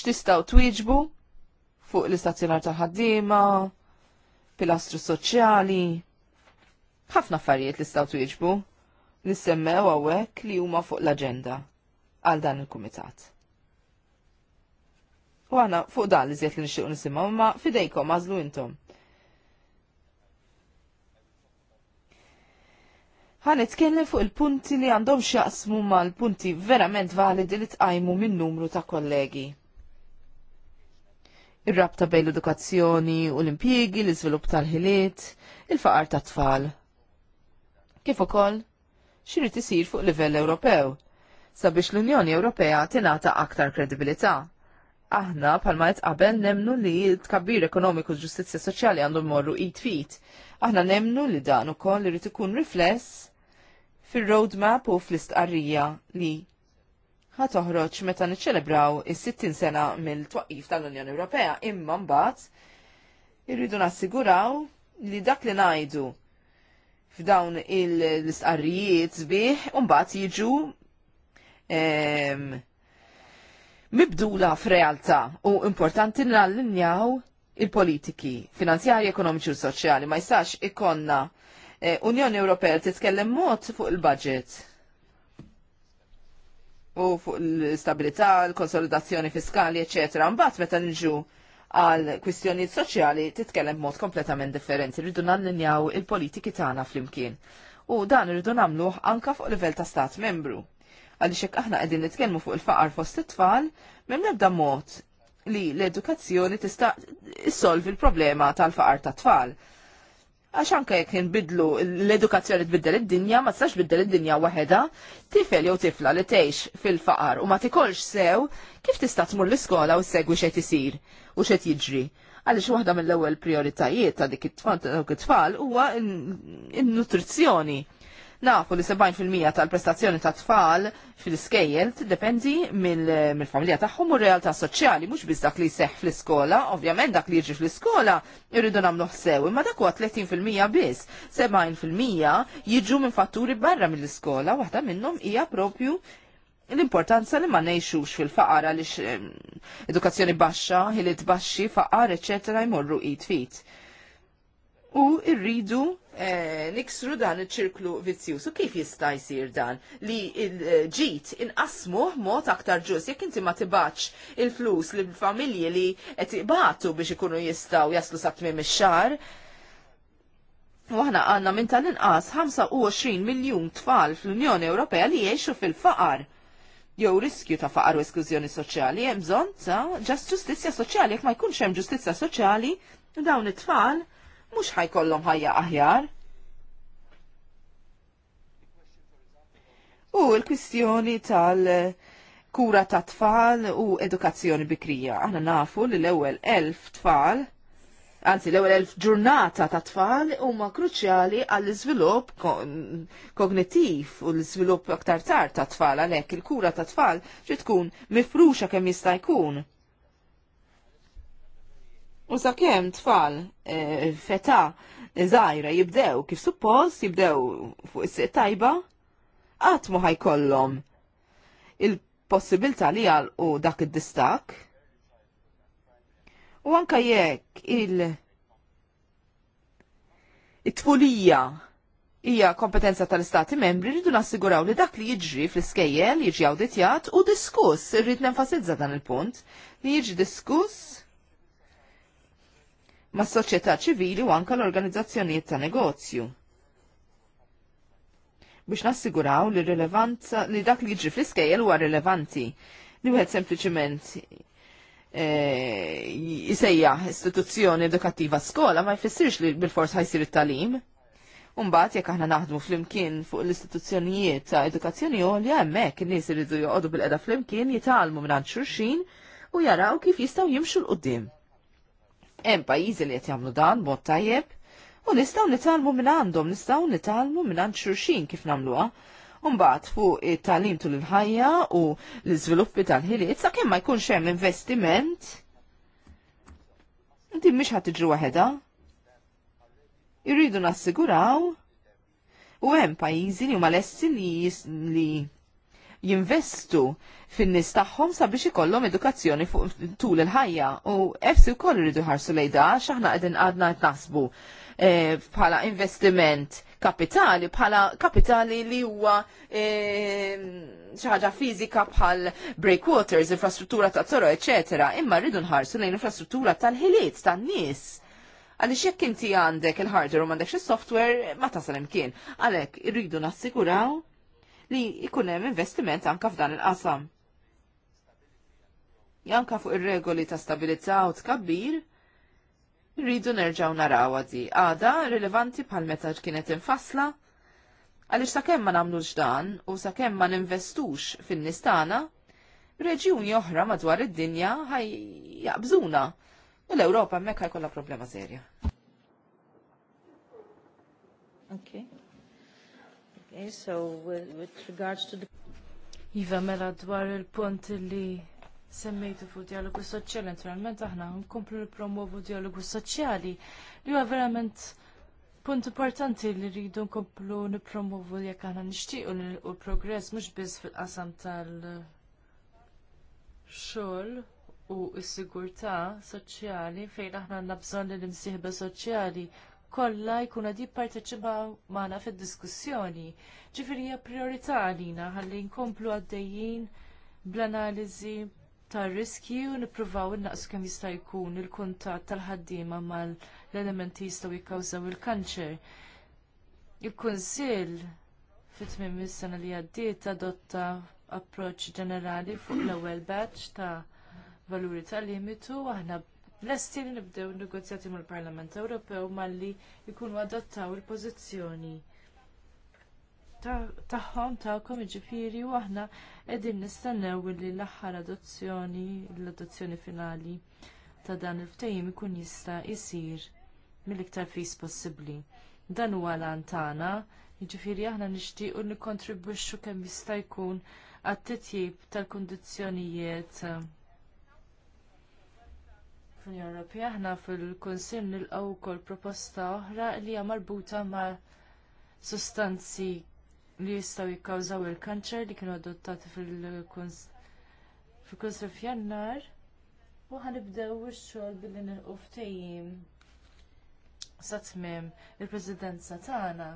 x'tistgħu twieġbu fuq l-istazzjonar ta' ħaddiema, pilastru soċjali, ħafna affarijiet li staw twieġbu nissemmew hawnhekk li huma fuq l-aġenda għal dan il-kumitat. U għana fuq dan li zjed li nixtieq nisimgħu ma fidejkom għażlu intom. Ħanet itkellem fuq il-punti li għandhom xjaqsmu mal punti verament validi li tqajmu minn numru ta' kollegi ir-rabta bejn l-edukazzjoni u l-impjiegi, l-iżvilupp tal-ħiliet, il-faqar ta' tfal. Kif ukoll x'irid isir fuq livell Ewropew sabiex l-Unjoni Ewropea tingħata aktar kredibilità. Aħna bħalma qed qabel nemnu li l-tkabbir ekonomiku ġustizzja soċjali għandhom morru id fit. Aħna nemnu li dan ukoll irid ikun rifless fir-roadmap u fl-istqarrija li Ma' toħroġ meta niċċelebraw is-60 sena mill-twaqif tal-Unjoni Ewropea, imma mbagħad irridu nassiguraw li dak li ngħidu f'dawn il-istqarrijiet bih u mbagħad jiġu ehm, mibdula f'realtà u importanti nallinjaw il-politiki finanzjari, ekonomiċi u soċjali ma jistax ikonna eh, Unjoni Ewropea titkellem mod fuq il-budget u fuq l-stabilità, l-konsolidazzjoni fiskali, ecc. Mbagħad meta nġu għal kwistjonijiet soċjali titkellem b'mod kompletament differenti. Rridu nallinjaw il-politiki tagħna flimkien. U dan irridu nagħmluh anka fuq livell ta' stat membru. Għaliex hekk aħna qegħdin nitkellmu fuq il-faqar fost it-tfal, minn nebda mod li l-edukazzjoni tista' issolvi l-problema tal-faqar tat-tfal. Ta Għax anke jekk inbidlu l-edukazzjoni tbiddel id-dinja, ma tistax biddel id-dinja waħedha, tifel jew tifla li tgħix fil-faqar u ma tikolx sew kif tista' tmur l-iskola u segwi xejn isir u xejn jiġri. Għaliex waħda mill-ewwel prioritajiet ta' dik it-tfal huwa n-nutrizzjoni. Nafu li 70% tal-prestazzjoni ta' tfal fil-iskejjel tiddependi mill-familja tagħhom u r-realtà soċjali mhux biss dak li jseħħ fl-iskola, ovvjament dak li jiġi fl-iskola jridu nagħmlu ħsew, imma dak huwa 30% biss. 70% jiġu minn fatturi barra mill-iskola, waħda minnhom hija propju l-importanza li ma nejxux fil-faqar għaliex ehm, edukazzjoni baxxa, ħiliet baxxi, faqar, eċetera, jmorru id fit u rridu eh, niksru dan il-ċirklu vizzju. So kif jista' jsir dan li l-ġit inqasmu mod aktar ġus jekk inti ma tibaċ il-flus li familji li qed iqbatu biex ikunu jistgħu jaslu sa tmiem ix-xahar. Waħna għanna minn tal-inqas 25 miljun tfal fl-Unjoni Ewropea li jgħixu fil-faqar jew riskju ta' faqar u esklużjoni soċjali, hemm bżonn ta' ġustizzja soċjali, jekk ma jkunx hemm ġustizzja soċjali, dawn it-tfal mhux ħajkollhom ħajja aħjar. U l-kwistjoni tal-kura ta' tfal u edukazzjoni bikrija. Aħna nafu li l-ewwel elf tfal Anzi, l-ewwel elf ġurnata ta' tfal huma kruċjali għall iżvilupp kognittiv u l-iżvilupp aktar tard ta' tfal għalhekk il-kura ta' tfal ġi tkun mifruxa kemm jista' jkun. U sakemm tfal e, feta zaħira jibdew kif suppost jibdew fuq is tajba, qatt muħaj kollom il possibilta li u dak id-distak. U anka jekk il- it-tfulija hija kompetenza tal-istati membri rridu nassiguraw li dak li jiġri fl-iskejjel jiġi awditjat u diskuss, irrid nenfasizza dan il-punt, li jiġi diskuss mas soċjetà ċivili u anka l-organizzazzjonijiet ta' negozju. Biex nassiguraw li rilevanza li dak li jiġri fl-iskejjel huwa rilevanti. Li wieħed sempliċiment eh, jisejja istituzzjoni edukattiva skola ma jfissirx li bil-fors ħajsir it-talim. Umbat jekk aħna naħdmu flimkien fuq l-istituzzjonijiet ta' edukazzjoni għolja hemmhekk in-nies iridu joqogħdu bil-qeda flimkien jitalmu minn xurxin u jaraw kif jistgħu jimxu l-qudiem. Hemm pajjiżi li qed jagħmlu dan mod tajjeb u nistgħu nitalmu minn għandhom, nistgħu nitalmu minn għand xurxin kif nagħmluha. Umbagħad fuq it tagħlim tul il-ħajja u l-iżviluppi tal-ħiliet sakemm ma jkunx hemm investiment. Inti mhix ħadd tiġri waħedha. Irridu nassiguraw u hemm pajjiżi li huma lesti li jinvestu fin-nies tagħhom sabiex ikollhom edukazzjoni fuq tul il-ħajja u efsi wkoll iridu ħarsu lejn, għax aħna qegħdin għadna qed naħsbu eh, bħala investiment kapitali bħala kapitali li huwa eh, xi ħaġa fiżika bħal breakwaters, infrastruttura ta' toro, eċetera, imma rridu nħarsu lejn infrastruttura tal-ħiliet tan-nies għalix jekk inti għandek il-hardware u m'għandekx is software ma tasal imkien. Għalek, irridu nassiguraw li jkun hemm investiment anka f'dan il-qasam. Janka fuq ir-regoli ta' stabilizza u tkabbir, rridu nerġaw naraw għadi. Għada rilevanti bħal meta kienet infasla, għaliex sakemm ma nagħmlux dan u sakemm ma ninvestux fin-nistana, reġjuni oħra madwar id-dinja ħaj jaqbżuna. U l-Ewropa mekk ħajkolla problema serja. Okay is, so with regards to the... Iva mela dwar il-punt li semmejtu fuq dialogu soċjali, naturalment aħna nkomplu nippromovu dialogu soċjali li huwa verament punt importanti li rridu nkomplu nipromovu jekk aħna nixtiequ u progress mhux biss fil-qasam tal-xogħol u s-sigurtà soċjali fejn aħna għandna bżonn li l-imsieħba soċjali kollha jkun għadi jipparteċipaw maħna fid-diskussjoni. Ġifiri hija priorità għalina ħalli nkomplu għaddejjin bl-analiżi tar-riski u nippruvaw innaqsu kemm jista' jkun il-kuntatt tal-ħaddiema mal-elementi jistgħu jikkawżaw il-kanċer. Il-Kunsill fit-tmiem is-sena li għaddiet adotta approċċ ġenerali fuq l-ewwel batch ta' valuri tal-limitu aħna l estin nibdew negozjati mal-Parlament Ewropew malli jkunu adottaw il-pożizzjoni tagħhom tagħkom jiġifieri u aħna qegħdin nistennew li l-aħħar adozzjoni, l-adozzjoni finali ta' dan il-ftehim ikun jista' jsir mill-iktar fis possibbli. Dan huwa lan tagħna, jiġifieri aħna nixtiequ nikkontribwixxu kemm jista' jkun għat-titjib tal-kundizzjonijiet fl-Unjoni Ewropea aħna fil-Kunsill nilqgħu wkoll proposta oħra li hija marbuta ma' sustanzi li jistgħu jikkawżaw il-kanċer li kienu adottati fil-Kunsill f'Jannar. U ħanibdew ix-xogħol billi nilqu ftehim sa tmiem il-Presidenza tagħna.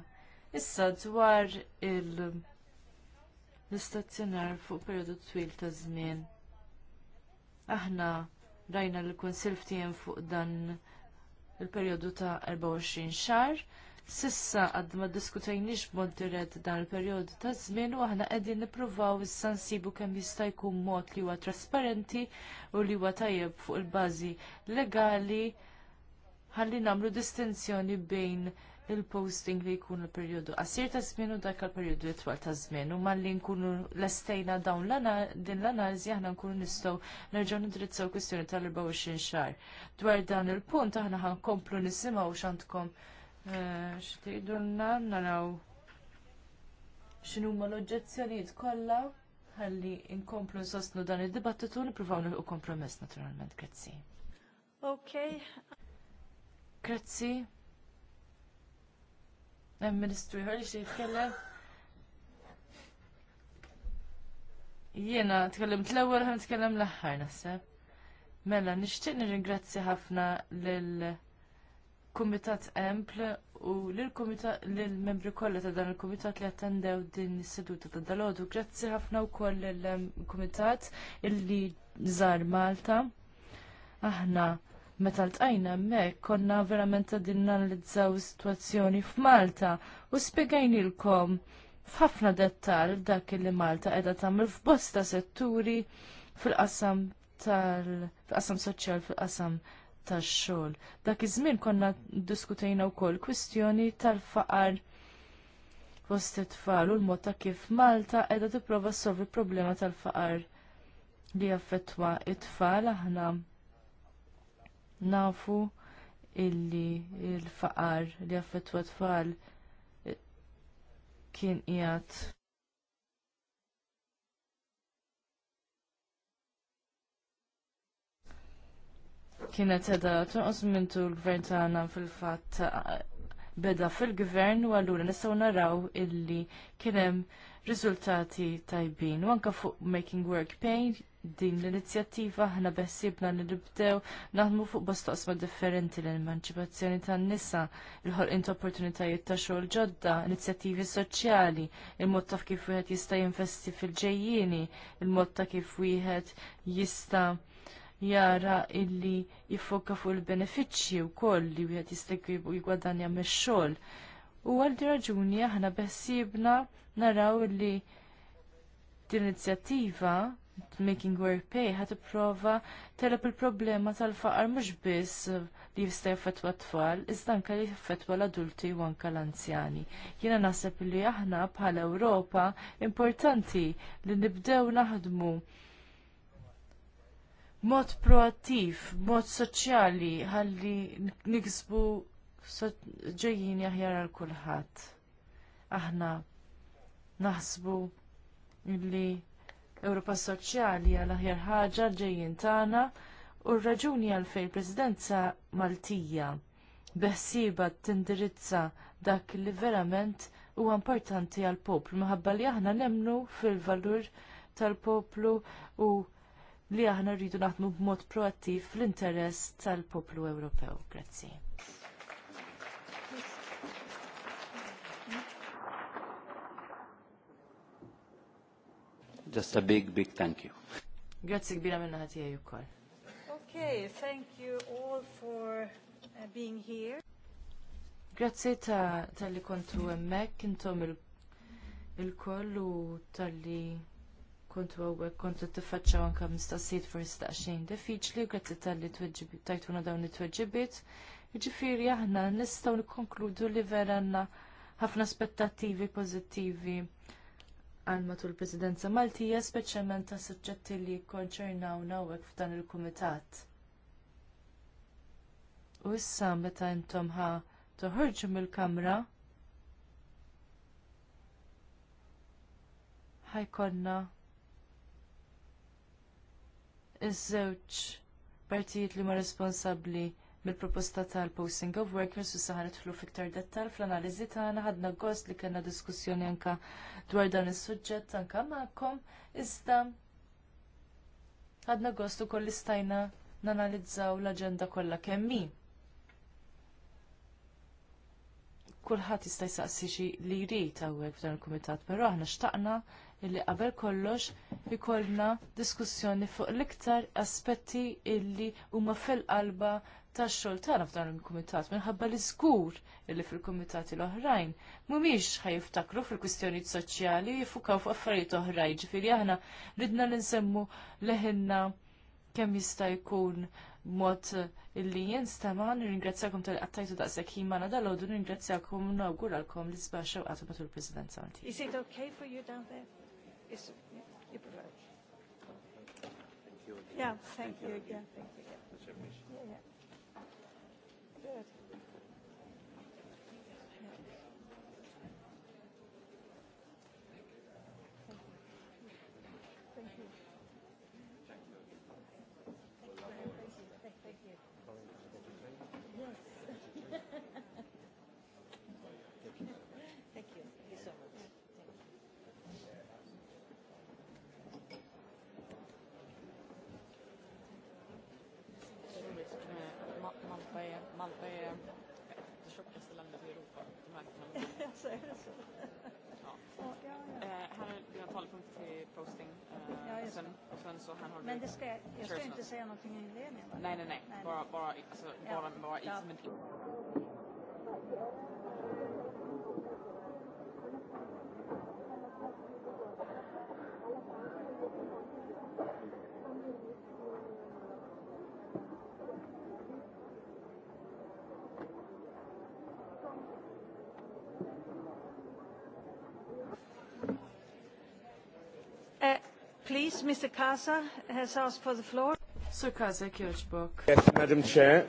Issa dwar l-istazzjonar fuq perjodu twil ta' żmien. Aħna rajna l-Kunsil ftiem fuq dan il-perjodu ta' 24 xahar. Sissa għad ma diskutajniex Monterred dan il-perjodu ta' żmien u aħna qegħdin nippruvaw issa nsibu kemm jista' jkun mod li huwa trasparenti u li huwa tajjeb fuq il-bażi legali ħalli nagħmlu distinzjoni bejn il-posting li jkun il-periodu qasir ta' żmien u dak il-periodu itwal ta' żmien u malli nkunu lestejna dawn din l-analiżi aħna nkunu nistgħu nerġgħu nidrizzaw kwistjoni tal-24 xahar. Dwar dan il-punt aħna ħankomplu nisimgħu x'għandkom eh, x'tgħidulna naraw xinu ma l-oġġezzjonijiet kollha ħalli nkomplu nsostnu dan id-dibattitu nippruvaw nilqu kompromess naturalment. Grazzi. Ok. Grazzi. Hemm Ministru ieħor li jitkellem. Jiena tkellem l-ewwel ħan tkellem l-aħħar naħseb. Mela, nixtieq ingrazzi ħafna l Kumitat Empl u l membri kollha ta' dan il-Kumitat li attendew din is-seduta ta' dalodu. Grazzi ħafna wkoll l ehm, kumitat illi żar Malta. Aħna meta l-tajna hemmhekk konna verament qegħdin nanalizzaw is-sitwazzjoni f'Malta u spjegajnilkom f'ħafna dettall dak li Malta qiegħda tagħmel f'bosta setturi fil-qasam tal qasam soċjal fil-qasam tax-xogħol. Dak iż-żmien konna diskutejna wkoll kwistjoni tal-faqar fost it-tfal u l-mod ta' kif Malta qiegħda tipprova ssolvi problema tal-faqar li jaffettwa it-tfal aħna nafu illi il-faqar li affettwa tfal eh, kien qiegħed kienet edha tonqos mintu l-gvern tagħna fil-fatt eh, beda fil-gvern u allura nistgħu naraw illi kien hemm riżultati tajbin. U anke fuq Making Work Pain din l-inizjattiva ħna bessibna li nibdew naħdmu fuq ma' differenti l-emanċipazzjoni tan-nisa, il ħol int opportunitajiet ta' xogħol ġodda, inizjattivi soċjali, il-mod ta' kif wieħed jista' jinvesti fil-ġejjieni, il-mod ta' kif wieħed jista' jara illi jiffoka fuq il-benefiċċji wkoll li wieħed jista' jgwadanja mix-xogħol. U għal raġuni aħna beħsibna naraw li din inizjattiva Making Work Pay ħat prova telep il-problema tal-faqar mhux biss li jista' jaffettwa t-tfal, iżda anke li jaffettwa l-adulti u anke l-anzjani. Jiena naħseb li aħna bħala Ewropa importanti li nibdew naħdmu mod proattiv, mod soċjali ħalli niksbu ġejjin aħjar għal kulħadd. Aħna naħsbu li Ewropa Soċjali għal aħjar ħaġa ġejjin tagħna u r-raġuni għalfejn il-Presidenza Maltija beħsieba tindirizza dak li verament huwa importanti għall poplu minħabba li aħna nemnu fil-valur tal-poplu u li aħna rridu naħdmu b'mod proattiv fl-interess tal-poplu Ewropew. Grazzi. just a big, big thank you. Grazie kbira minna ħatija jukkol. Okay, thank you all for uh, being here. Grazie ta' tal-li kontu emmek, intom il-koll u tal-li kontu għawek, kontu t-tifacċaw anka mistassiet for istaxin defiċli, grazie tal-li t-weġibit, tajtuna dawn li t-weġibit. Ġifiri, aħna nistaw nikonkludu li vera għanna ħafna aspettativi pozittivi għal matul presidenza Maltija, speċjalment ta' suġġetti li jikkonċernaw hawnhekk f'dan il-kumitat. U issa meta intom ħa toħorġu mill-kamra, ħajkonna iż-żewġ partijiet li ma responsabbli mill-proposta tal-posting of workers u saħan itħlu fiktar dettal fl-analiżi tagħna ħadna gost li kellna diskussjoni anke dwar dan is-suġġett anke magħkom iżda ħadna gost ukoll stajna nanalizzaw l-aġenda kollha kemm hi. kulħadd jista' jsaqsi xi li jrid hawnhekk f'dan il-kumitat, però aħna xtaqna illi qabel kollox ikollna diskussjoni fuq l-iktar aspetti illi huma fil-qalba tax-xogħol tagħna f'dan il-kumitat minħabba li żgur li fil-kumitati l-oħrajn mhumiex ħajftakru fil-kwistjonijiet soċjali jifukaw fuq affarijiet oħrajn, ġifieri aħna ridna li nsemmu leħinna kemm jista' jkun mod illi jinstema' nirringrazzjakom tal-qattajtu daqshekk ħimana dal-għodu nirringrazzjakom nawguralkom li sbaħ xewqatu matul il-Presidenza. Is it okay for you down there? Yeah, thank you again. Thank you. sen så han håller Men det ska, jag ska inte säga någonting i inledningen Nej, nej, nej. bara, bara, alltså, ja. bara, bara ja. som en... Thank you. Please, Mr. Casa has asked for the floor. Sir Casa Kirchbok. Yes, Madam Chair.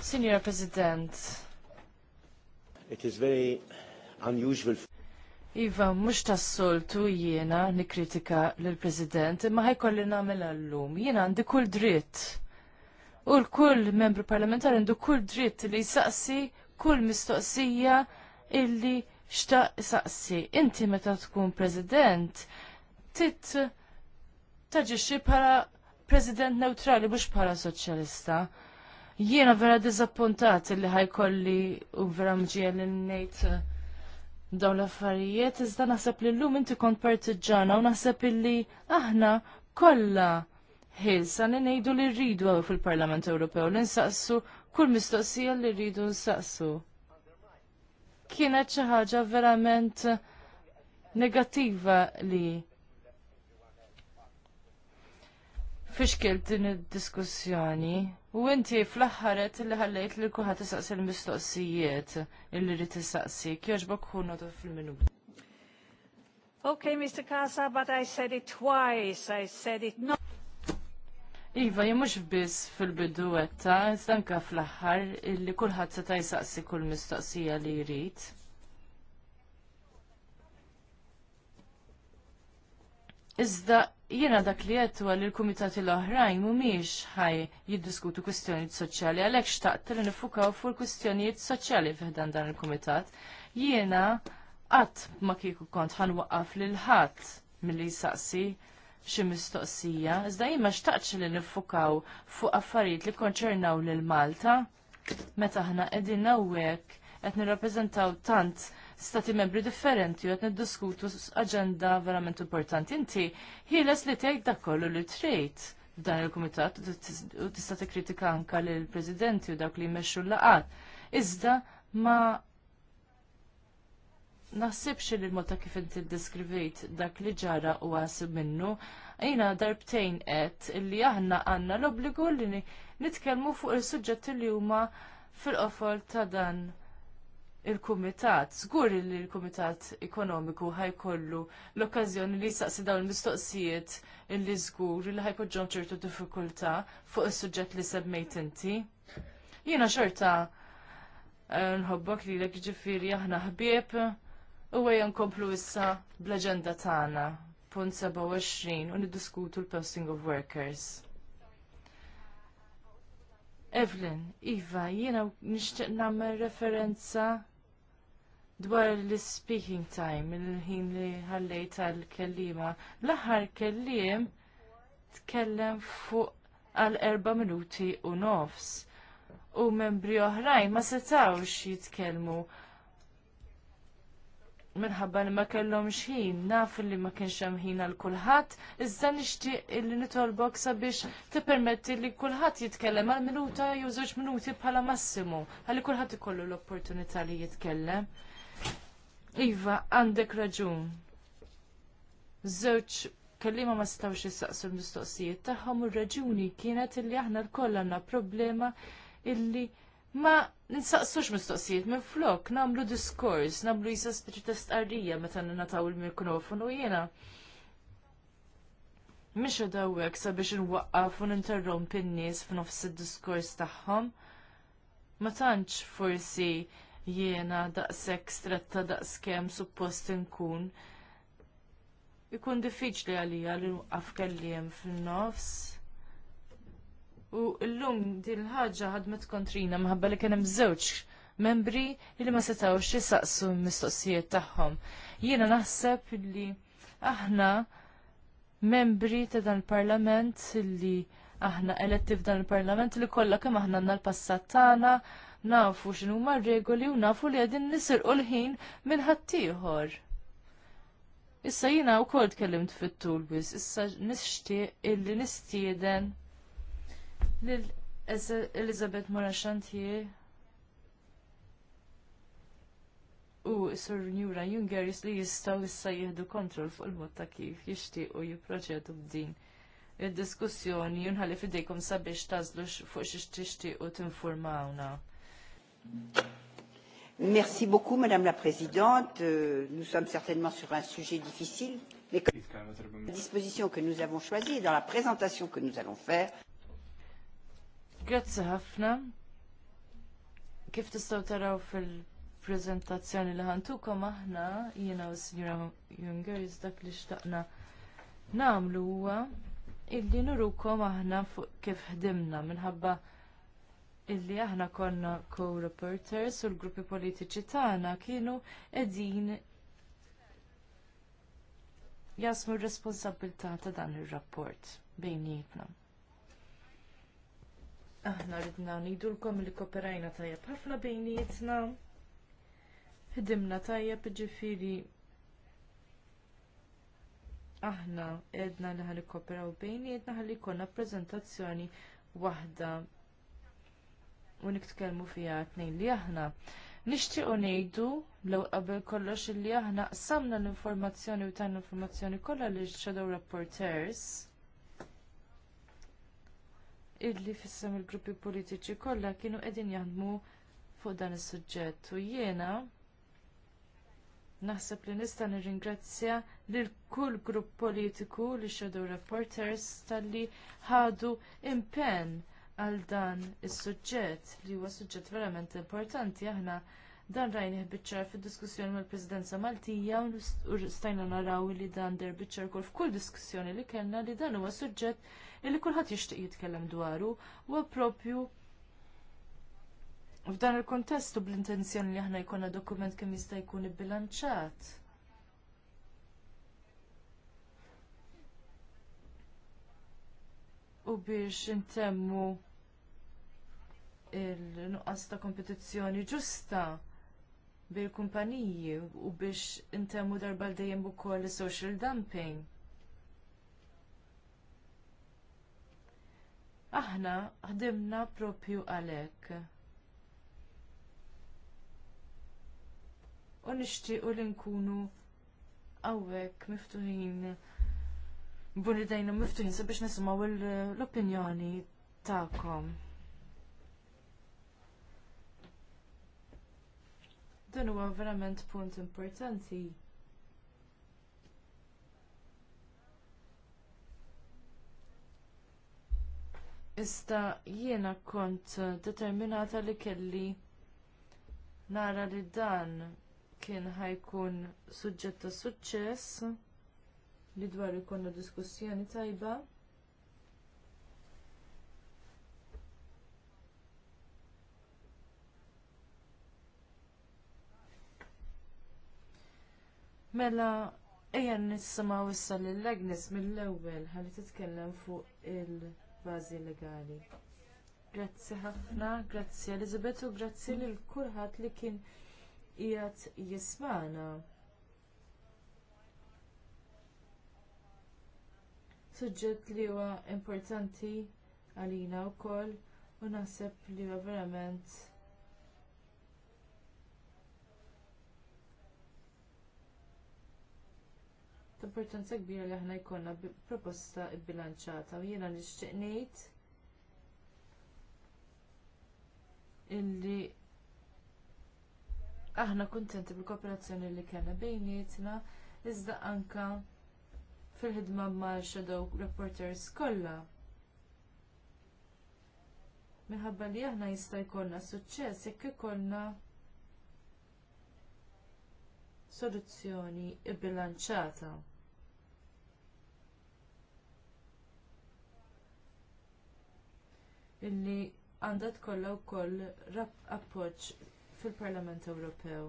Senior President. It is very unusual. Iva, mux tas-soltu jiena nikritika l-President, imma ħajkolli nagħmel għallum. Jiena għandi kull dritt. U l-kull membru parlamentari għandu kull dritt li jisaqsi kull mistoqsija illi xtaq saqsi. Inti meta tkun President, tit taġiċi bħala president neutrali biex bħala soċjalista. Jiena vera dizappuntat li ħajkolli u vera mġiel l-nejt eh, dawn l-affarijiet, iżda naħseb li l-lum inti kont partiġana u naħseb li aħna kollha ħilsa li ngħidu li rridu fil-Parlament Ewropew li nsaqsu kull mistoqsija li rridu nsaqsu. Kienet xi ħaġa verament negattiva li fixkil din id-diskussjoni. U inti fl-aħħaret li ħallejt li kulħadd isaqsi l-mistoqsijiet illi rid isaqsi, kjoġbok hu notu fil minu Okay, Mr. Casa, but I said it twice. I said it not. Iva, jimux biss fil-bidu għetta, stanka fl-axħar, illi kullħat se jisaqsi kull mistoqsija li jrid. Iżda Jiena dak li qed huwa li l-kumitati l-oħrajn mhumiex ħaj jiddiskutu kwistjonijiet soċjali għalhekk xtaqt li nifukaw fuq kwistjonijiet soċjali fiħdan dan il-kumitat. Jiena qatt ma kieku kont ħanwaqqaf lil ħadd milli jsaqsi xi mistoqsija, iżda jien ma xtaqtx li nifukaw fuq affarijiet li konċernaw lil Malta meta aħna qegħdin hawnhekk qed nirrappreżentaw tant stati membri differenti u qed niddiskutu aġenda verament importanti. Inti ħieles li tgħid dak kollu li trejt f'dan il-kumitat u tista' tikkritika anka lill-presidenti u dawk li jmexxu l-laqat. Iżda ma naħsibx li l mota kif inti ddeskrivejt dak li ġara u għasib minnu jina darbtejn qed li aħna għanna l-obbligu li nitkellmu fuq il-suġġetti li huma fil-qofol ta' dan il-Kumitat, żgur li l-Kumitat Ekonomiku ħajkollu l-okkażjoni li jistaqsi dawn il-mistoqsijiet illi żgur li ħajpoġġhom ċertu diffikultà fuq is-suġġett li semmejt inti. Jiena xorta eh, nħobbok li l-ek ġifiri aħna ħbieb u għajan nkomplu issa bl-aġenda tagħna punt 27 u niddiskutu l-posting of workers. Evelyn, Iva, jiena nixtieq nagħmel referenza dwar l-speaking time, il-ħin li ħallej tal-kellima. L-aħħar kellim tkellem fuq għal erba minuti u nofs. U membri oħrajn ma setawx jitkellmu minħabba li ma kellhomx ħin, naf li ma kienx hemm ħin għal kulħadd, iżda nixtieq li nitolbok sabiex tippermetti li kulħadd jitkellem għal minuta jew żewġ minuti bħala massimu, għalli kulħadd ikollu l-opportunità li jitkellem. Iva, għandek raġun. Żewġ kellima ma stawx jissaqsu l-mistoqsijiet tagħhom u raġuni kienet illi aħna lkoll għandna problema illi ma ninsaqsux mistoqsijiet minn flok, namlu diskors, namlu jisa spiċi stqarrija meta nataw il-mikrofonu jiena. Mish dawek sabiex nwaqqaf u ninterrompi n-nies f'nofs id-diskors tagħhom. Ma tantx forsi jiena daqshekk stretta daqskemm suppost inkun. Ikun diffiċli għalija li waqaf kelliem fin-nofs. U llum din il-ħaġa ħadmet kontrina minħabba li kien hemm żewġ membri li ma setgħux jisaqsu mistoqsijiet tagħhom. Jiena naħseb li aħna membri ta' dan il-parlament li aħna eletti f'dan il-parlament li kollha kemm aħna għandna l-passat tagħna, nafu xinu ma regoli u nafu li qegħdin nisirqu l-ħin minn ħaddieħor. Issa jiena wkoll tkellimt fit-tul biss, issa nixtieq illi nistieden lil Elizabeth Xantie u sur Njura Jungeris li jistgħu issa jieħdu kontrol fuq il-mod ta' kif jixtiequ jipproċedu b'din id-diskussjoni jinħalli fidejkom sabiex tazlux fuq xi tixtiequ tinformawna. Merci beaucoup, Madame la Présidente. Euh, nous sommes certainement sur un sujet difficile, mais comme la disposition que nous avons choisie dans la présentation que nous allons faire. Grazie Kif taraw fil li ħantukom aħna jiena u Junger li xtaqna huwa illi nurukom aħna fuq kif ħdimna minħabba illi aħna konna co-reporters u l-gruppi politiċi tagħna kienu qegħdin jasmu r-responsabilità ta' dan ir-rapport bejnietna. Aħna ridna ngħidulkom li koperajna tajjeb ħafna bejnietna. Ħdimna tajjeb ġifiri aħna edna li ħalli koperaw bejnietna ħalli jkollna preżentazzjoni waħda u nitkellmu fiha tnejn li aħna. Nixtiequ ngħidu lew qabel kollox illi aħna samna l-informazzjoni u tan l-informazzjoni kollha li shadow rapporters. illi fissam il-gruppi politiċi kollha kienu qegħdin jaħdmu fuq dan is-suġġett u jiena naħseb li nista' nirringrazzja l kull grupp politiku li shadow reporters talli ħadu impenn għal dan is-suġġett li huwa suġġett verament importanti aħna dan rajni biċċa fid-diskussjoni mal-Presidenza Maltija u stajna naraw li dan der biċċar kol f'kull diskussjoni li kellna li dan huwa suġġett li kulħadd jixtieq jitkellem dwaru huwa proprju F'dan il-kontestu bl-intenzjoni li aħna jkollna dokument kemm jista' jkun ibbilanċat. u biex intemmu il-nuqqas ta' kompetizzjoni ġusta bil-kumpaniji u biex intemmu darba dejjem ukoll social dumping. Aħna ħdimna propju għalhekk. U nixtiequ li nkunu hawnhekk miftuħin buni dejnu miftuħin sabiex nisimaw l-opinjoni ta'kom. Dan huwa verament punt importanti. Ista jiena kont determinata li kelli nara li dan kien ħajkun suġġett ta' suċċess li dwar ikonna diskussjoni tajba. Mela, ejja nisimaw issa lill agnes mill-ewwel ħalli titkellem fuq il-bażi legali. Grazzi ħafna, grazzi Elizabeth u grazzi lil kulħadd li kien qiegħed jismana. suġġett li huwa importanti għalina wkoll u naħseb li huwa verament ta' importanza kbira li aħna jkollna proposta bilanċata u jiena nixtieq ngħid illi aħna kuntenti bil-kooperazzjoni li kellna bejnietna iżda anke fil-ħidma ma' shadow reporters kollha. Minħabba li aħna jista' jkollna suċċess jekk ikollna soluzzjoni bilanċata. Illi għandha tkollha wkoll appoġġ fil-Parlament Ewropew.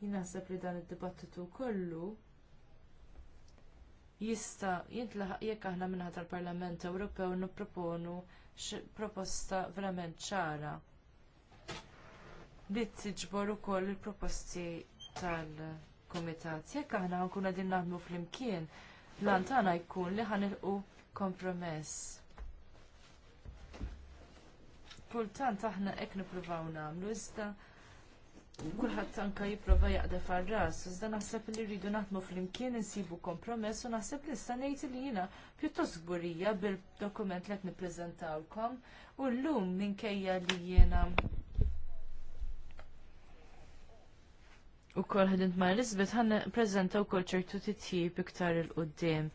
Jien naħseb li dan id-dibattitu kollu jista jintlaħaq jekk aħna minħat tal-Parlament Ewropew nipproponu proposta verament ċara li tiġbor ukoll il-proposti tal-Kumitat. Jekk aħna nkun qegħdin naħdmu flimkien, lan tagħna jkun li ħanilqu kompromess. Kultant aħna hekk nippruvaw nagħmlu iżda kulħadd anke jipprova jaqdef għal ras, iżda naħseb li rridu naħdmu flimkien insibu kompromess u naħseb li issa ngħid li jiena pjuttost gburija bil-dokument li qed nippreżentawkom u llum minkejja li jiena u kol ħedint ma' Elizabeth ħanna prezenta u kol ċertu titjib iktar il-qoddim.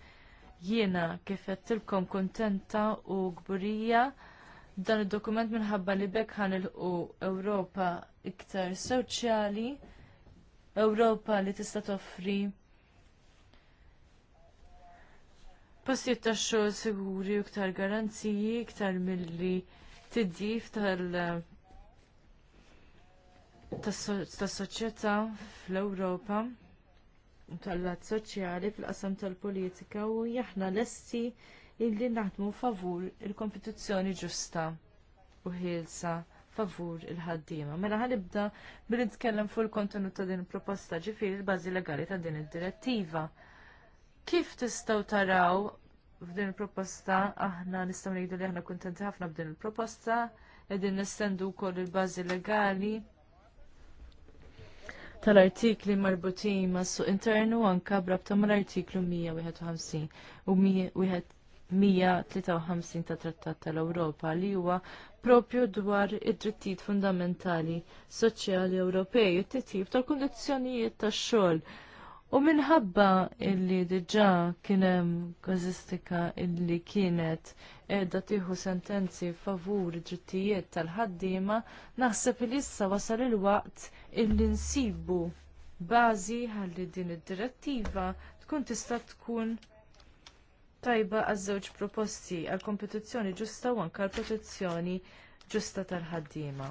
Jiena kif għattilkom kontenta u gburija dan il-dokument minħabba li b'hekk ħanilqu il Ewropa iktar soċjali, Ewropa li tista' toffri Postijiet ta' xogħol siguri u iktar garanziji, iktar milli tiddif tal- tas-soċjetà fl-Ewropa u tal-lat soċjali fil-qasam tal-politika u jaħna lesti illi naħdmu favur il-kompetizzjoni ġusta u ħielsa favur il-ħaddiema. Mela ħanibda billi nitkellem fuq il-kontenut ta' din il-proposta ġifieri l-bażi legali ta' din id-direttiva. Kif tistgħu taraw f'din il-proposta aħna nistgħu ngħidu li aħna kuntenti ħafna b'din il-proposta, qegħdin nestendu wkoll il-bażi legali tal-artikli marbutin ma' suq internu anka brabta mal-artiklu 151 u 153 ta' Trattat tal-Ewropa li huwa propju dwar id-drittijiet fundamentali soċjali Ewropej, t titjib tal-kundizzjonijiet tax-xogħol. U minħabba illi diġà kien hemm kazistika illi kienet qiegħda tieħu sentenzi favur id-drittijiet tal-ħaddiema, naħseb li issa wasal il-waqt illi nsibu bażi ħalli din id-direttiva tkun tista' tkun tajba għaż-żewġ proposti għal kompetizzjoni ġusta u anke għal protezzjoni ġusta tal-ħaddiema.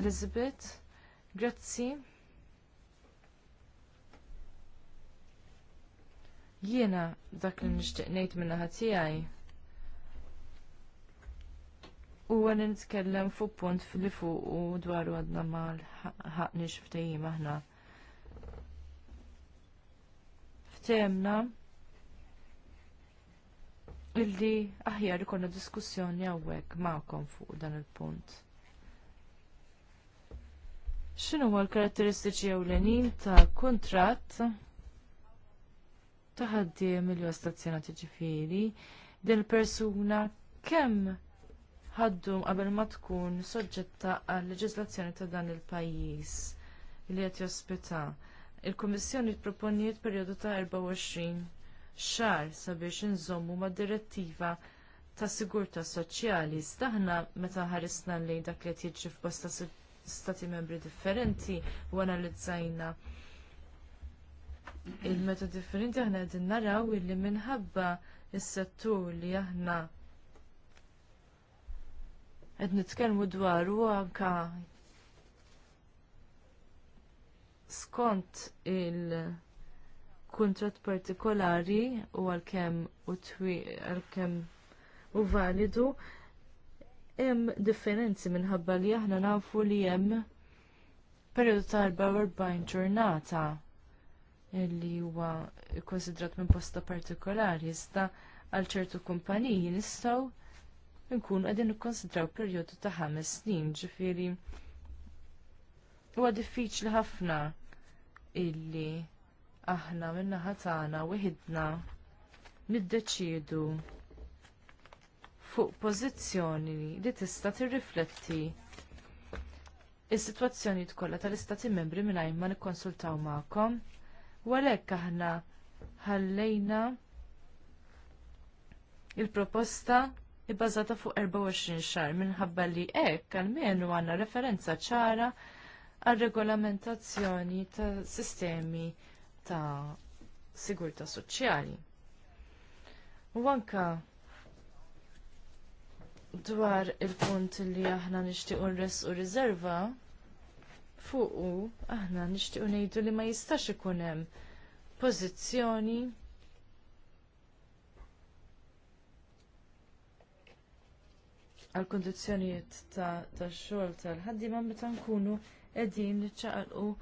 Elizabeth, grazzi. Jiena dak li nixtieq ngħid minn naħa tiegħi huwa li nitkellem fuq punt li fuq u dwaru għadna mal ħaqni ftehim aħna. Ftehimna illi aħjar ikonna diskussjoni għawek ma'kom fuq dan il-punt. X'inhu l-karatteristiċi ewlenin ta' kuntratt ta' ħaddiem li huwa stazzjonat ġifieri din persuna kemm ħaddum qabel ma tkun soġġetta għal leġiżlazzjoni ta' dan il-pajjiż li qed jospita. Il-Kummissjoni proponiet perjodu ta' 24 xar sabiex inżommu mad direttiva tas sigurtà soċjali. Staħna meta ħarisna lejn dak li qed jiġri f'bosta stati membri differenti u analizzajna il-meta differenti aħna qegħdin naraw illi minħabba is-settur li aħna qed nitkellmu dwar u anke skont il- kuntratt partikolari u għalkemm u għalkemm u validu hemm differenzi minħabba li aħna nafu li hemm perjodu ta' 44 ġurnata li huwa konsidrat minn posta partikolari iżda għal ċertu kumpaniji nistgħu nkunu qegħdin nikkonsidraw perjodu ta' ħames snin, ġifieri huwa diffiċli ħafna illi aħna min-naħa tagħna wieħedna niddeċiedu fuq pożizzjoni li tista' tirrifletti is-sitwazzjoni kollha tal-istati membri mingħajr ma nikkonsultaw magħkom u għalhekk aħna ħallejna il-proposta ibbażata fuq 24 xahar minħabba li hekk almenu għandna referenza ċara għal regolamentazzjoni ta' sistemi ta' sigurtà soċjali. U anka dwar il-punt li aħna nixtiequ nresqu riserva fuqu aħna nixtiequ ngħidu li ma jistax ikun hemm pożizzjoni għal kundizzjonijiet ta' xogħol tal-ħaddiema meta nkunu qegħdin niċċaqalqu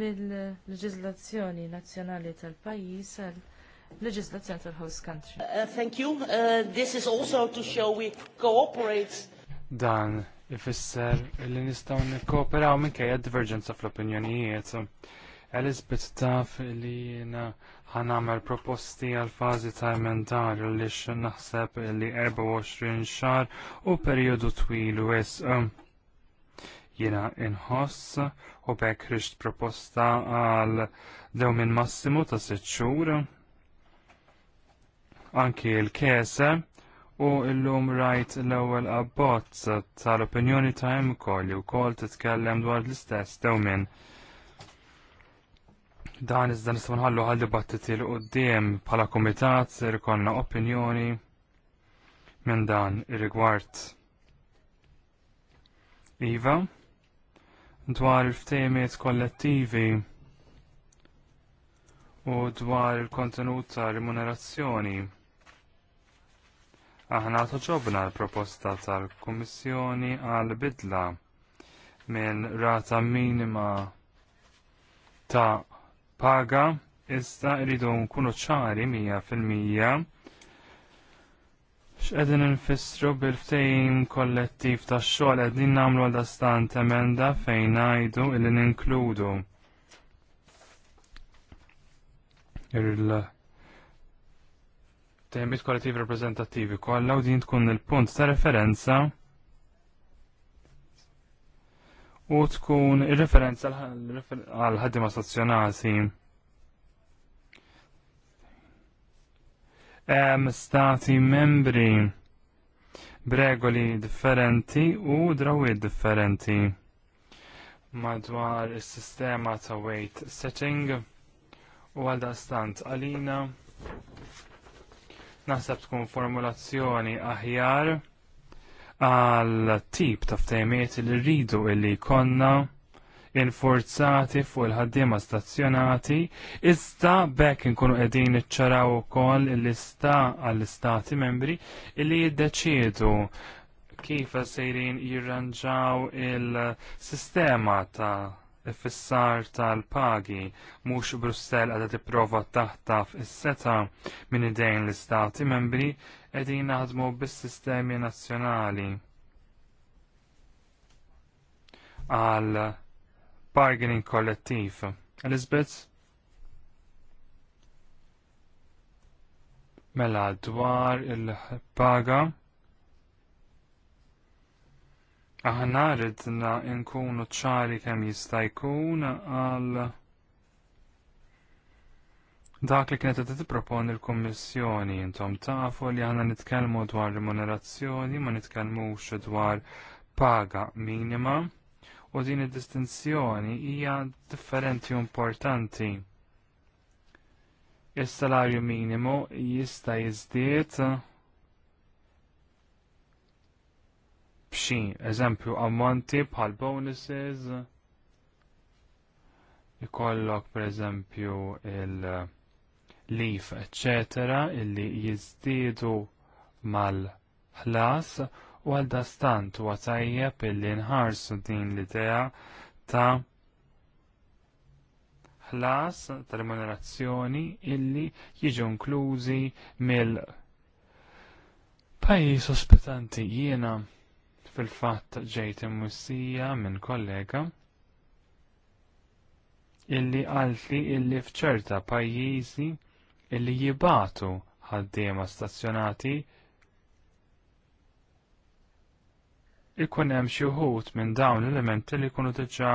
mill-leġizlazzjoni nazzjonali tal-pajjiż għal leġizlazzjoni tal-host country. Uh, thank you. Uh, this is also to show we cooperate. Dan ifisser li nistgħu nikkooperaw minkejja divergenza fl-opinjonijiet. Elizabeth taf li jiena ħanamer proposti għal fazi ta' emendar li naħseb li 24 xahar u periodu twil wisq. Um, jiena inħoss u bekk rixt proposta għal dew minn massimu ta' sitt xhur anki l-kese u llum rajt l-ewwel abbozz tal-opinjoni ta' imkoll li wkoll titkellem dwar l-istess dew minn dan iżda nistgħu nħallu għal dibattiti l qudiem bħala kumitat ser ikollna opinjoni minn dan ir-rigward. Iva? dwar il-ftemiet kollettivi u dwar il-kontenut ta' remunerazzjoni. Aħna toġobna l-proposta tal-Kummissjoni għal bidla minn rata minima ta' paga iżda rridu nkunu ċari mija fil-mija X'qegħdin infissru bil-ftehim kollettiv tax-xogħol qegħdin nagħmlu għal stant emenda fejn ngħidu li ninkludu il temiet kollettiv rappreżentattivi kollha u din tkun il-punt ta' referenza u tkun ir-referenza għal ħaddiema stazzjonati. hemm stati membri b'regoli differenti u drawiet differenti madwar is-sistema ta' weight setting u għal stant għalina naħseb tkun formulazzjoni aħjar għal tip ta' ftehmiet li rridu illi konna infurzati fuq il-ħaddiema stazzjonati, iżda bekk inkunu qegħdin iċċaraw ukoll il ista għall-istati membri li jiddeċiedu kif sejrin jirranġaw il-sistema ta' fissar tal-pagi mhux Brussell għadha tipprova taħtaf is-seta minn idejn l-istati membri qegħdin naħdmu bis-sistemi nazzjonali għal bargaining kollettiv. Elizabeth? Mela dwar il-paga. Aħna ridna nkunu ċari kemm jista' jkun għal dak li kienet qed tipproponi l-Kummissjoni intom tafu li aħna nitkellmu dwar remunerazzjoni ma nitkellmux dwar paga minima u din id-distinzjoni hija differenti u importanti. Is-salarju minimu jista' jiżdied b'xi eżempju ammonti bħal bonuses ikollok pereżempju il- leaf eccetera illi jiżdiedu mal-ħlas u għaldastant u għatajja illi nħarsu din l-idea ta' ħlas ta' remunerazzjoni illi jiġu inklużi mill pajjiż ospitanti jiena fil-fatt ġejt Mussija minn kollega illi għalti illi fċerta pajjiżi illi jibatu ħaddiema stazzjonati ikun hemm xi wħud minn dawn l-elementi li jkunu diġà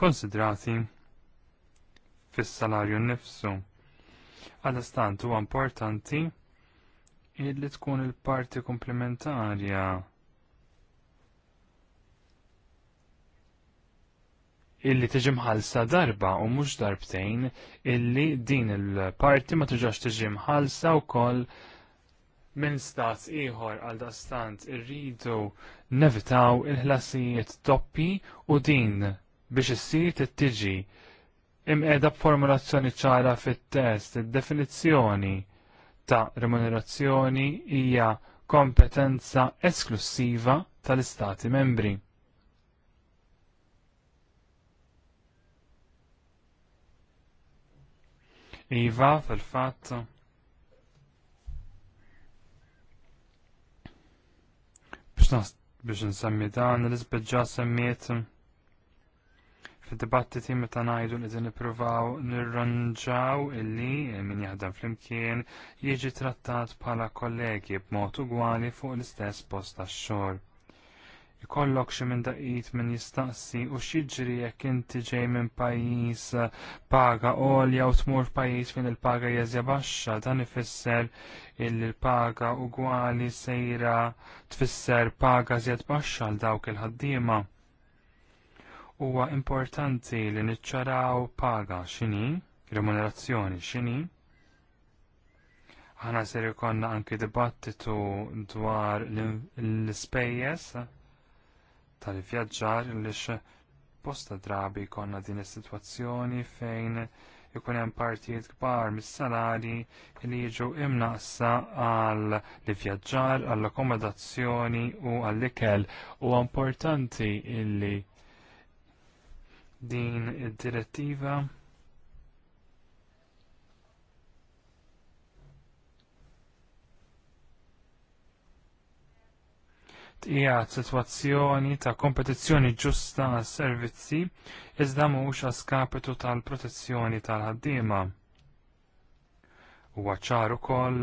konsidrati fis-salarju nnifsu. Għal-istant huwa importanti illi tkun il-parti komplementarja illi tiġi mħalsa darba u mhux darbtejn illi din il-parti ma tiġax tiġi mħalsa wkoll minn stat ieħor għal dastant irridu nevitaw il-ħlasijiet doppi u din biex issir tittiġi imqeda b'formulazzjoni ċara fit-test id-definizzjoni ta' remunerazzjoni hija kompetenza esklusiva tal-istati membri. Iva, fil-fatt, biex nsemmi dan Elizabeth ġa semmiet fil-dibattiti meta ngħidu li din ipruvaw nirranġaw illi min jaħdem flimkien jiġi trattat bħala kollegi b'mod ugwali fuq l-istess post tax-xogħol jkollok xi minn daqqiet minn jistaqsi u x'jiġri jekk inti ġej minn pajjiż eh, paga għolja u tmur f'pajjiż fejn il-paga jeżja baxxa dan ifisser il l-paga ugwali sejra tfisser paga żjed baxxa għal dawk il-ħaddiema. Huwa importanti li niċċaraw paga x'inhi, remunerazzjoni x'inhi, ħana ser ikonna anki dibattitu dwar l-spejjes tal-vjaġġar lix bosta drabi jkollna din is-sitwazzjoni fejn ikun hemm partijiet kbar mis-salari li jiġu imnaqsa għal ivvjaġġar vjaġġar għall akkomodazzjoni u għall ikel u importanti illi din id-direttiva tqiegħed sitwazzjoni ta' kompetizzjoni ġusta għas-servizzi iżda mhux għas kapitu tal-protezzjoni tal-ħaddiema. Huwa ċar ukoll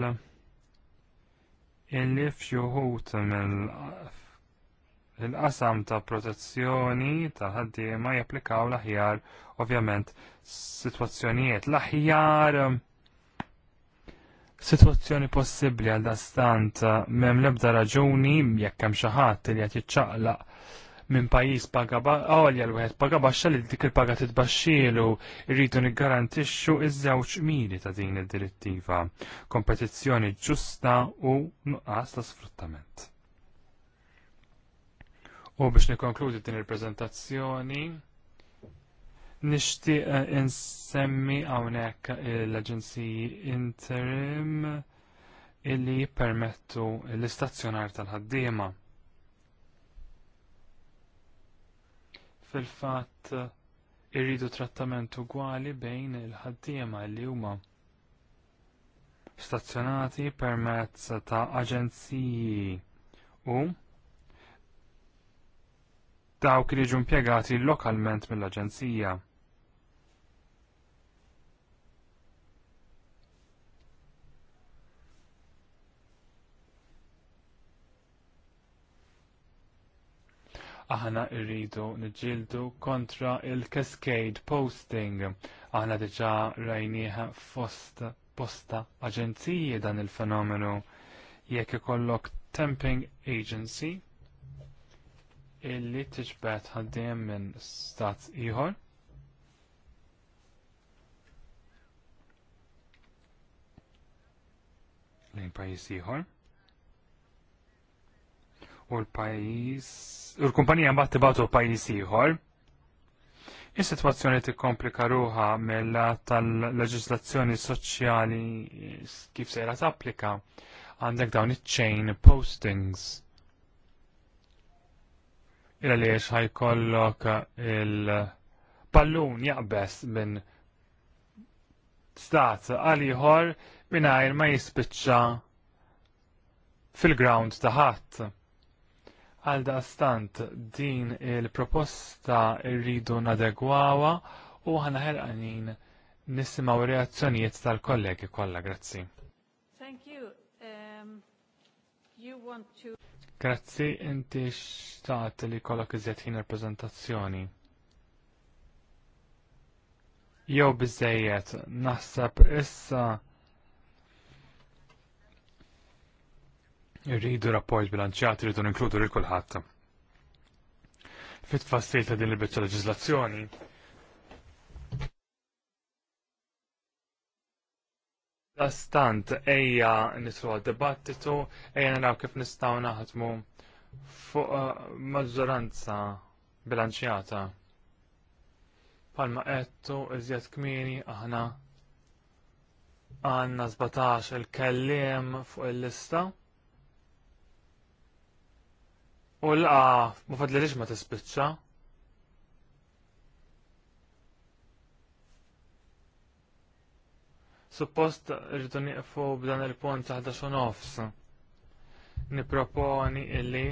illi f'juħut mill-qasam ta' protezzjoni tal-ħaddiema japplikaw l-aħjar ovvjament sitwazzjonijiet l-aħjar situazzjoni possibbli għal dastant eh, mem lebda raġuni jekk hemm xi ħadd li qed jiċċaqlaq minn pajjiż paga għolja l wieħed paga baxxa li dik il-paga titbaxxielu rridu niggarantixxu iż-żewġ mili ta' din id-direttiva, kompetizzjoni ġusta u nuqqas ta' sfruttament. U biex nikkonkludi din il-preżentazzjoni, Nixtieq eh, insemmi hawnhekk l-aġenziji interim illi jippermettu l-istazzjonar tal-ħaddiema. Fil-fatt irridu trattament ugwali bejn il-ħaddiema li huma stazzjonati permezz ta' aġenziji u dawk li ġu impjegati lokalment mill-aġenzija. aħna rridu niġġieldu kontra il-cascade posting. Aħna diġà rajnieħ fost posta aġenziji dan il-fenomenu jekk ikollok temping agency illi tiġbed ħaddiem minn stat ieħor. Lejn pajjiż ieħor u l-pajis, u l-kumpanija mbagħad tibgħatu pajjiż ieħor. Is-sitwazzjoni tikkomplika ruha mela tal-leġislazzjoni soċjali kif t-applika għandek dawn iċ-chain postings. Illa li ħajkollok il-pallun jaqbess minn stat għal-ieħor mingħajr ma jispiċċa fil-ground ta' ħadd Għal daqstant din il-proposta rridu nadegwawa u ħana ħerqanin nisimaw reazzjonijiet tal-kollegi kollha, grazzi. Thank you. Um, you want to... Grazzi, inti xtaqt li kollok iżjed ħin il-prezentazzjoni. Jew bizzejiet, naħseb issa Irridu rapport bilanċjat irridu ninkludu lil kulħadd. Fit tfassil ta' din il-biċċa leġiżlazzjoni eja ejja niswa dibattitu, ejja naraw kif nistgħu naħdmu fuq eh, maġġoranza bilanċjata. Palma qettu iżjed kmini aħna għanna 17 il-kellim fuq il-lista. U l-qa, ma lix ma tispiċċa. Suppost rridu nieqfu b'dan il-punt ta' 11 nofs. Niproponi illi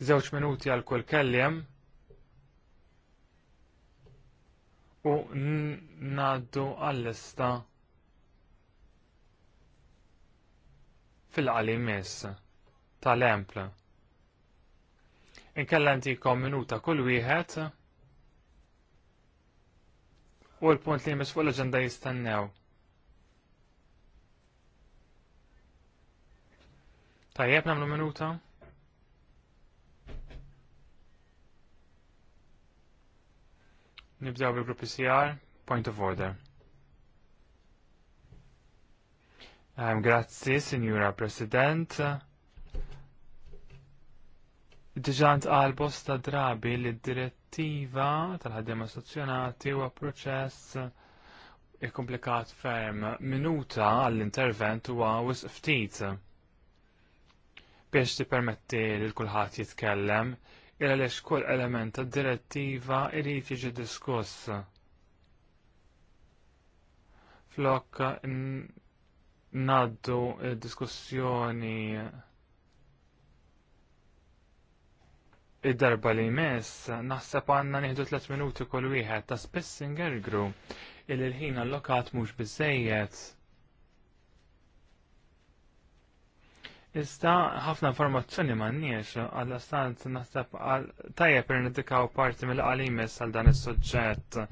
żewġ minuti għal kull kelliem u ngħaddu għall-lista fil-qali miss tal-empl. Inkella ntikom minuta kull wieħed u l-punt li jmiss fuq l ġenda jistennew. Tajjeb namlu minuta? Nibdew bil-gruppi CR, point of order. Um, grazzi, Signora President. Diġant għal bosta drabi li direttiva tal-ħaddim u huwa proċess ikkomplikat ferm minuta għall-intervent huwa wisq ftit. Biex permetti li kulħadd jitkellem, il għaliex kull element tad direttiva irrit jiġi diskuss. Flok naddu diskussjoni id-darba li jmiss, naħseb għanna nieħdu 3 minuti kull wieħed ta' spiss ingergru il l ħin allokat mhux biżejjed. Iżda ħafna informazzjoni m'għandniex għal stant naħseb tajjeb per nidikaw parti mill-qalimis għal dan is-suġġett.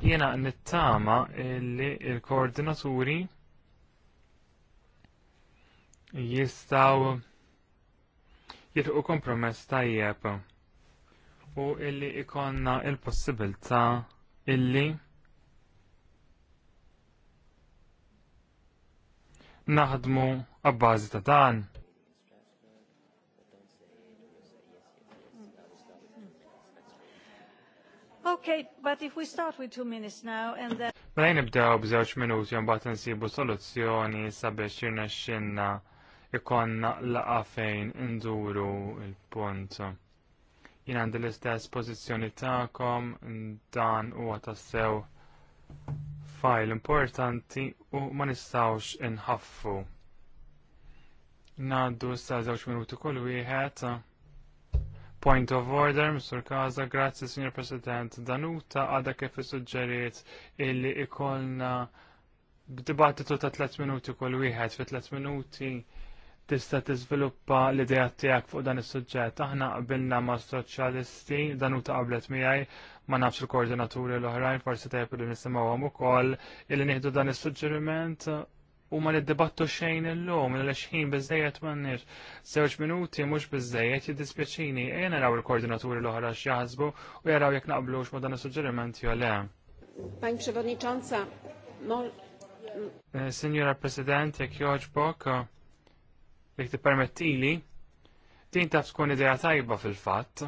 Jiena nittama li l-koordinaturi il jistaw jilqu kompromess tajjeb u illi ikonna il-possibilta illi naħdmu għabbażi ta' dan. Okay, but if we start with two minutes now and then... Mela nibdew b'żewġ minuti u mbagħad insibu soluzzjoni sabiex xinna ikonna laqa fejn induru il-punt. Jien għandi l-istess pożizzjoni tagħkom dan huwa għatassew fajl importanti u ma nistawx inħaffu. Naddu sa żewġ minuti kull wieħed. Point of order, Mr. Kaza, grazzi, Signor President. Danuta għada kif suġġeriet illi ikolna b'dibattitu ta' 3 minuti kull wieħed fi 3 minuti tista' tiżviluppa l-idea tiegħek fuq dan is-suġġett. Aħna qabilna ma' soċjalisti dan u taqablet miegħi ma nafx il-koordinaturi l-oħrajn forsi tajb li nisimgħuhom ukoll illi nieħdu dan is-suġġeriment u ma niddibattu xejn illum il ħin biżejjed m'għandniex. Żewġ minuti mhux biżejjed jiddispjaċini ejja naraw il-koordinaturi l-oħra x'jaħsbu u jaraw jekk naqblux ma' dan is-suġġeriment jew le. Pani Przewodnicząca, eh, Signora President, jekk joġbok, li ti permettili din taf tkun idea tajba fil-fatt.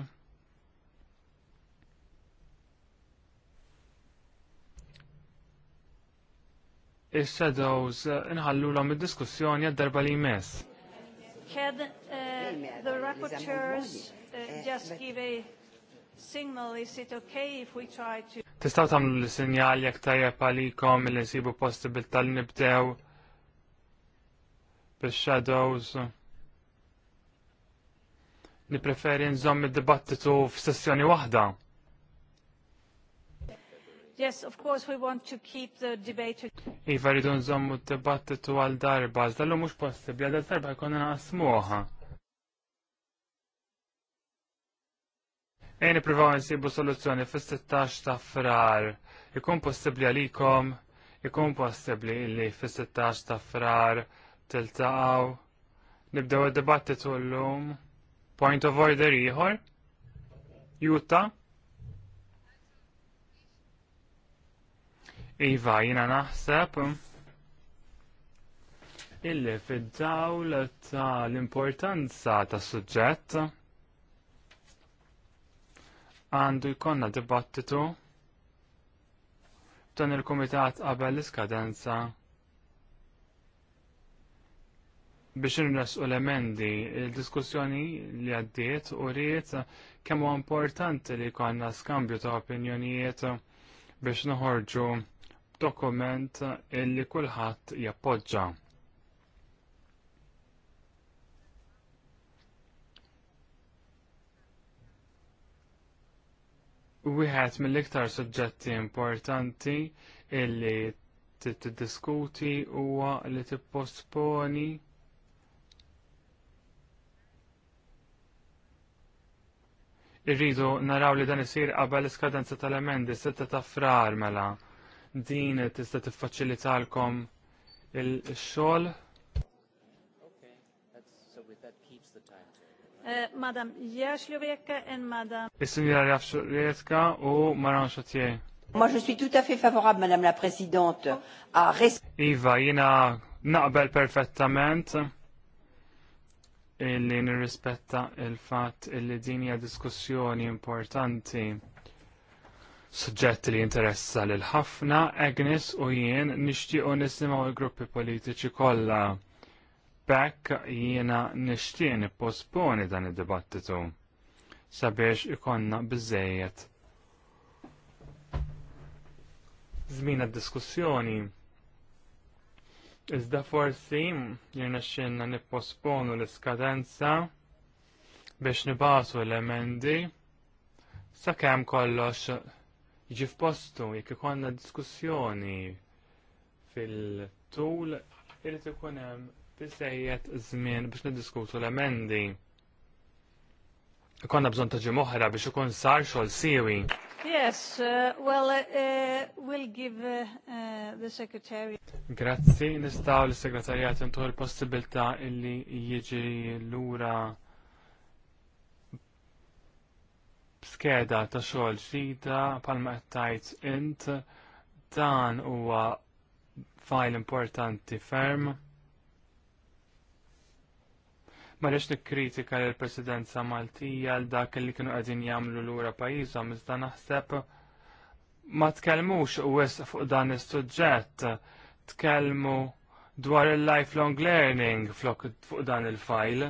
Is-shadows inħallu l id-diskussjoni għad-darba li jmess. Can uh, the rapporteurs uh, just give a signal, is it okay if we try to... Tistaw tamlu l-sinjal jek tajab għalikom il-insibu possibil tal-nibdew bil-shadows. Nipreferi nżomm id-dibattitu f'sessjoni waħda. Yes, of course we want to keep the debate. Iva rridu nżommu d-dibattitu għal darba, zdalu mux possibli, għal darba jkonna naqsmuħa. Ejn ipprivaw nsibu soluzzjoni fis-16 ta' frar. Ikun possibbli għalikom, ikun possibbli li fis-16 ta' frar tiltaqaw nibdew id-dibattitu llum. Point of order ieħor. Juta. Iva, jina naħseb illi fid-dawl ta' l-importanza ta' suġġett għandu jkonna dibattitu dan il-komitat qabel l-iskadenza biex u l-emendi, il-diskussjoni li għaddiet u rrit kemm huwa importanti li konna skambju ta' opinjonijiet biex nħorġu dokument illi kulħadd jappoġġa. Wieħed mill-iktar suġġetti importanti illi tiddiskuti huwa li t-postponi Irridu naraw li dan isir qabel iskadenza tal-emendi 6 ta' frar mela. Din tista' tiffaċilitalkom il-xogħol. Eh, Madam Jaśliowiecka and Madam... Is-Sinjora Jaśliowiecka u Maran Chatier. Moi, je suis tout à fait favorable, Madame la Présidente, à... Iva, jina naqbel perfettament li nirrispetta il-fatt li din hija diskussjoni importanti suġġett li interessa lil ħafna Agnes u jien nixtiequ nisimgħu l-gruppi politiċi kollha. Bekk jiena nixtieq nipposponi dan id-dibattitu sabiex ikonna biżejjed. Żmien d-diskussjoni Iżda forsi jirna xinna nipposponu l-iskadenza biex nibasu l-emendi sa' kem kollox jiġi f'postu jekk ikonna diskussjoni fil-tul irid ikun hemm biżejjed żmien biex niddiskutu l-emendi. Ikonna bżon ta' moħra biex ikun sar xogħol siwi. Yes, uh, well, uh, uh we'll give uh, uh, the secretary. Grazzi, nistaw l-segretarjat intu l-possibilta illi jieġi l-ura skeda ta' xogħol ġdida palma qed int dan huwa file importanti ferm. Ma rix nikkritika l-presidenza Maltija l dak li kienu qegħdin jagħmlu lura pajjiżhom iżda naħseb ma tkellmux wis fuq dan is-suġġett, tkellmu dwar il-lifelong learning fuq dan il-fajl.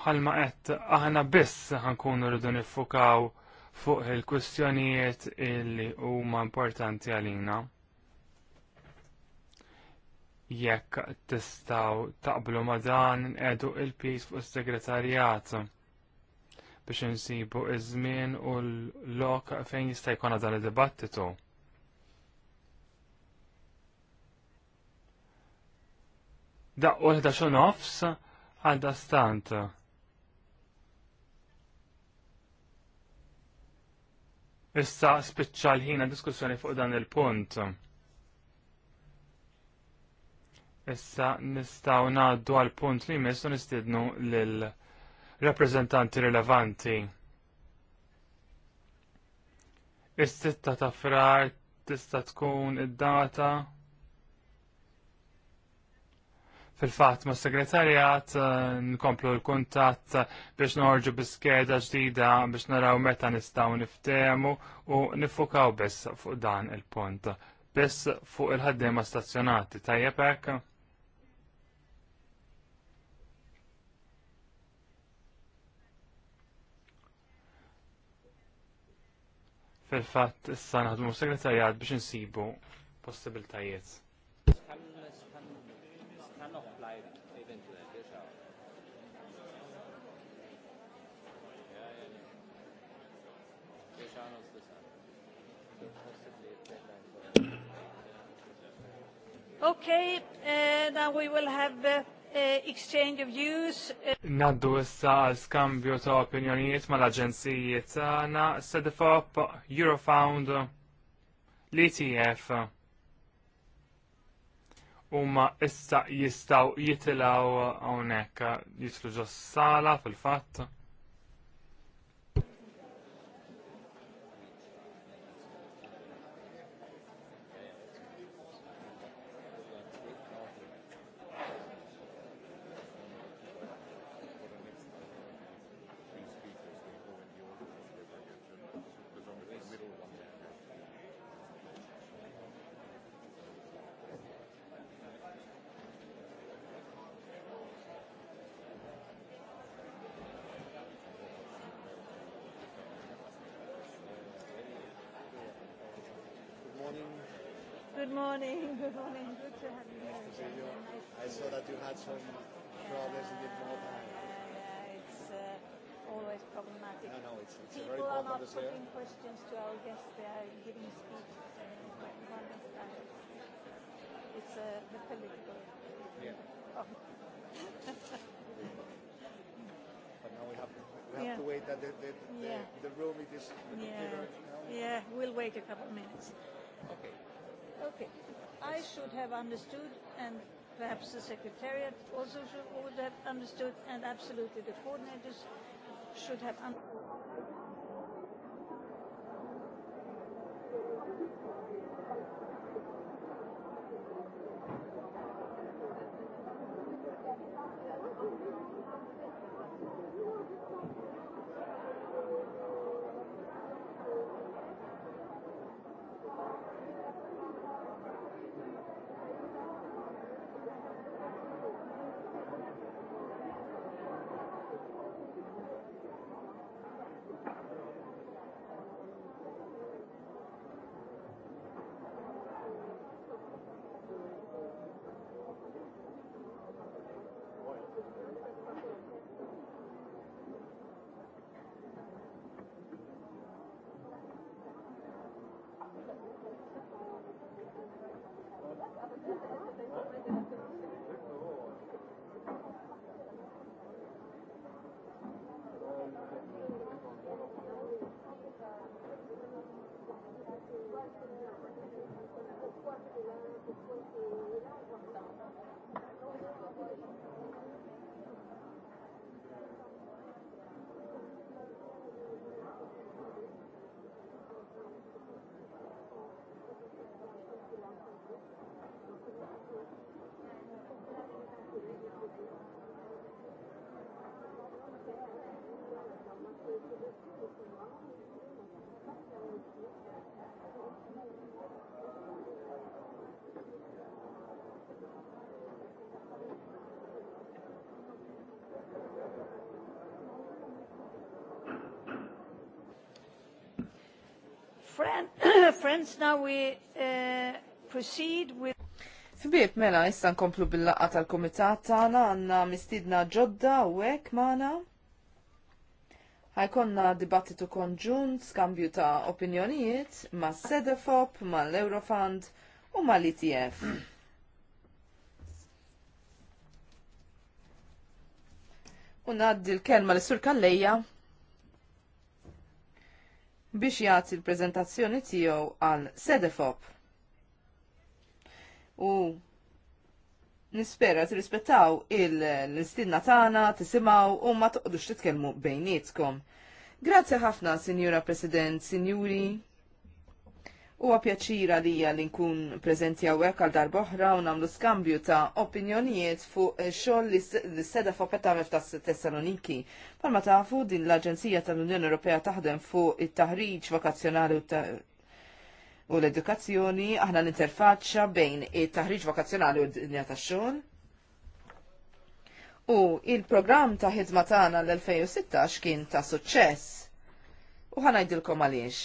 bħalma qed aħna biss ħankunu rridu niffukaw fuq il-kwistjonijiet illi huma importanti għalina jekk tistaw taqblu ma dan edu il-pis fuq is-segretarjat biex insibu iż-żmien u l-lok fejn jista' jkun dan id-dibattitu. Daqqu l xu nofs għadda stant. Issa spiċċa l-ħina diskussjoni fuq dan il-punt. Issa nistaw naddu għal punt li jmessu nistidnu l rappresentanti rilevanti. Is-sitta ta' frar tista' tkun id-data fil-fat ma' segretarjat eh, nkomplu l-kuntat biex norġu biskeda ġdida biex naraw meta nistaw niftemu u nifukaw biss fuq dan il-punt. Biss fuq il ħaddiema stazzjonati. Tajjeb hekk? fil-fatt issa naħdmu segretarjat biex nsibu possibiltajiet. Okay, uh, now we will have uh, Eh, exchange of views. Eh, Naddu issa għal skambju ta' opinjonijiet mal-aġenzijiet tagħna Sedifop, Eurofound, l-ETF. Huma issa jistgħu jitilgħu hawnhekk jitlu ġo sala fil-fatt. room it is yeah. yeah we'll wait a couple of minutes okay okay i should have understood and perhaps the secretariat also should, would have understood and absolutely the coordinators should have understood Friends, now we uh, proceed with... Fibib, mela, issa nkomplu bil-laqqa tal-komitat tagħna għandna mistiedna ġodda u hekk maħna ħajkonna dibattitu konġunt, skambju ta' opinjonijiet ma' Sedefop, ma' l-Eurofund u ma' l-ITF. U l-kelma l-Sur Kalleja biex jgħati l-preżentazzjoni tiegħu għal Sedefop. U Nispera tirrispettaw l-istinna tagħna, tisimgħu u ma t titkellmu bejnietkom. Grazzi ħafna, Sinjura President, Sinjuri. Huwa pjaċira li li nkun prezenti għawek għal darba boħra u nagħmlu skambju ta' opinjonijiet fuq xogħol li seda fuq petamef ta' Tessaloniki. Palma fu din l-Aġenzija tal-Unjoni Ewropea taħdem fuq it-taħriġ vakazzjonali u ta' u l-edukazzjoni aħna l-interfaċċa bejn it-taħriġ vokazzjonali u d-dinja tax-xogħol. U il-programm ta' ħidma tagħna l-2016 kien ta' suċċess. U ħanajdilkom għaliex.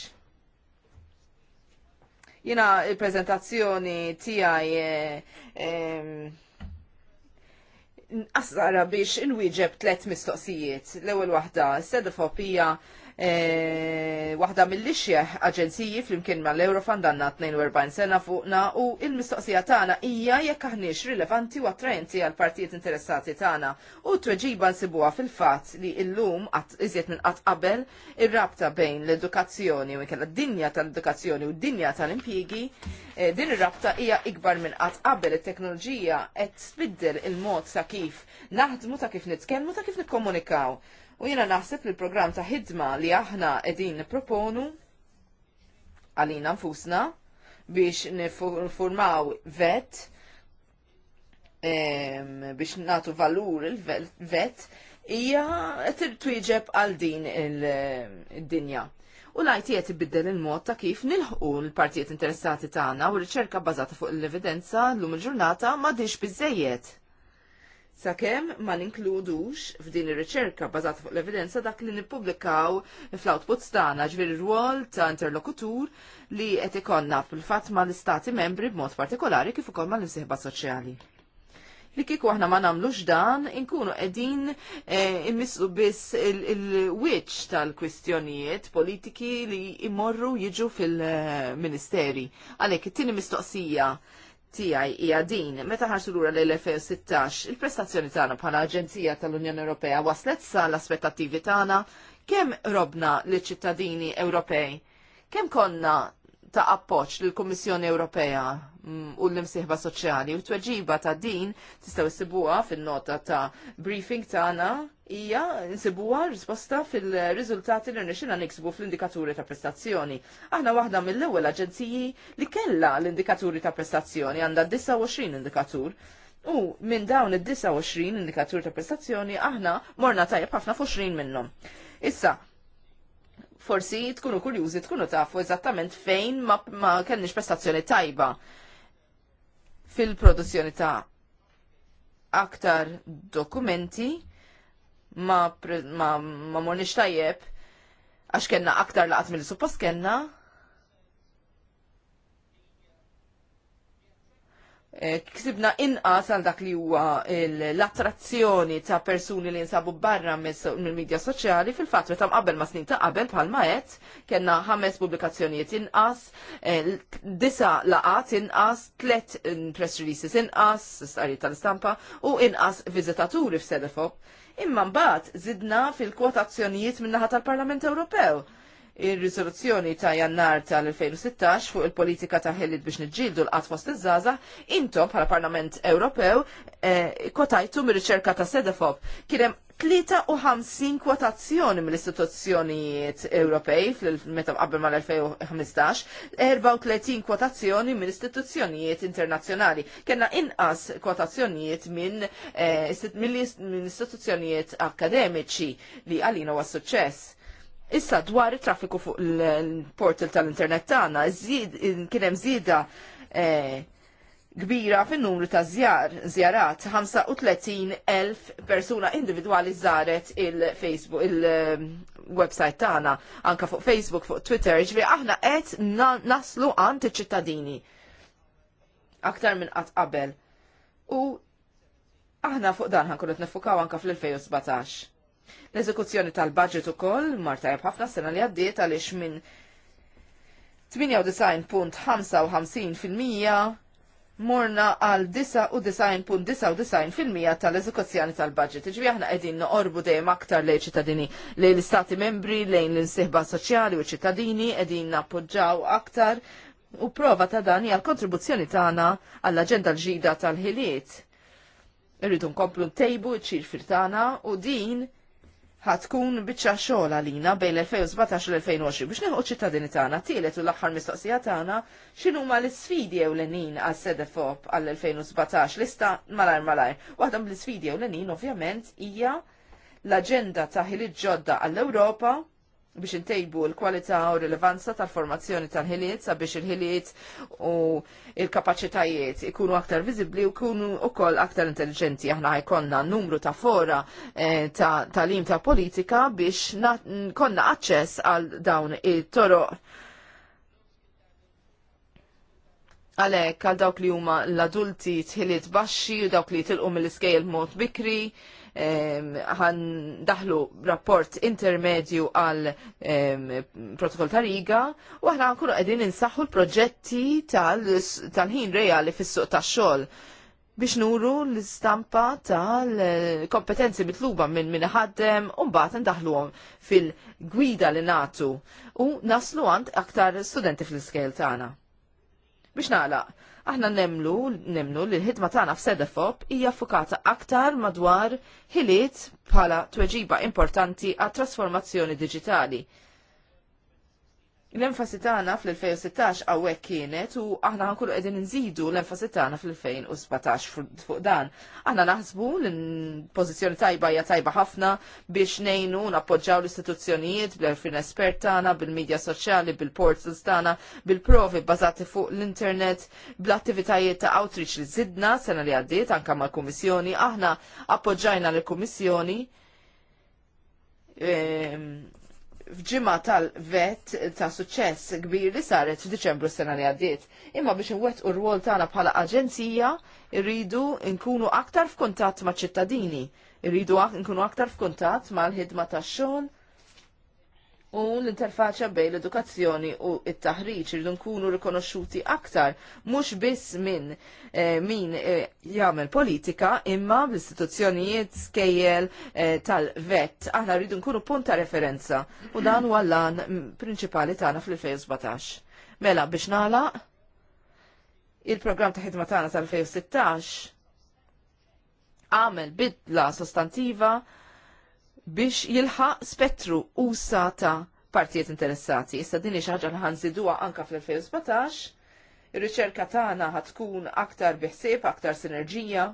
Jina il-prezentazzjoni tiegħi eh, eh, Asqara biex inwieġeb tlet mistoqsijiet. L-ewwel waħda, s-sedofobija E, waħda mill lixja aġenziji flimkien mal eurofund għanna 42 sena fuqna u il-mistoqsija tagħna hija jekk aħniex rilevanti u attrajenti għal partijiet interessati tagħna u tweġiba nsibuha fil-fatt li illum iżjed minn qatt qabel ir-rabta bejn l-edukazzjoni u inkella d-dinja tal-edukazzjoni u dinja tal-impjiegi e, din ir-rabta hija ikbar minn qatt qabel it-teknoloġija qed tbiddel il-mod ta' kif naħdmu ta' kif nitkellmu ta' kif nikkomunikaw. U jena naħseb li l-programm ta' ħidma li aħna edin proponu għalina nfusna biex nifurmaw vet biex natu valur il-vet hija twieġeb għal din il-dinja. U l-IT ibiddel e il-mod ta' kif nilħqu l-partijiet interessati tagħna u riċerka bażata fuq l-evidenza llum il-ġurnata m'għadix biżejjed sakemm ma ninkludux f'din ir-riċerka bażata fuq l-evidenza dak li nippubblikaw fl-outputs tagħna ġifieri rwol ta' interlokutur li qed ikonna fil-fatt ma' l-istati membri b'mod partikolari kif ukoll ma' l-imsieħba soċjali li kieku aħna ma nagħmlux dan, inkunu qegħdin eh, immissu biss il-wiċ il wiċċ tal kwistjonijiet politiki li jmorru jiġu fil-ministeri. Eh, għalhekk it tieni mistoqsija tijaj hija din, meta ħarsu lura l-2016, il-prestazzjoni tagħna bħala Aġenzija tal-Unjoni Ewropea waslet sa l-aspettattivi tagħna kemm robna liċ ċittadini Ewropej? Kemm konna ta' appoċ l kummissjoni Ewropea mm, u l-imsieħba soċjali u t-tweġiba ta' din tistaw sibuha fil-nota ta' briefing tagħna hija nsibuha risposta fil-riżultati li rnexxina niksbu fl-indikaturi ta' prestazzjoni. Aħna waħda mill-ewwel aġenziji li kellha l-indikaturi ta' prestazzjoni għandha 29 indikatur. U minn dawn id-29 indikatur ta' prestazzjoni aħna morna tajjeb ħafna fuq 20 minnhom. Issa, forsi tkunu kurjużi, tkunu tafu eżattament fejn ma, ma kellniex prestazzjoni tajba fil-produzzjoni ta' aktar dokumenti ma, ma, ma morniex tajjeb għax kena aktar laqat mill suppost kena Eh, ksibna inqas għal dak li huwa l-attrazzjoni ta' persuni li nsabu barra mill-medja soċjali fil-fatt meta qabel ma' snin ta' qabel bħalma qed kellna ħames pubblikazzjonijiet inqas, eh, disa laqat inqas, tlet press releases inqas, stari tal-istampa u inqas viżitaturi f'Sedefop. Imma mbagħad zidna fil-kwotazzjonijiet min-naħa tal-Parlament Ewropew ir-riżoluzzjoni ta' jannar tal-2016 fuq il-politika ta' ħellit biex niġġieldu l atfost fost iż-żaża, intom bħala Parlament Ewropew eh, kotajtu mir-riċerka ta' Sedefob. Kien hemm 53 kwotazzjoni mill-istituzzjonijiet Ewropej fil-meta qabel mal-2015, 34 kwotazzjoni mill-istituzzjonijiet internazzjonali. Kenna inqas kwotazzjonijiet minn eh, istituzzjonijiet akademiċi li għalina was suċċess Issa dwar it-traffiku fuq il-portal tal-internet tagħna, kien hemm żieda eh, kbira fin-numru ta' żjar żjarat 35,000 persuna individwali żaret il-Facebook il-website tagħna anka fuq Facebook, fuq Twitter, ġifieri aħna qed naslu għand iċ-ċittadini aktar minn qatt qabel. U aħna fuq dan ħankunet nifukaw anka fl-2017. L-eżekuzzjoni tal-budget ukoll marta tajjeb ħafna sena li għaddiet għaliex minn 98.55% morna għal 99.99% tal-eżekuzzjoni tal-budget. Iġbi aħna qegħdin noqorbu dejjem aktar lejn ċittadini lejn l-istati membri, lejn l-insieħba soċjali u ċittadini qegħdin nappoġġaw aktar u prova ta' dan hija l-kontribuzzjoni tagħna għall-aġenda l-ġida tal-ħiliet. Irridu nkomplu ntejbu ċ-ċirfir tagħna u din ħatkun biċċa xogħol għalina bejn l-2017 u l-2020 biex neħu ċittadini tagħna tielet u l-aħħar mistoqsija tagħna x'inhu ma l-isfidi ewlenin għas sedefop għall 2017 lista malajr malajr. Waħda mill-isfidi ewlenin ovvjament hija l-aġenda ta' ħiliet ġodda għall-Ewropa biex intejbu l-kwalità u rilevanza tal-formazzjoni tal-ħiliet sabiex il-ħiliet u il-kapacitajiet ikunu aktar viżibli u kunu koll aktar intelligenti. Aħna ħajkonna numru ta' fora eh, ta' ta' politika biex konna aċċess għal dawn il-toroq għalek għal dawk li huma l-adulti tħiliet baxxi u dawk li tilqu mill-iskejl mod bikri għan daħlu rapport intermedju għal protokoll ta' Riga u aħna nkunu qegħdin insaħħu l-proġetti tal-ħin reali fis-suq tax-xogħol biex nuru l-istampa tal-kompetenzi mitluba minn minn ħaddem u mbagħad ndaħluhom fil-gwida li natu u naslu għand aktar studenti fl-iskejl tagħna. Biex naqlaq, Aħna nemlu, nemlu li l-ħidma tagħna f'Sedefop hija fukata aktar madwar ħiliet bħala tweġiba importanti għat trasformazzjoni diġitali. L-enfasi tagħna fl-2016 hawnhekk kienet u aħna ħankunu qegħdin nżidu l-enfasi tagħna fl-2017 fuq dan. Aħna naħsbu l-pożizzjoni tajba hija tajba ħafna biex ngħinu nappoġġaw l-istituzzjonijiet bl-erfin espert tagħna, bil-medja soċjali, bil-portals tagħna, bil-provi bbażati fuq l-internet, bl-attivitajiet ta' outreach li żidna sena li għaddiet anke mal-Kummissjoni, aħna appoġġajna l-Kummissjoni ehm, fġimma tal-vet ta' suċċess kbir li saret f'Diċembru s-sena li għaddiet. Imma biex nwet u rwol tagħna bħala aġenzija irridu nkunu aktar f'kuntatt ma' ċittadini, rridu nkunu aktar f'kuntatt mal-ħidma tax-xogħol u l interfaċa bej l-edukazzjoni u it-taħriġ irridu nkunu rikonoxxuti aktar mhux biss minn eh, min eh, jagħmel politika imma l istituzzjonijiet skejjel eh, tal-vett aħna rridu nkunu punta ta' referenza u dan huwa l-għan prinċipali tagħna fl-2017. Mela biex nagħlaq il-programm ta' ħidma tagħna tal-2016 għamel bidla sostantiva biex jilħaq spettru u ta' partijiet interessati. Issa din xi ħaġa anka fl-2017, ir-riċerka tagħna ħatkun aktar biħsib, aktar sinerġija.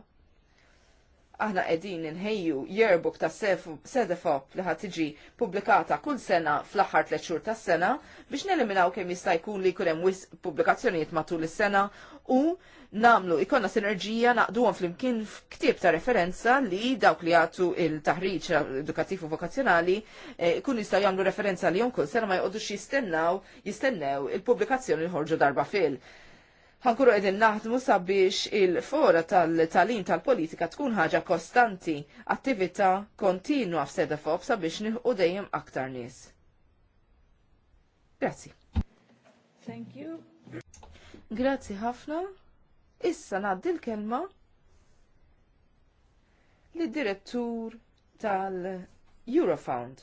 Aħna qegħdin inħejju yearbook ta' Sedefop li ħad tiġi pubblikata kull sena fl-aħħar tliet xhur tas-sena biex neliminaw kemm jista' jkun li jkun hemm pubblikazzjonijiet matul is-sena u namlu ikonna sinerġija naqduhom flimkien ktib ta' referenza li dawk li għatu il-taħriġ edukattiv u vokazzjonali eh, kun jistgħu jagħmlu referenza li kull sena ma jqogħdux jistennaw jistennew il-pubblikazzjoni li ħorġu darba fil. Ħankuru qegħdin naħdmu sabiex il-fora tal-talim tal-politika tkun ħaġa kostanti, attività kontinwa f'sedafob sabiex nieħqu dejjem aktar nies. Grazzi. Thank you. Grazzi ħafna. Issa ngħaddi l-kelma lid-direttur tal-Eurofound,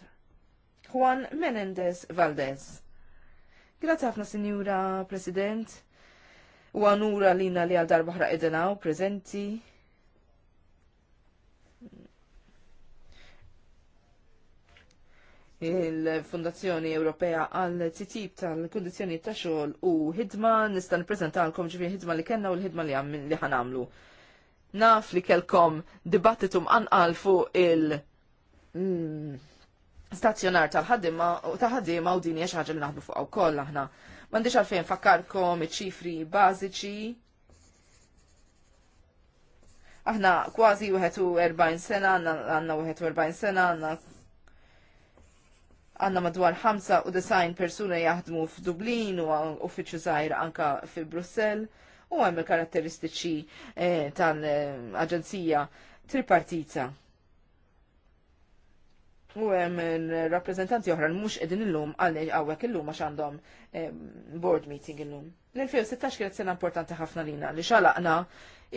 Juan Menendez Valdez. Grazie ħafna, Sinjura President. U għanura lina li għal darba ħra edenaw, prezenti, il-Fondazzjoni Ewropea għal titib tal-kondizjoni ta' xogħol u ħidma nista' nippreżentalkom ġifieri ħidma li kellna u l-ħidma li li ħanamlu. Naf li kellkom dibattitu mqanqal fuq il- mm, stazzjonar tal-ħaddima u ta' ħaddima u din hija xi ħaġa li naħdu fuq wkoll aħna. M'għandix għalfejn fakkarkom iċ-ċifri bażiċi aħna kważi 41 sena, u 41 sena, għandna għanna madwar 95 persuna jaħdmu f'Dublin u uffiċċju zaħir anka fi Brussell u għem il-karatteristiċi eh, tal-Aġenzija tripartita. U għem il-rappresentanti oħra mux edin il-lum għalli għawek illum lum għax għandhom eh, board meeting il-lum. L-2016 kienet sena importanti ħafna lina li xalaqna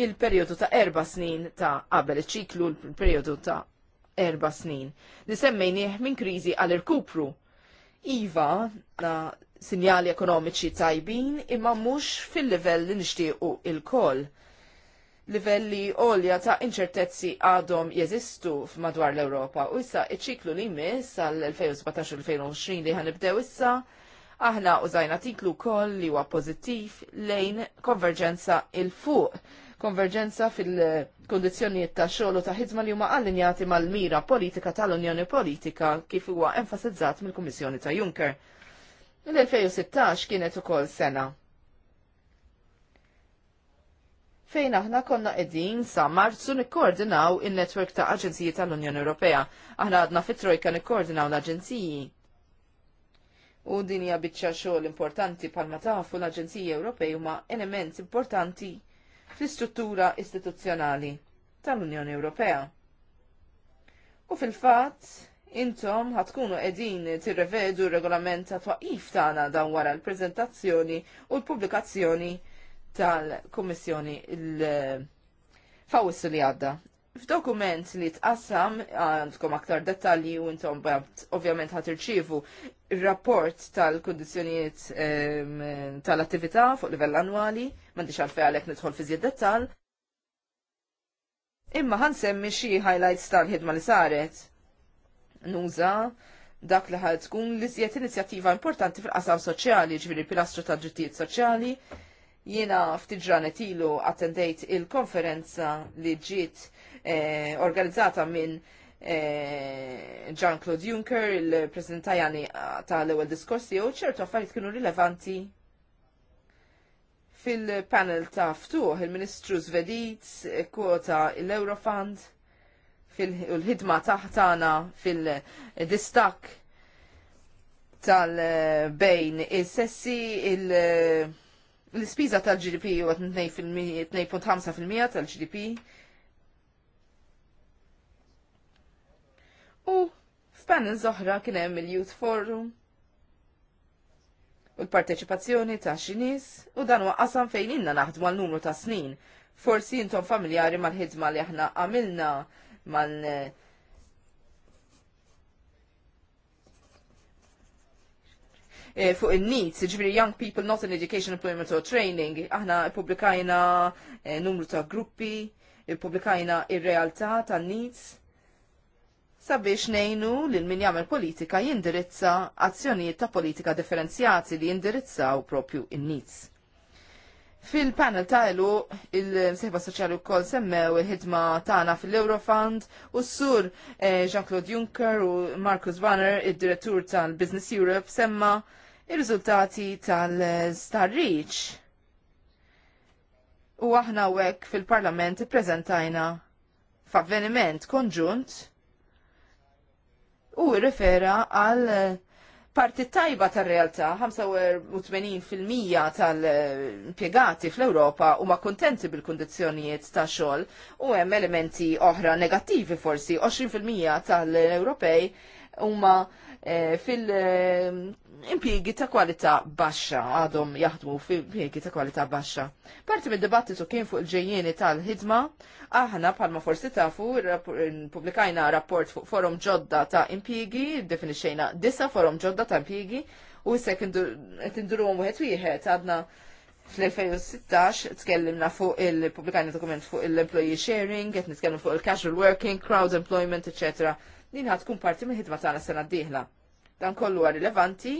il-periodu ta' erba snin ta' qabel iċ-ċiklu, il-periodu ta' erba snin. Li semmejnieh minn kriżi għal irkupru. Iva, na sinjali ekonomiċi tajbin imma mhux fil level li nixtiequ il-koll. Livelli olja ta' inċertezzi għadhom jeżistu f'madwar l-Ewropa u issa iċ-ċiklu li jmiss għal-2017-2020 li ħanibdew issa aħna użajna tiklu koll li huwa pożittiv lejn konverġenza il-fuq konverġenza fil kondizjoniet ta' xogħol u ta' ħidma li huma allinjati mal-mira politika tal-Unjoni Politika kif huwa enfasizzat mill-Kummissjoni ta' Juncker. L-2016 kienet ukoll sena fejn aħna konna qegħdin sa marzu nikkoordinaw in netwerk ta' aġenziji tal-Unjoni Ewropea. Aħna għadna fit-trojka nikkoordinaw l-aġenziji. U din hija biċċa xogħol importanti palma tafu l-Aġenziji Ewropej huma element importanti fl-istruttura istituzzjonali tal-Unjoni Ewropea. U fil-fatt, intom ħatkunu edin tirrevedu regolament ta' twaqif tagħna dan wara l-preżentazzjoni u l-pubblikazzjoni tal-Kummissjoni l fawissu li għadda. F'dokument li tqassam għandkom aktar dettalji u intom ovvjament ħat irċivu rapport tal-kondizjonijiet tal-attività fuq livell annwali, m'għandix għalfej għalhekk nidħol fi żjed dettall. Imma semmi xi highlights tal-ħidma li saret. Nuża dak li ħad tkun li żjed inizjattiva importanti fil-qasam soċjali, ġviri pilastru ta' ġittijiet soċjali. Jiena ftit ġranet ilu attendejt il-konferenza li ġiet Eh, organizzata minn eh, Jean-Claude Juncker, il-President Tajani eh, tal-ewel diskorsi u ċertu affarijiet kienu rilevanti fil-panel ta' ftuħ il-Ministru Zvedit kwota l-Eurofund fil-ħidma taħtana fil-distak tal-bejn il-sessi il spiza tal-GDP u 2.5% tal-GDP U f'panel zoħra kien hemm il-Youth Forum u l-parteċipazzjoni ta' xinis u dan waqqasam fejn inna naħdmu għal numru ta' snin. Forsi intom familjari mal-ħidma li aħna għamilna mal e, fuq il-needs, ġviri Young People Not in Education, Employment or Training, aħna publikajna e, numru ta' gruppi, e, publikajna il realtà ta' needs sabiex nejnu li min jagħmel politika jindirizza azzjonijiet ta' politika differenzjati li jindirizzaw propju in-nits. Fil-panel ta' elu, il-Sejba Soċjali u koll semmew il-ħidma tagħna fil-Eurofund u s-sur eh, Jean-Claude Juncker u Marcus Banner, id-direttur tal-Business Europe, semma il-riżultati tal Reach. U aħna wek fil-Parlament prezentajna f'avveniment konġunt u rifera għal parti tajba tal-realtà, 85% e, tal-impiegati fl-Europa huma kontenti bil-kundizzjonijiet ta' xogħol u hemm elementi oħra negattivi forsi, 20% tal-Ewropej huma eh, fil-impjiegi ta' kwalità baxxa għadhom jaħdmu fil-impjiegi ta' kwalità baxxa. Parti mid-dibattitu kien fuq il-ġejjieni tal-ħidma, aħna bħalma forsi tafu publikajna rapport fuq forum ġodda ta' impjiegi, definixxejna disa forum ġodda ta' impjiegi, u issa qed indurhom wieħed wieħed għadna fl-2016 tkellimna fuq il-publikajna dokument fuq il-employee sharing, qed nitkellmu fuq il-casual working, crowd employment, eccetera li ħad kun parti minn ħidma tagħna sena d-dieħla. Dan kollu għar rilevanti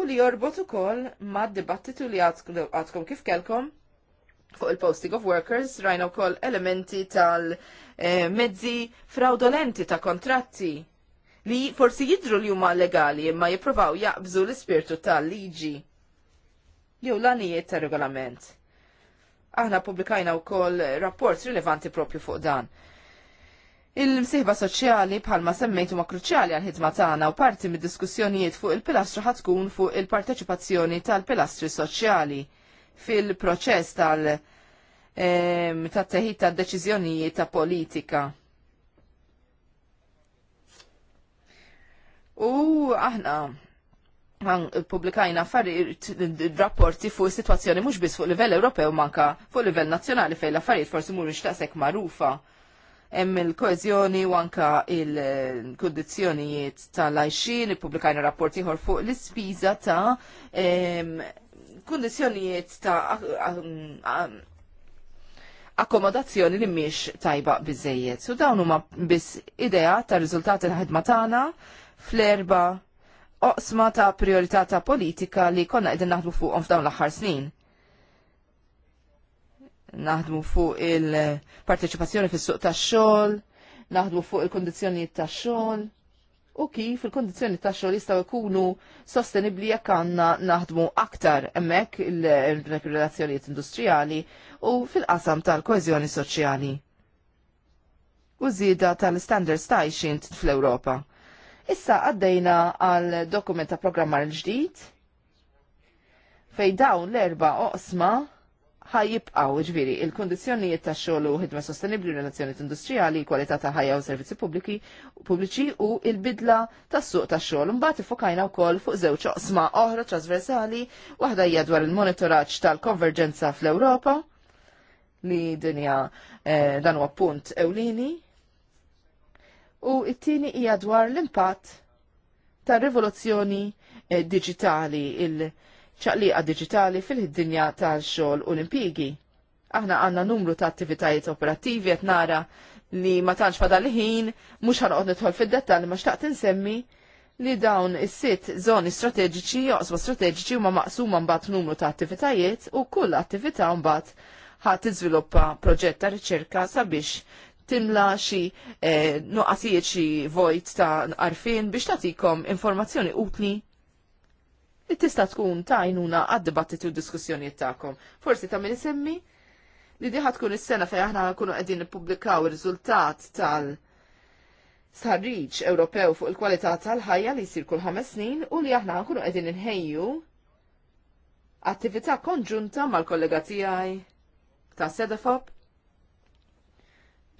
u li jorbot ukoll mad dibattitu li għadkom kif kelkom fuq il-posting of workers rajna wkoll elementi tal-mezzi eh, fraudolenti ta' kontratti li forsi jidru li huma legali imma jippruvaw jaqbżu l-ispirtu tal-liġi jew l-anijiet ta' regolament. Aħna publikajna wkoll rapport rilevanti propju fuq dan. Il-msiħba soċjali bħalma semmejtu ma kruċjali għal ħidma tagħna u parti mid-diskussjonijiet fuq il-pilastru ħad tkun fuq il-parteċipazzjoni tal-pilastri soċjali fil-proċess tal- tat-teħid tad deċiżjonijiet ta' politika. U aħna publikajna affarijiet rapporti fuq is-sitwazzjoni mhux biss fuq livell Ewropew manka fuq livell nazzjonali fejn l-affarijiet forsi mhumiex taqsek magħrufa hemm il-koezjoni u anka il-kundizzjonijiet tal-għajxin, il-publikajna rapport ieħor fuq l-ispiża ta' kundizzjonijiet ta' akkomodazzjoni li mhix tajba biżejjed. U dawn huma biss idea ta' riżultati l-ħidma tagħna fl-erba' oqsma ta' priorità ta' politika li konna qegħdin naħdmu fuqhom f'dawn l-aħħar snin naħdmu fuq il-parteċipazzjoni fis-suq tax-xogħol, naħdmu fuq il-kondizzjonijiet tax-xogħol u kif il-kondizjoni ta' xogħol jistgħu jkunu sostenibbli jekk għandna naħdmu aktar hemmhekk il-relazzjonijiet industrijali u fil-qasam tal-koeżjoni soċjali. U żieda tal-standards ta' ixint fl-Ewropa. Issa għaddejna għal dokument ta' programmar l-ġdid fejn dawn l-erba' oqsma ħajibqaw ġviri il-kondizjonijiet ta' xogħol u ħidma sostenibbli relazzjoni industrijali, kwalità ta' ħajja u servizzi pubbliċi u il-bidla tas suq ta' xogħol. Mbagħad ifokajna wkoll fuq żewġ oqsma oħra trasversali, waħda hija dwar il-monitoraġġ tal-konverġenza fl-Ewropa li dinja eh, dan huwa punt ewlieni. U it-tieni hija dwar l-impatt tar rivoluzzjoni eh, digitali il- ċaqliqa digitali fil-dinja tal-xogħol u l impigi Aħna għandna numru ta' attivitajiet operattivi qed nara li ma tantx fadal ħin mhux ħanqod nidħol fid dettali ma xtaqt insemmi li dawn is-sitt żoni strateġiċi joqsma strateġiċi huma maqsuma mbagħad numru ta' attivitajiet u kull attività mbagħad ħadd izviluppa proġett ta' riċerka sabiex timla xi eh, nuqqasijiet xi vojt ta' arfin biex tagħtikom informazzjoni utli tista' tkun tajnuna għad dibattiti u diskussjonijiet tagħkom. Forsi ta' min isemmi li diħat tkun is-sena fejn aħna nkunu qegħdin nippubblikaw ir-riżultat tal- sarriċ Ewropew fuq il-kwalità tal-ħajja li jsir kull ħames snin u li aħna nkunu qegħdin inħejju attività konġunta mal-kollega tiegħi ta' Sedefop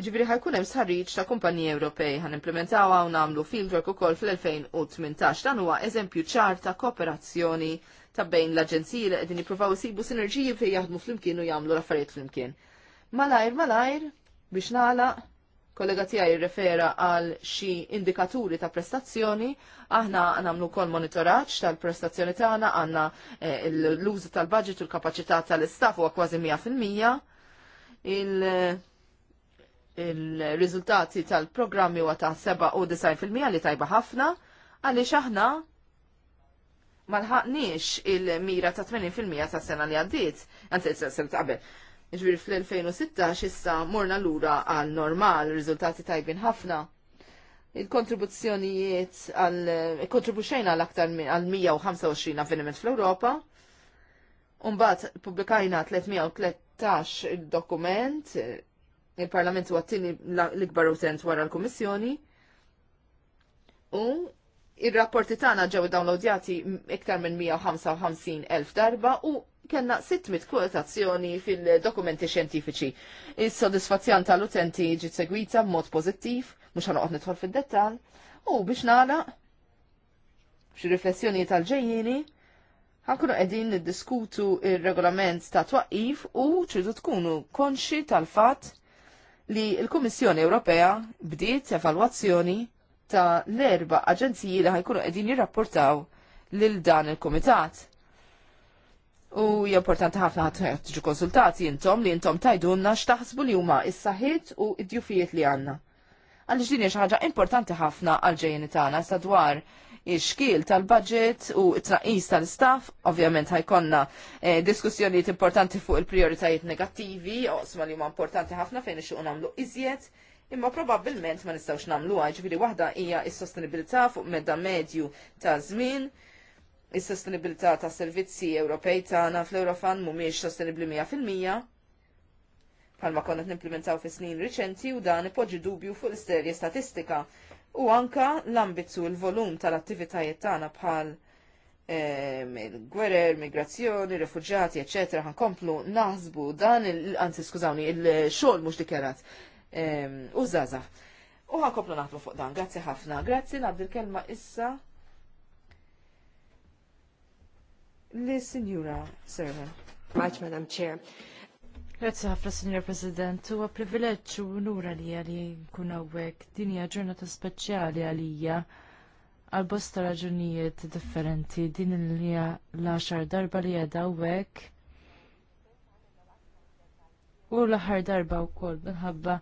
Ġifiri ħajkun hemm sħarriġ ta' kumpaniji Ewropej ħan implementawha u nagħmlu fieldwork ukoll fl-2018 dan huwa eżempju ċar ta' kooperazzjoni ta' bejn l-aġenziji li qegħdin jippruvaw isibu sinerġiji fejn jaħdmu flimkien u jagħmlu l-affarijiet flimkien. Malajr, malajr, biex nagħlaq, kollega tiegħi jirrefera għal xi indikaturi ta' prestazzjoni, aħna nagħmlu wkoll monitoraġġ tal-prestazzjoni tagħna, għandna eh, l-użu tal-budget u l-kapaċità tal-istaff huwa kważi 100 fil-mija. Il- il-riżultati tal-programmi huwa ta' 97% li tajba ħafna għaliex aħna malħaqniex il-mira ta' 80% ta' sena li għaddiet, għanzi s-sena ta' qabel. Ġviri fl-2016 issa morna l-ura għal normal, riżultati tajbin ħafna. Il-kontribuzzjonijiet għal kontribuxejna għal aktar għal 125 avveniment fl-Europa. Umbat publikajna 313 dokument il-Parlament huwa għattini tieni l-ikbar utent wara l-Kummissjoni. U ir-rapporti tagħna ġew downloadjati iktar minn 155 darba u kellna 600 kwotazzjoni fil-dokumenti xjentifiċi. Is-sodisfazzjon tal-utenti ġiet segwita b'mod pożittiv, mhux ħanoqgħod nidħol fid-dettall, u biex nagħlaq xi riflessjoni tal ġejjini ħankunu qegħdin niddiskutu il regolament ta' twaqif u tridu tkunu konxi tal-fatt li l-Kummissjoni Ewropea bdiet evalwazzjoni ta' l-erba aġenziji li ħajkunu qegħdin jirrapportaw lil dan il-Kumitat. U importanti ħafna ħadd tiġu konsultati intom li intom tajdunna x'taħsbu li huma is-saħħiet u id-djufijiet li għandna. Għaliex din hija xi ħaġa importanti ħafna għal ġejjeni tagħna sa dwar ix tal-budget u t-tnaqqis tal-staff, ovvjament ħajkonna eh, diskussjonijiet importanti fuq il-prioritajiet negattivi, oqsma li huma importanti ħafna fejn ixuq nagħmlu iżjed, imma probabbilment ma nistgħux nagħmluha, ġifieri waħda hija s-sostenibilità fuq medda medju ta' żmien, is-sostenibilità ta' servizzi Ewropej tagħna fl-Eurofan mhumiex sostenibbli 100%, palma konna nimplementaw fi snin riċenti u dan ipoġġi dubju fuq l-isterja statistika u anka l-ambizzu l-volum tal-attivitajiet tagħna bħal ehm, il gwerer, migrazzjoni, refugjati, eccetera, ħankomplu naħsbu dan il anzi skużawni, il xol mux dikjarat ehm, u zaza. U ħankomplu naħdmu fuq dan, grazzi ħafna. Grazzi nabdi kelma issa li Signora Server. Much, Madam Chair. Grazzi ħafna, Signor President. Huwa privileġġ u nura li għalli nkun hawnhekk. Din hija ġurnata speċjali għalija għal bosta raġunijiet differenti. Din li hija l-għaxar darba li għedha hawnhekk. U l-aħħar darba wkoll minħabba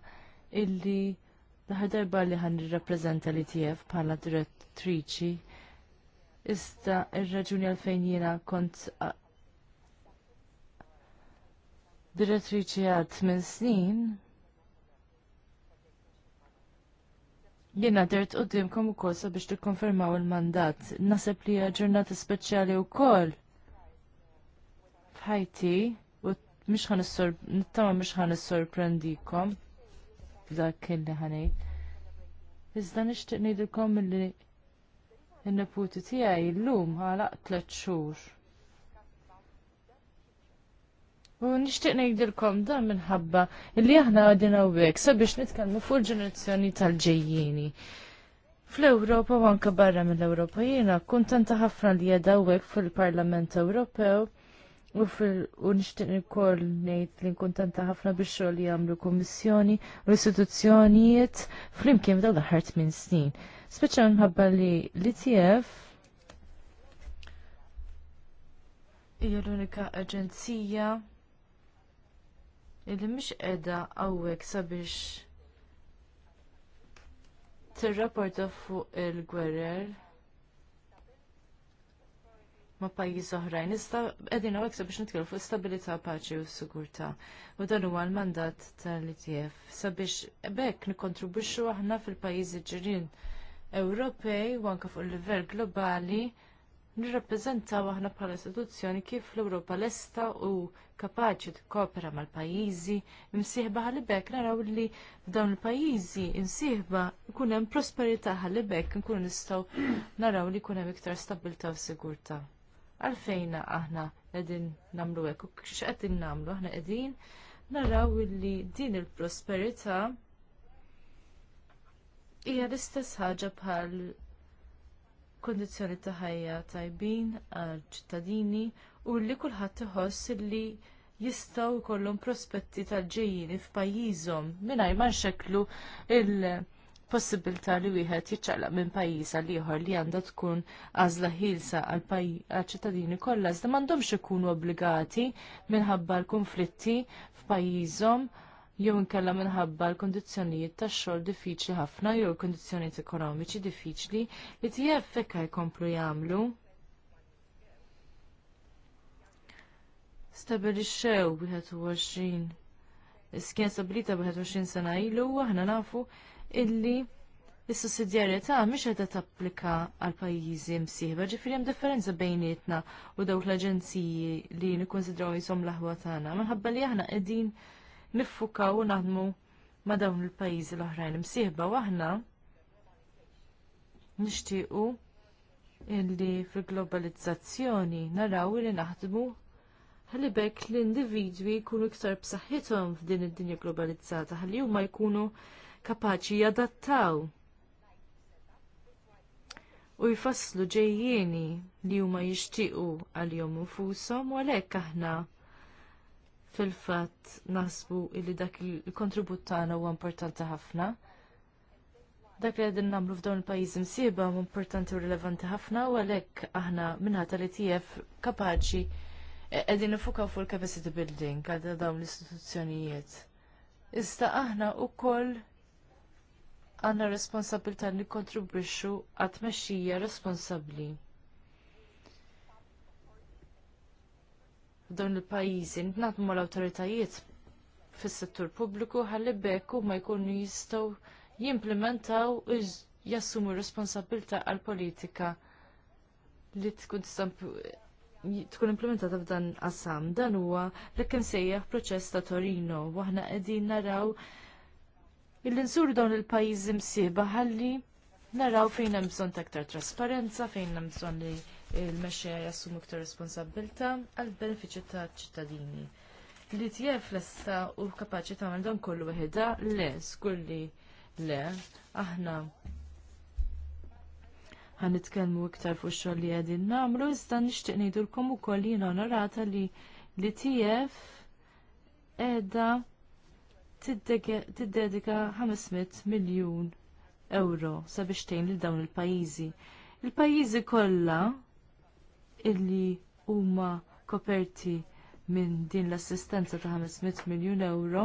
illi l-aħħar darba li ħan nirrappreżenta li tiegħek bħala direttriċi Ista' ir-raġuni għalfejn jiena kont direttriċi għat minn snin, Jena dert u dimkom u kol sabiex t-konfermaw il-mandat. Naseb li ġurnata speċjali u kol. Fħajti, u mxħan nittama mxħan sorprendikom b'dak kelli ħanejt. Iżda nishtiq nidilkom li n-neputi tijaj l-lum għalaq tlet xur. U nishtiq ngħidilkom dan minħabba illi aħna għadin hawnhekk sabiex nitkellmu fuq il-ġenerazzjoni tal ġejjini Fl-Ewropa u anke barra mill-Ewropa jiena kuntenta ħafna li qiegħda hawnhekk fil-Parlament Ewropew u nishtiq nixtieq ukoll ngħid li nkuntenta ħafna biex xogħol li jagħmlu kummissjoni u istituzzjonijiet flimkien dawn l-aħħar tmien snin. Speċjal minħabba li l-ITF hija l-unika aġenzija illi mhix qiegħda hawnhekk sabiex tirrapporta fuq il-gwerer ma' pajjiż oħrajn. Issa qegħdin hawnhekk sabiex nitkellmu fuq stabilità, paċi u s-sigurtà. U dan huwa l-mandat tal-ITF sabiex b'hekk nikkontribwixxu aħna fil-pajjiżi ġirien Ewropej u anke fuq il livell globali nirrappreżentaw aħna bħala istituzzjoni kif l-Ewropa lesta u kapaċi tikkopera mal-pajjiżi imsieħba ħalibek naraw li f'dawn il-pajjiżi imsieħba jkun hemm prosperità ħalibek nkunu nistgħu naraw li jkun hemm iktar stabilità u sigurtà. Għalfejn aħna qegħdin nagħmlu hekk u x'qegħdin nagħmlu aħna qegħdin naraw li din il-prosperità hija l-istess ħaġa bħal kondizjoni ta' ħajja tajbin għal ċittadini u li kulħadd iħoss li jistgħu jkollhom prospetti tal-ġejjini f'pajjiżhom mingħajr ma nxekklu il-possibilità li wieħed jiċċaqlaq minn pajjiż għal ieħor li għandha tkun għażla ħilsa għal ċittadini kollha iżda m'għandhomx ikunu obbligati minħabba l-konflitti f'pajjiżhom jew inkella minħabba l-kondizzjonijiet tax-xogħol diffiċli ħafna jew l-kondizzjonijiet ekonomiċi diffiċli li tiegħek fekka jkomplu jagħmlu. Stabilixxew 21 Iskien stabilita 21 sena ilu aħna nafu illi is-sussidjarjetà mhix qed tapplika għal pajjiżi msieħba, ġifieri hemm differenza bejnietna u dawk l-aġenziji li nikkonsidraw jisom l-aħwa tagħna minħabba li aħna qegħdin niffukaw u naħdmu ma' dawn il-pajjiżi l-oħrajn imsieħba waħna nixtiequ illi fil-globalizzazzjoni naraw li naħdmu ħalli bekk l-individwi jkunu iktar b'saħħithom f'din id-dinja globalizzata ħalli huma jkunu kapaċi jadattaw u jfasslu ġejjieni li huma jixtiequ għal-jom infushom u għalhekk aħna fil-fatt naħsbu li dak il-kontribut tagħna huwa importanti ħafna. Dak li għedin namlu f'dawn il-pajjiżi msiba huwa importanti u rilevanti ħafna u għalhekk aħna minħata li tief kapaċi e, qegħdin nifukaw fuq il-capacity building għal dawn l-istituzzjonijiet. Iżda aħna wkoll għandna responsabilta li kontribwixxu għat tmexxija responsabbli. f'dawn il-pajjiżi nitnaqmu mal-awtoritajiet fis-settur pubbliku ħalli bekk huma jkunu jistgħu jimplementaw u jassumu r-responsabilità għall politika li tkun tkun implementata f'dan qasam. Dan huwa li kien sejjaħ proċess ta' Torino u aħna qegħdin naraw il-insur dawn il-pajjiżi msieħba ħalli naraw fejn hemm bżonn ta' aktar trasparenza, fejn hemm bżonn li l-mexxejja jassumu iktar responsabilità għal benefiċċju tal-ċittadini. Li tjef lesta u kapaċi tagħmel dan kollu weħda le, skulli le, aħna ħan nitkellmu iktar fuq xogħol li qegħdin nagħmlu, iżda nixtieq ngħidulkom ukoll jiena onorata li li e tjef qiegħda tiddedika 500 miljun euro sabiex tgħin lil dawn il-pajjiżi. Il-pajjiżi kollha illi huma koperti minn din l-assistenza ta' 500 miljun euro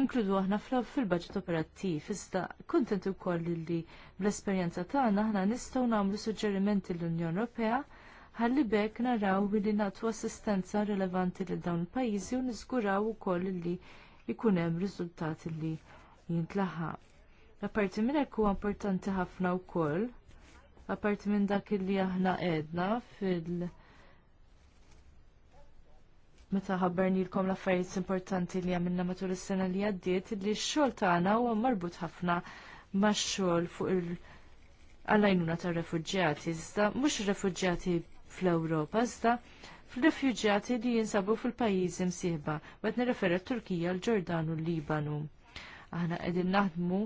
ninkludu aħna fil-budget operattiv, iżda kuntent ukoll li bl-esperjenza tagħna aħna nistgħu nagħmlu suġġerimenti l-Unjoni Ewropea ħalli bekk naraw li nagħtu assistenza rilevanti lil dawn il-pajjiżi u niżguraw ukoll li jkun hemm riżultati li jintlaħaq. Apparti minn hekk huwa importanti ħafna wkoll, apparti minn dak li aħna qedna fil- meta ħabbarnilkom l-affarijiet importanti li għamilna matul is-sena li għaddiet li x-xogħol tagħna huwa marbut ħafna max-xogħol fuq il- għallajnuna ta' refugjati, iżda mhux refugjati fl-Ewropa, iżda fl refugjati li jinsabu fil-pajjiżi msieħba, qed nirreferi t Turkija, l-Ġordan u l-Libanu. Aħna qegħdin naħdmu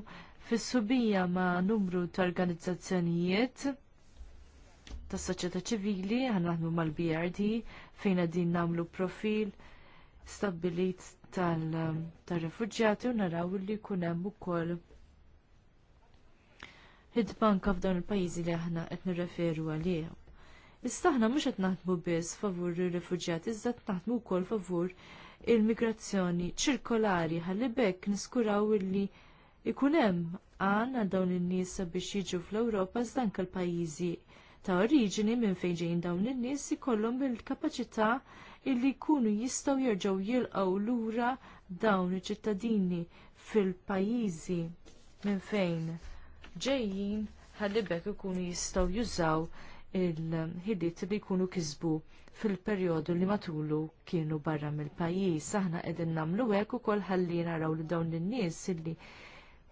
fis-subija ma' numru ta' organizzazzjonijiet ta' soċjetà ċivili ħanaħdmu mal-BRD fejn din namlu profil stabbilit tal-refuġjati u naraw li jkun hemm ukoll id-banka f'dawn il-pajjiżi li aħna qed nirreferu għalih. Issa aħna mhux qed naħdmu biss favur ir-refuġjati, iżda qed naħdmu wkoll favur il-migrazzjoni ċirkolari ħalli bekk niskuraw li ikun hemm għan dawn in-nies biex jiġu fl-Ewropa zdan il-pajjiżi ta' oriġini minn fejn dawn in-nies ikollhom il-kapaċità illi jkunu jistgħu jerġgħu jilqgħu lura dawn iċ-ċittadini fil-pajjiżi minn fejn ġejjin ħallibek ikunu jistgħu jużaw il-ħidiet li jkunu kisbu fil-perjodu li matulu kienu barra mill-pajjiż. Aħna qegħdin nagħmlu hekk ukoll ħalli naraw li dawn in-nies illi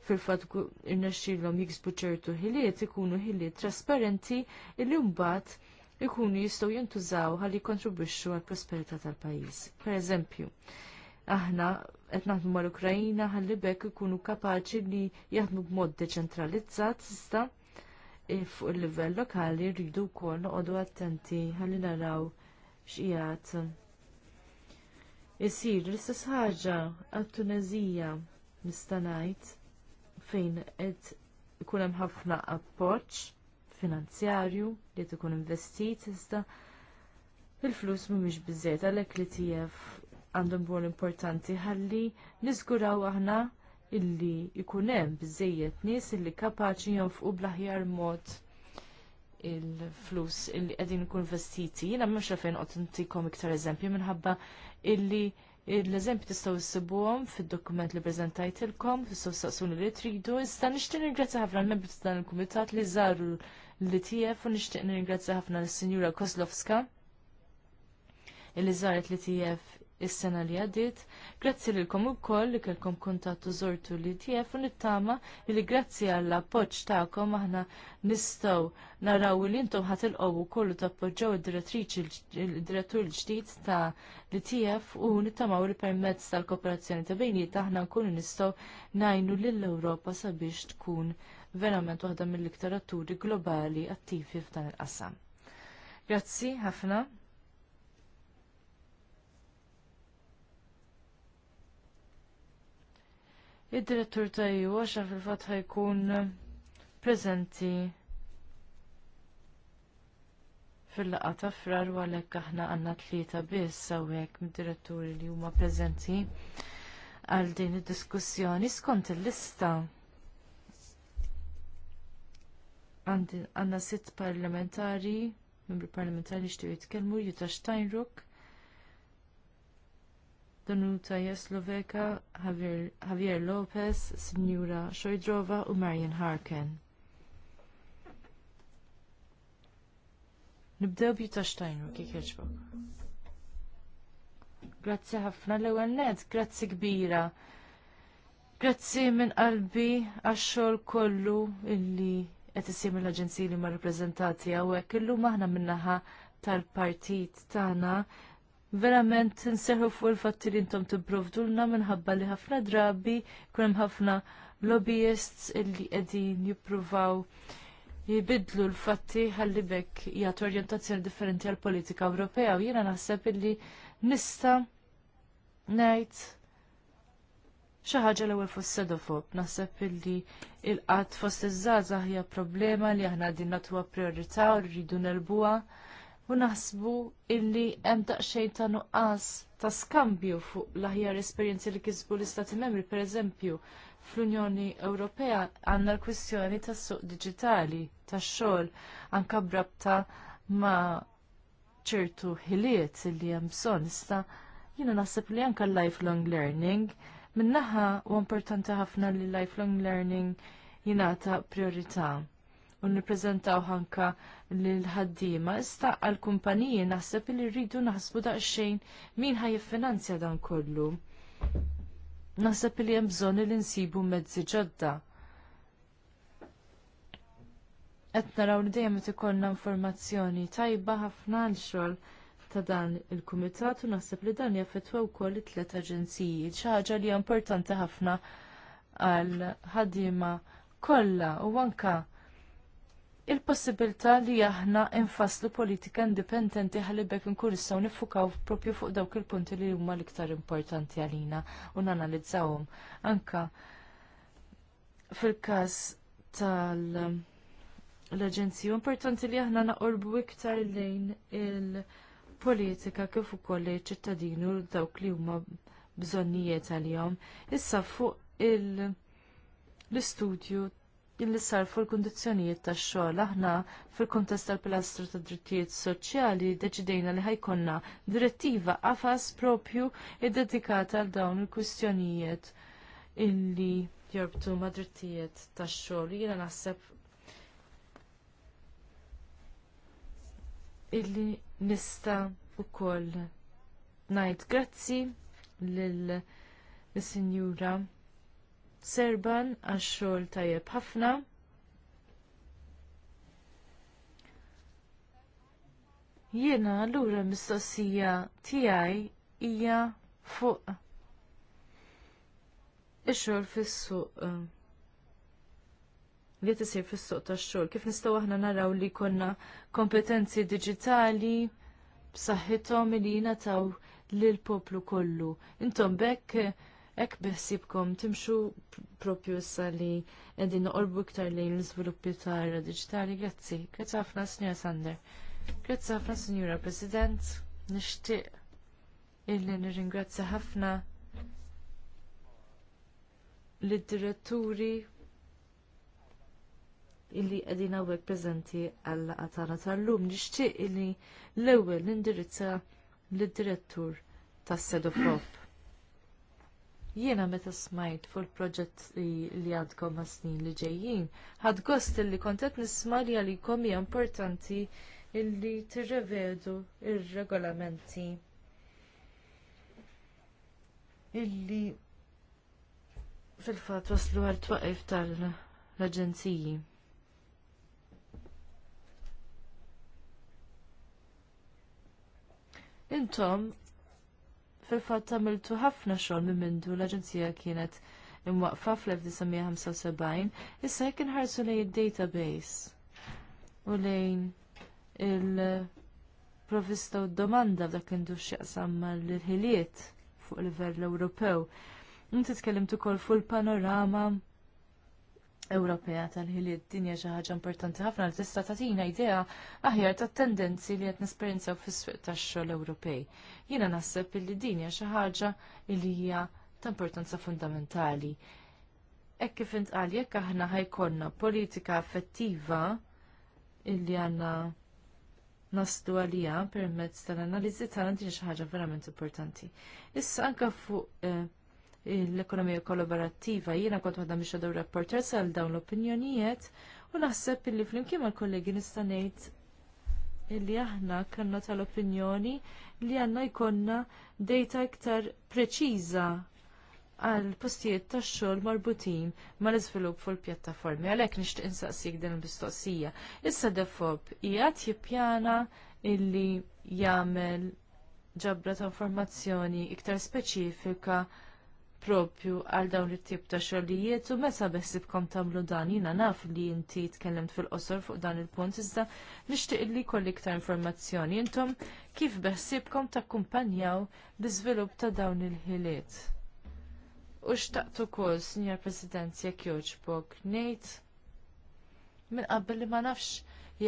fil-fat irnexxilhom jiksbu ċertu ħiliet ikunu ħiliet trasparenti illi mbagħad ikunu jistgħu jintużaw ħalli jkontribwixxu għall prosperità tal-pajjiż. Pereżempju, aħna qed naħdmu mal-Ukrajina ħalli bekk ikunu kapaċi li jaħdmu b'mod deċentralizzat sista eh, fuq il-livell lokali rridu wkoll noqogħdu attenti ħalli naraw x'qiegħed. Isir l-istess ħaġa għat-Tunezija nista' ngħid fejn qed ikun hemm ħafna appoġġ finanzjarju li qed investit iżda il-flus mhumiex biżżejjed għalhekk li tiegħek għandhom rwol importanti ħalli niżguraw aħna illi ikun hemm biżżejjed nies illi kapaċi jonfqu bl-aħjar mod il-flus illi qegħdin ikun investiti. Jiena mhux fejn qed intikom iktar eżempju minħabba illi l eżempju tistgħu issibuhom fid-dokument li preżentajtilkom, tistgħu staqsuni li tridu, iżda nixtieq ningrazzja ħafna l-membri ta' dan il-kumitat li żaru li itf u nixtieq ningrazzja ħafna lis-Sinjura Kozlowska illi żaret li TF is-sena li għaddiet. Grazzi lilkom ukoll li kellkom kuntattu żortu li tiegħek u nittama li grazzi għall appoġġ tagħkom aħna nistgħu naraw li intom ħatilqgħu kollu tappoġġaw id-direttriċi il-direttur l-ġdid ta' li tiegħek u nittamaw li permezz tal-kooperazzjoni ta' bejniet aħna nkunu nistgħu ngħinu lill-Ewropa sabiex tkun verament waħda mill-iktar atturi globali attivi f'dan il-qasam. Grazzi ħafna. Id-direttur ta' e għaxa fil-fat ħajkun eh, prezenti fil-laqa ta' frar u għalhekk aħna għandna tlieta biss hawnhekk mid-diretturi li huma prezenti għal din id-diskussjoni skont il-lista. Għandna sitt parlamentari, membri parlamentari xtiju jitkellmu, Jutta Steinruck, Danuta Jesloveka, Javier, Javier Lopez, Signora Shoidrova u Marian Harken. Nibdew bjuta xtajnu, kik Grazzi ħafna l ned, grazzi kbira. Grazzi minn qalbi għax-xogħol kollu illi qed isir mill-aġenziji li ma' rappreżentati hawnhekk illum aħna min-naħa tal-partit tagħna verament nseħu fuq il-fatti li intom tipprovdulna minħabba li ħafna drabi kunem ħafna lobbyists illi qegħdin jippruvaw jibidlu l-fatti ħalli bekk jagħtu orjentazzjoni differenti għall politika Ewropea u jiena naħseb illi nista ngħid xi ħaġa l-ewwel fost sedofob. Naħseb illi il-qatt fost iż-żgħażagħ hija problema li aħna qegħdin nagħtuha priorità u rridu nelbuha u naħsbu illi hemm daqsxejn ta' nuqqas ta' skambju fuq l-aħjar esperjenzi li kisbu l-Istati Membri, pereżempju, fl-Unjoni Ewropea għandna l-kwistjoni tas-suq digitali, tax-xogħol, anke brabta ma' ċertu ħiliet li hemm bżonn issa jiena naħseb li anke lifelong learning min-naħa huwa importanti ħafna li lifelong learning jingħata priorità u nirrepreżentaw ħanka l-ħaddiema. Issa għall-kumpaniji naħseb li rridu naħsbu daqsxejn min finanzja dan kollu. Naħseb li hemm bżonn li nsibu mezzi ġodda qed naraw li dejjem qed ikollna informazzjoni tajba ħafna għal xogħol ta' dan il-kumitat u naħseb li dan jaffettwa wkoll it-tliet aġenziji. Xi ħaġa li hija importanti ħafna għal ħaddiema kollha u anke il-possibilità li aħna infaslu politika indipendenti ħalibek nkun nistgħu nifukaw propju fuq dawk il-punti li huma l-iktar importanti għalina u nanalizzawhom anka fil-każ tal- l-Aġenzija importanti li aħna naqorbu iktar lejn il-politika kif ukoll ċittadini u dawk li huma bżonnijiet għalihom. Issa fuq l-istudju illi sar fuq il-kundizzjonijiet tax-xogħol aħna fil-kuntest tal-pilastru tad drittijiet soċjali deċidejna li ħajkonna direttiva qafas propju iddedikata għal dawn il-kwistjonijiet illi jorbtu ma' drittijiet tax-xogħol. Jiena naħseb illi nista' ukoll ngħid grazzi lill-Sinjura Serban għax-xogħol tajjeb ħafna. Jiena allura mistoqsija tiegħi hija fuq ix-xogħol fis-suq um, li tisir fis-suq tax-xogħol. Kif nistgħu aħna naraw li konna kompetenzi diġitali b'saħħithom li jingħataw lill poplu kollu. Intom bekk Ek bħsibkom timxu propju issa li edin noqorbu iktar lejn l-izviluppi tar digitali. Grazzi. Grazzi ħafna, Signora Sander. Grazzi ħafna, Signora President. Nishtiq illi nirringrazzja ħafna lid-diretturi illi qegħdin hawnhekk preżenti għall għatana tal-lum. Nixtieq illi l-ewwel nindirizza l direttur tas-Sedofop. Jiena meta smajt fuq il-proġett li għadkom ma' snin li ġejjin, ħad gost li kontet nisma' li għalikom hija importanti illi tirrevedu r regolamenti illi fil-fatt waslu għal twaqif tal-aġenziji. Intom fil-fatt għamiltu ħafna xogħol minn mindu l-Aġenzija kienet imwaqfa fl-1975, issa jekk inħarsu lejn id-database u lejn il-provista u d-domanda dak indu x'jaqsam mal-ħiliet fuq livell Ewropew. Inti tkellimt kol fuq il-panorama Ewropea tal-ħiliet dinja xi ħaġa importanti ħafna li tista' tagħtina idea aħjar tat-tendenzi li qed nesperjenzaw fis-swieq tax-xogħol Ewropej. Jiena naħseb li din hija xi ħaġa li hija ta' importanza fundamentali. Hekk kif intqal jekk aħna ħajkonna politika effettiva illi għandna naslu għalija permezz tal-analiżi tagħna din xi ħaġa verament importanti. Issa anke fuq eh, l-ekonomija kollaborattiva. Jiena kont waħda miex għadu rapporter sal dawn l-opinjonijiet u naħseb illi flimkien mal kollegi nista' ngħid illi aħna kellna tal-opinjoni li għandna jkollna data iktar preċiża għal postijiet tax xogħol marbutin mal-iżvilupp fuq il-pjattaformi. Għalhekk nixtieq insaqsik din il-mistoqsija. Issa defob qiegħed jippjana illi jagħmel ġabra ta' informazzjoni iktar speċifika propju għal dawn it-tip ta' xogħlijiet u meta beħsibkom tagħmlu dan jiena naf li inti tkellimt fil-qosor fuq dan il-punt iżda nixtieq li jkolli iktar informazzjoni intom kif beħsibkom takkumpanjaw l-iżvilupp ta' dawn il-ħiliet. U xtaqt ukoll, Sinjor President, jekk jogħġbok ngħid minn qabel li ma nafx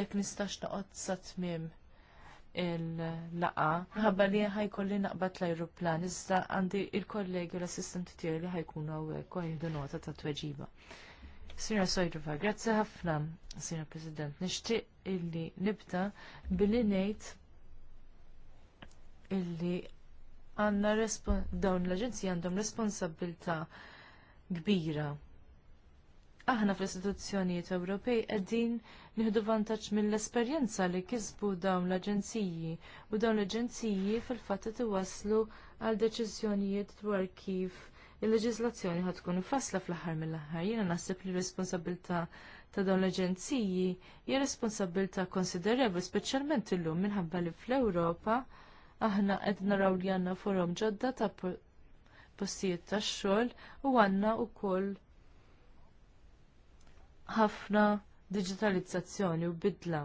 jekk nistax noqgħod sa tmiem il-laqa. Ħabba li ħajkolli naqbad l-ajruplan, iżda għandi il-kollegi u l-assistenti tiegħi li ħajkunu hawnhekk u ħajħdu nota ta' tweġiba. Sira Sojdrova, grazzi ħafna, Sira President. Nixtieq illi nibda billi ngħid illi għandna dawn l aġenzija għandhom responsabilità kbira aħna fl-istituzzjonijiet Ewropej qegħdin nieħdu vantaġġ mill-esperjenza li kisbu dawn l-aġenziji u dawn l-aġenziji fil-fatt qed iwasslu għal deċiżjonijiet dwar kif il-leġiżlazzjoni ħad tkun ifassla fl-aħħar mill-aħħar. Jiena naħseb li responsabilità ta' dawn l-aġenziji hija responsabilità konsiderevoli, speċjalment illum minħabba li fl-Ewropa aħna qed naraw li għandna forom ġodda ta' postijiet tax xogħol u għandna wkoll ħafna digitalizzazzjoni u bidla.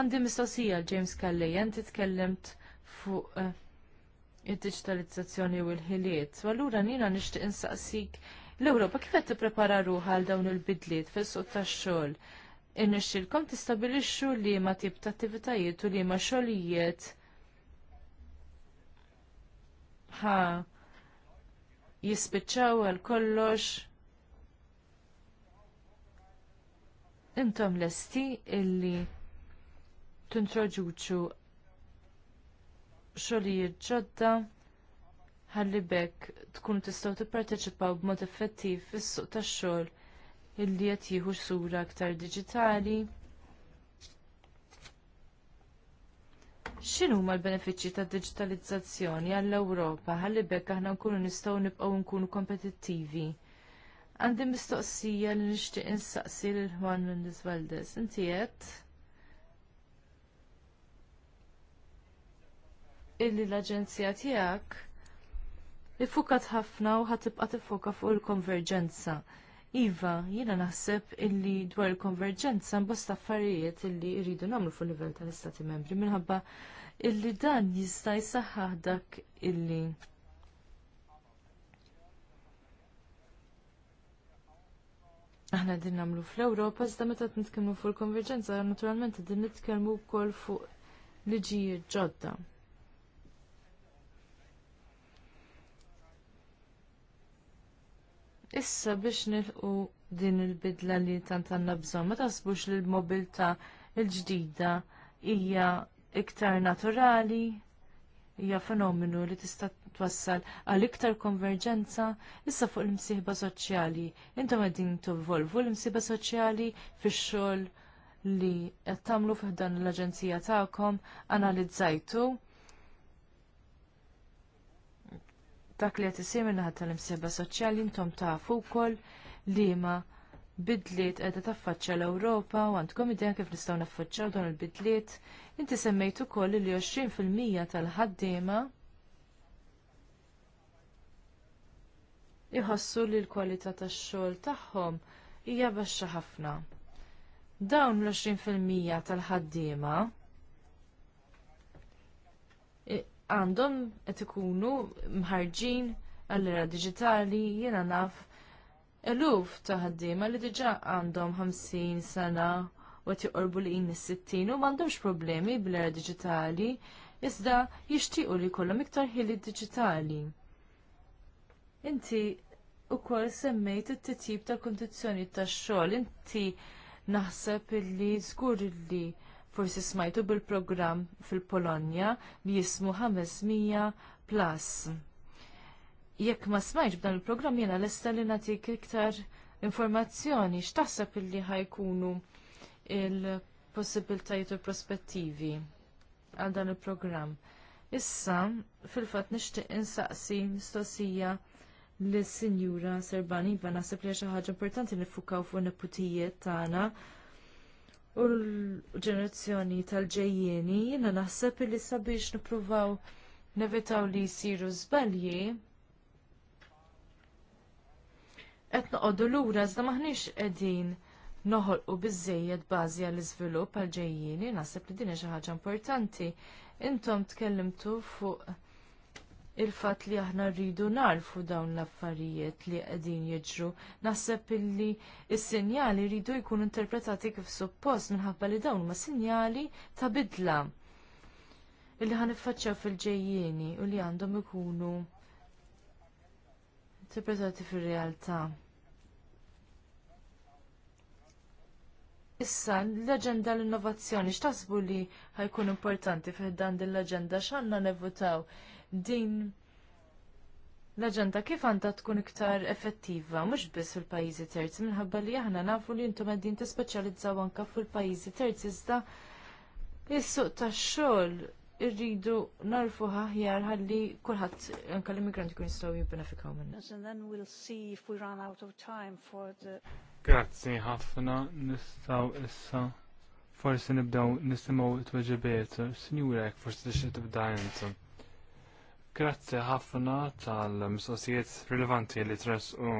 Għandi mistoqsija James Kelly, jent titkellimt fuq uh, eh, id-digitalizzazzjoni u l-ħiliet. Allura nina nixtieq insaqsik l-Ewropa kif qed tipprepara ruħha għal dawn il-bidliet fis-suq tax-xogħol. Innixxilkom tistabilixxu li ma tip ta' attivitajiet u li ma xogħlijiet ha jispiċċaw għal kollox intom lesti illi tintroduċu xogħlijiet ġodda ħalli bekk tkunu tistgħu tipparteċipaw b'mod effettiv fis-suq tax-xogħol illi qed jieħu sura aktar diġitali. X'inhu huma l-benefiċċji tad-diġitalizzazzjoni għall-Ewropa ħalli bekk aħna nkunu nistgħu nibqgħu nkunu kompetittivi? Għandi mistoqsija li nixtieq insaqsi lil ħwan Mendes Valdez. Inti qed illi l-aġenzija tiegħek ifukat ħafna u ħatibqa' tifoka fuq il-konverġenza. Iva, jiena naħseb illi dwar il-konverġenza mbosta affarijiet illi jridu nagħmlu fuq livell tal-Istati Membri minħabba illi dan jista' jsaħħaħ dak illi Aħna din nagħmlu fl-Ewropa iżda meta nitkellmu fuq il-konverġenza naturalment din nitkellmu wkoll fuq liġijiet ġodda. Issa biex nilqu din il-bidla li tant għandna bżonn, ma tasbux li l-mobilta l-ġdida hija iktar naturali, hija fenomenu li tista' twassal għal iktar konverġenza issa fuq l msieħba soċjali. Intom għedin tuvvolvu l-imsieħba soċjali fix-xogħol li qed tagħmlu f'dan l-aġenzija tagħkom analizzajtu dak li qed isir minnaħat tal-imsieħba soċjali intom tafu wkoll li ma bidliet qiegħda taffaċċja l-Ewropa u għandkom idea kif nistgħu naffaċċjaw dawn il-bidliet. Inti semmejt ukoll li 20% tal-ħaddiema iħassu li l-kwalità tax-xogħol tagħhom hija baxxa ħafna. Dawn l-20% tal-ħaddiema għandhom qed ikunu mħarġin għall-era diġitali jiena naf eluf ta' ħaddiema li diġà għandhom 50 sena u qed joqorbu li is 60 u m'għandhomx problemi bl-era diġitali iżda jixtiequ li jkollhom iktar ħili diġitali. Inti wkoll semmejt it-titjib tal kondizjoni tax-xogħol. Inti naħseb illi żgur illi forsi smajtu bil-programm fil-Polonja li jismu 500 plus. Jekk ma smajtx b'dan il-programm jiena esta li nagħtik iktar informazzjoni x'taħseb illi ħajkunu il-possibiltajiet u prospettivi għal dan il-programm. Issa, fil fatt nixtieq insaqsi mistoqsija lis sinjura Serbani, iva naħseb li xi ħaġa importanti nifukaw fuq neputijiet tagħna u l-ġenerazzjoni tal-ġejjieni, jiena naħseb li sabiex nippruvaw nevitaw li jsiru żbalji. Qed noqogħdu lura iżda maħniex qegħdin noħolqu biżejjed bażi għall iżvilupp għal ġejjieni, naħseb li din hija xi ħaġa importanti. Intom tkellimtu fuq il-fat li aħna rridu narfu dawn l-affarijiet li qegħdin jiġru. Naħseb illi s-sinjali rridu jkunu interpretati kif suppost minħabba li dawn ma sinjali ta' bidla illi ħan fil-ġejjieni u li għandhom ikunu interpretati fir-realtà. Issa, l-agenda l-innovazzjoni, x'tasbu li ħajkun importanti fih dan din l-agenda x'għandna nevutaw din l-aġenda kif għandha tkun iktar effettiva, mhux biss fil-pajjiżi terzi, minħabba li aħna nafu li intom qegħdin tispeċjalizzaw anke fil-pajjiżi terzi iżda is-suq tax-xogħol irridu narfu aħjar ħalli kulħadd anke l-immigranti jkun jistgħu jibbenefikaw minna. Grazzi ħafna nistgħu issa forsi nibdew nisimgħu it tweġibiet Sinjura jekk forsi t tibda intom. Grazzi ħafna tal-mistoqsijiet rilevanti li tres u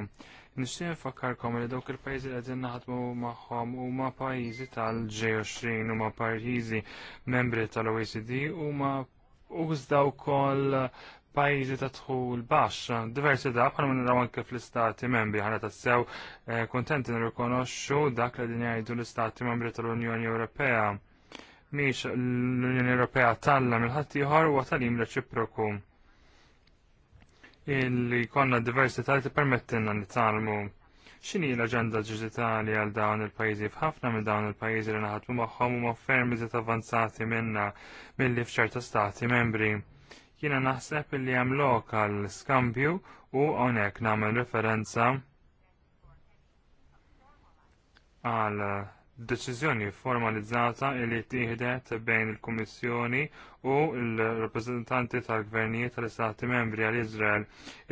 nixtieq nfakkarkom li dawk il-pajjiżi li qegħdin naħdmu magħhom huma pajjiżi tal-G20 huma pajjiżi membri tal-OECD huma użda wkoll pajjiżi ta' dħul baxx, diversi da' bħal minn anke fl-istati membri ħana ta' sew eh, kontenti nirrikonoxxu dak li din jgħidu l-istati membri tal-Unjoni Ewropea. Miex l-Unjoni Ewropea talla il ħadd ieħor u talim reċiproku illi konna diversità li permettinna nitalmu x'inhi l-aġenda digitali għal dawn il-pajjiżi f'ħafna minn dawn il-pajjiżi li naħatmu magħhom huma ferm iżet avanzati minna milli f'ċerta stati membri. Jiena naħseb li hemm lokal skambju u hawnhekk nagħmel referenza għal deċiżjoni formalizzata li tieħdet bejn il-Kummissjoni u l-rappreżentanti tal-gvernijiet tal-Istati membri għal Iżrael.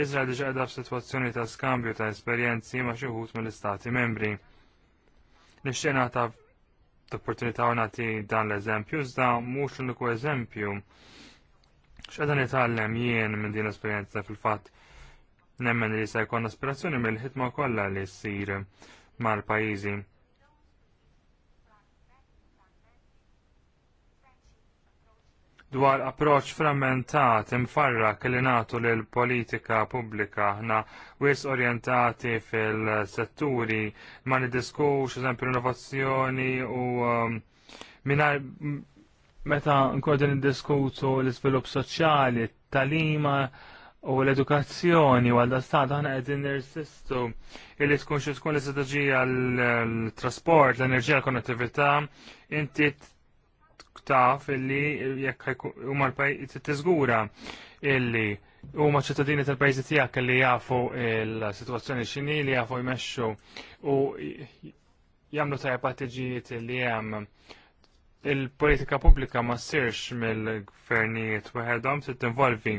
Iżrael diġa qiegħda f'sitwazzjoni ta' skambju ta' esperjenzi ma' xi wħud mill-Istati membri. Nixtieq nagħta opportunità u nagħti dan l-eżempju iżda mhux l-uniku eżempju. X'qed nitgħallem jien minn din l-esperjenza fil-fatt nemmen li se jkun aspirazzjoni mill-ħidma kollha li ssir mal-pajjiżi dwar approċ frammentat imfarra li natu lil politika pubblika ħna wis orientati fil-setturi ma nidiskux eżempju innovazzjoni u um, minar meta nkodin niddiskutu l-iżvilupp soċjali, talima u l-edukazzjoni u għal-dastat ħana għedin nirsistu illi tkun xie tkun l-istrategija l-trasport, l-enerġija, l-konnettività, inti taf illi jekk huma l-pajjiż tiżgura illi huma ċittadini tal-pajjiżi tiegħek li jafu l-sitwazzjoni x'inhi li jafu jmexxu u jagħmlu tajjeb patiġijiet li hemm il-politika pubblika ma ssirx mill-gvernijiet weħedhom se tinvolvi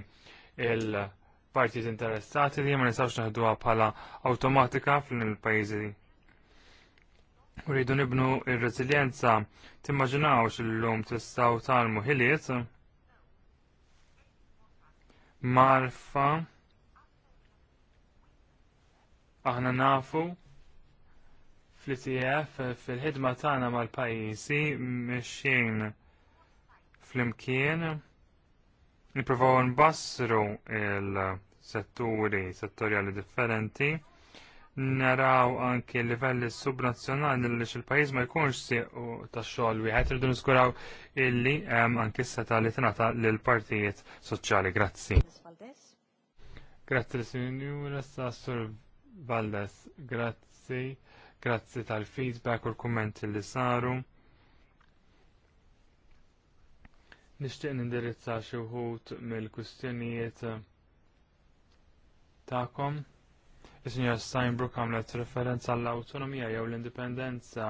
il-partijiet interessati li ma nistgħux naħduha bħala awtomatika fil-pajjiżi Uridu nibnu il resiljenza timmaġinawx illum tistaw talmu ħiliet marfa aħna nafu fl-ITF fil-ħidma tagħna mal-pajjiżi mixjin fl-imkien nippruvaw nbassru il-setturi settorjali differenti naraw anke livelli subnazzjonali li il-pajjiż ma jkunx siequ tax-xogħol wieħed irdu niskuraw illi hemm anke seta li tingħata lill partijiet soċjali. Grazzi. Grazzi l-Sinjura Sassur Valdes, grazzi, grazzi tal-feedback u l-kummenti li saru. Nixtieq nindirizza xi wħud mill-kwistjonijiet tagħkom. Is-Sinjor Steinbrook għamlet referenza għall-autonomija jew l-indipendenza.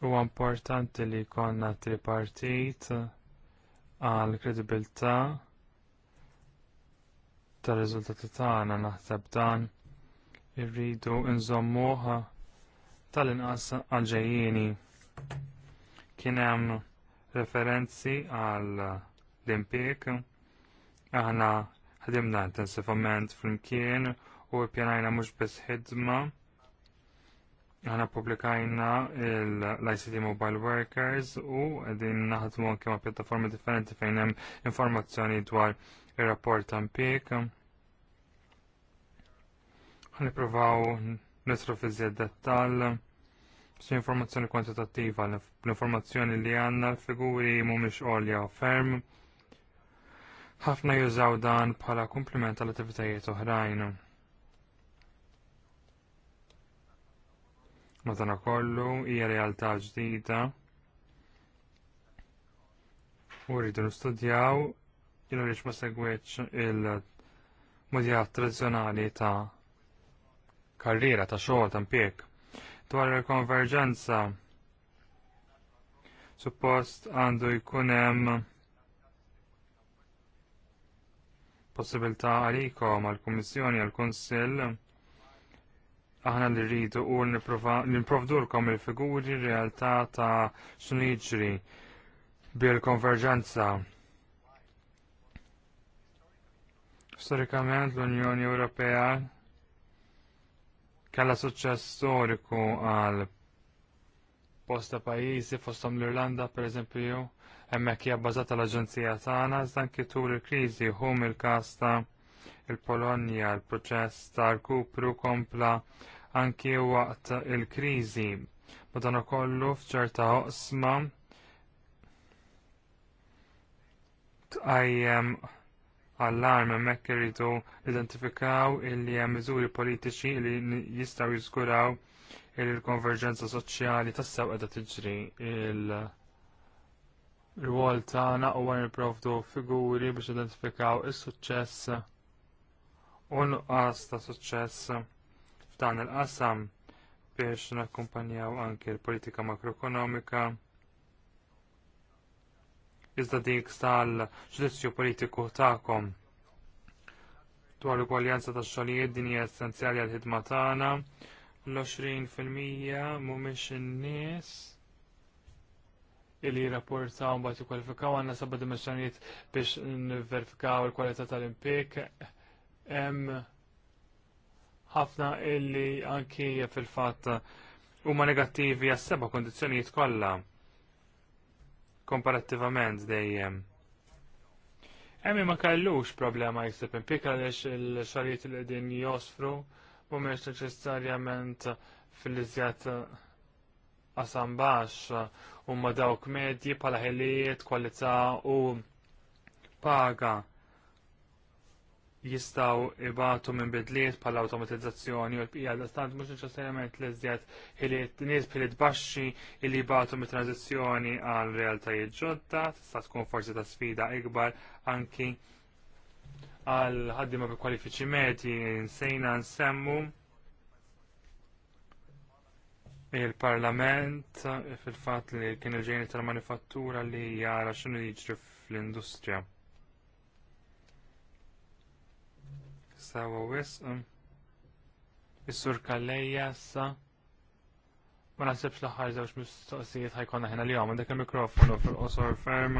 Huwa importanti li jkollna tripartit għal kredibilità tar-riżultati tagħna naħseb dan irridu nżommuh tal-inqas ġejjieni. Kien hemm referenzi għal l-impjeg aħna ħadimna intensivament flimkien u pjanajna mux bez hidma Għana publikajna l-ICT Mobile Workers u għedin naħdmu anke ma' pjattaformi differenti fejn hemm informazzjoni dwar ir-rapport tampik. Niprovaw nisru fi dettal su informazzjoni kwantitattiva, l-informazzjoni li għanna l-figuri mumiex olja u ferm. ħafna jużaw dan bħala kumpliment tal attivitajiet oħrajn. Madankollu hija realtà ġdida u rridu nistudjaw jiena għaliex ma segwitx il-modjat tradizzjonali ta' karriera ta' xogħol ta' impjeg. Dwar il-konverġenza suppost għandu jkun hemm possibilità għalikom għall-Kummissjoni għall-Kunsill aħna li rridu u nipprovdulkom il-figuri realtà ta' suniġri bil-konverġenza. Storikament l-Unjoni Ewropea kalla suċċess storiku għal posta pajjiżi fostom l-Irlanda pereżempju, hemmhekk hija bbażata l-Aġenzija tagħna żdan kitur il-kriżi hum il-każ ta' il-Polonja l-proċess ta' rkupru kompla anki waqt il-kriżi. Madankollu f'ċerta oqsma tqajjem allarm hemmhekk irridu identifikaw illi hemm miżuri politiċi li jistgħu jiżguraw il l-konverġenza soċjali tassew qiegħda tiġri il rwol tagħna huwa nipprovdu figuri biex identifikaw is-suċċess Unqas ta' suċċess f'dan il-qasam biex nakkumpanjaw anki l-politika makroekonomika iżda dik tal ġudizzju politiku tagħkom dwar l-ugwaljanza tax xogħlijiet din hija essenzjali għall ħidma tagħna l-20 fil-mija mhumiex in-nies illi jirrapportaw mbagħad jikkwalifikaw għandna seba' dimensjonijiet biex nverifikaw il-kwalità tal-impjeg hemm ħafna illi anki fil-fatt huma negattivi għas seba kondizzjonijiet kollha komparattivament dejjem. Emmi ma kellux problema jisib impika għaliex il-xarijiet li qegħdin josfru mhumiex neċessarjament fil-iżjat qasam baxx huma dawk medji bħala ħiliet, kwalità u paga jistaw ibatu minn bidliet pal automatizzazzjoni u l-pija stant istant mux neċessarjament il zjed nies pilit baxxi li jibatu minn tranzizzjoni għal realtajiet ġodda, tista' tkun forsi ta' sfida ikbar anki għal ħaddima bi kwalifiċi meti nsejna nsemmu il-parlament fil-fat li kien il-ġejni tal-manifattura li jara xinu jiġri fl-industrija. sawa wisq. Um, is-sur Kalleja sa. Ma nasibx l-aħħar żewġ mistoqsijiet ħajkonna ħina li għom, dak il-mikrofonu fil-qosor ferm.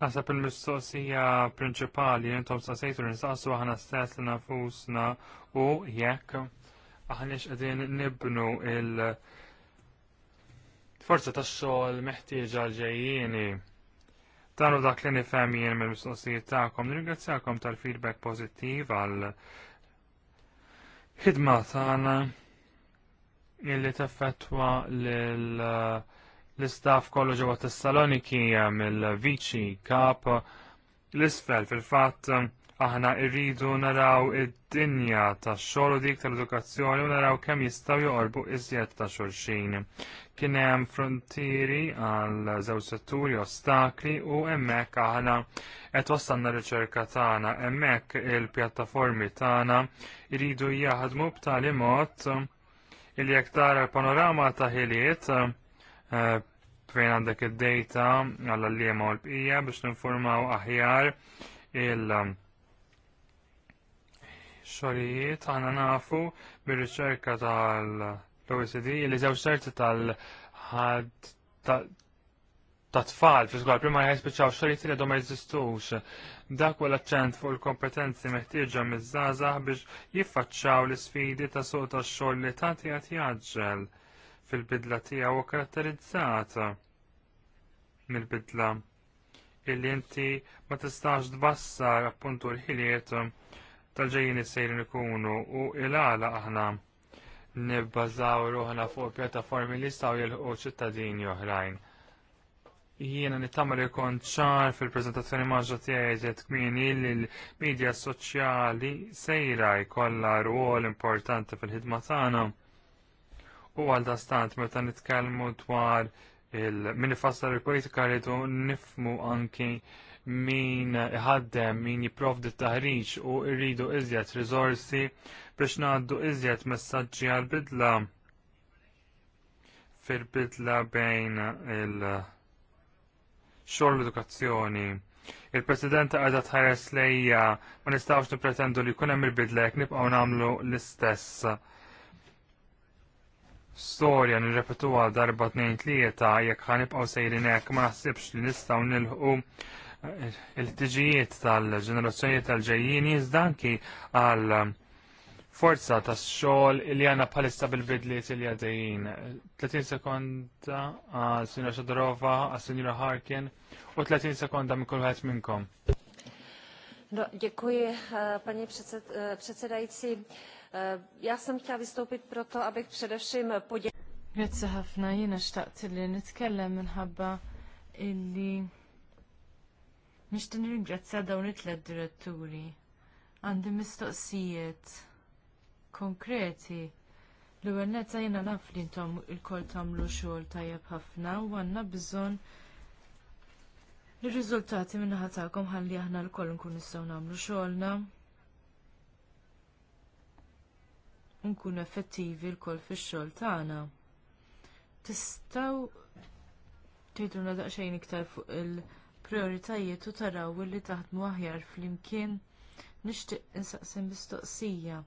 Naħseb il-mistoqsija prinċipali li intom saqsejtu li nistaqsu aħna stess li nafusna u jekk aħniex qegħdin nibnu il- forza tax-xogħol meħtieġa l-ġejjieni Tanu dak li nifhem jien mill-mistoqsijiet tagħkom. Nirringrazzjakom tal-feedback pożittiv għal ħidma tagħna illi teffettwa lil l-istaff kollu ġewwa Tessaloniki mill-viċi kap l-isfel fil-fatt Aħna rridu naraw id-dinja tax-xogħol u dik tal-edukazzjoni u naraw kemm jistgħu joqorbu iżjed ta' xulxin. Kien hemm frontieri għal żewġ setturi ostakli u hemmhekk aħna qed wassalna riċerka tagħna, hemmhekk il-pjattaformi tagħna jridu jaħdmu b'tali mod il jektar panorama ta' ħiliet eh, fejn għandek id-data għall-liema u l-bqija biex ninformaw aħjar il- Xorijiet għandna nafu bil riċerka tal-OECD li zew terzi tal ħad ta' tfal fi skola prima jispiċċaw xorijiet li għadhom ma jeżistux. Dak huwa l-aċċent fuq il-kompetenzi meħtieġa mizzaza żgħażagħ biex jiffaċċaw l-isfidi ta' suq ta' xogħol li tagħti qed jaġġel fil-bidla tiegħu u karatterizzat mill-bidla illi inti ma tistax tbassar appuntu l-ħiliet tal-ġejjin is-sejrin ikunu u il-għala aħna nibbażaw ruħna fuq pjattaformi li jistgħu jilħu ċittadini oħrajn. Jiena nittamar ikon ċar fil-prezentazzjoni maġġa tiegħi ġed kmieni li l-medja soċjali sejra jkollha rwol importanti fil-ħidma tagħna. U għal dastant meta nitkellmu dwar il minifassar il-politika rridu nifmu anki min iħaddem, min jiprovdi taħriġ u rridu iżjed rizorsi biex ngħaddu iżjed messaġġi għal-bidla fil-bidla bejn il-xogħol edukazzjoni. Il-President għadha tħares lejja ma nistgħux nippretendu li jkun hemm il-bidla jekk nibqgħu nagħmlu l-istess storja nirrepetuha darba tnejn tlieta jekk ħanibqgħu sejrin hekk ma naħsibx li nistgħu nilħu il-tiġijiet tal ġenerazzjoni tal-ġejjin jizdanki għal forza tas xogħol li għandna bħalissa bil-bidliet li għadejjin. 30 sekonda għal Sinjora Xadrova, għal Sinjora Harkin u 30 sekonda minn kulħadd minnkom. No, děkuji, eh, paní předsed, eh, předsedající. Eh, já jsem chtěla vystoupit proto, abych především poděkovala. Grazie ħafna, jiena xtaqt li nitkellem minħabba illi Nishtu nirringrazzja dawn it-tlet diretturi. Għandi mistoqsijiet konkreti. L-ewwel netta jiena naf li ntom il-kol tagħmlu xogħol tajjeb ħafna u għandna bżonn ir-riżultati minna ħatakom ħalli aħna l-kol nkun nistgħu nagħmlu xogħolna. Nkunu effettivi l-kol fix-xogħol tagħna. Tistgħu tgħidulna daqsxejn iktar fuq il- prioritajiet u taraw li taħdmu aħjar flimkien nixtieq insaqsim mistoqsija.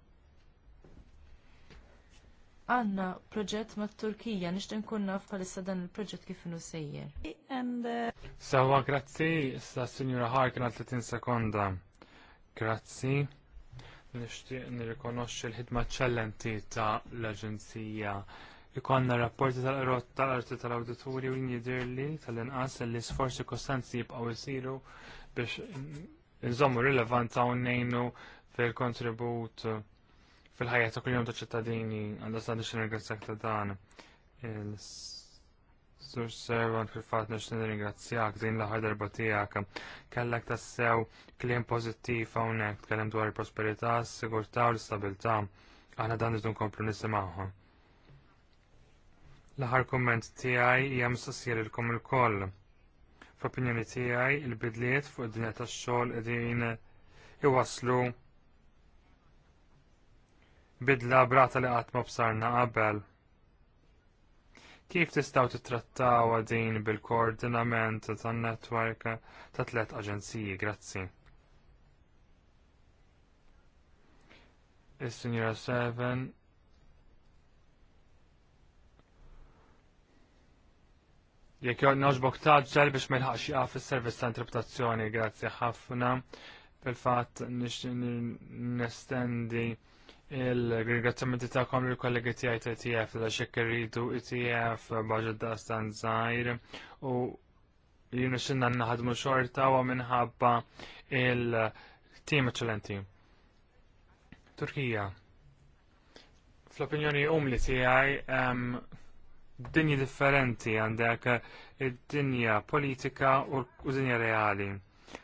Għanna proġett mat Turkija, nixtieq nkun naf bħalissa dan il-proġett kif inhu sejjer. Uh, Sawa, grazzi, sa Sinjura Harkin għal 30 sekonda. Grazzi. Nixtieq nirrikonoxxi l-ħidma ċellenti ta' l-Aġenzija ikonna rapporti tal-qrot tal-arti tal auditori u jidirli tal-inqas li sforzi kostanti jibqaw jisiru biex nżommu rilevanza u fil-kontribut fil-ħajja ta' kuljum ta' ċittadini għandha sa' nix ta' dan. Sur servant fil-fat nix ringrazzjak din l-ħar darba tijak. Kellek ta' sew kliem pozittiv għonek, tkellem dwar il-prosperita, s-sigurta u l stabilta Għana dan nidun komplu nisimaħu. L-aħħar kumment tiegħi hija mistoqsija lilkom ilkoll. F'opinjoni tiegħi il-bidliet fuq id-dinja tax-xogħol qegħdin iwasslu bidla brata li qatt ma b'sarna qabel. Kif tistgħu titrattaw din bil-koordinament tan-netwerk ta' tliet aġenziji? Grazzi. Is-Sinjora Seven Jekk joħnoġbok taġġel biex ma xieqa fil fis-servizz ta' interpretazzjoni, grazzi ħafna. Fil-fatt nestendi il-ringrazzjamenti tagħkom lill kollegi tiegħi ta' ITF e ta' xekk ITF e baġġet da' Stan zaħir, u jien xinna naħadmu xorta u minħabba il-tim eccellenti. Turkija. Fl-opinjoni umli tiegħi dinji differenti għandek id-dinja politika u d-dinja reali.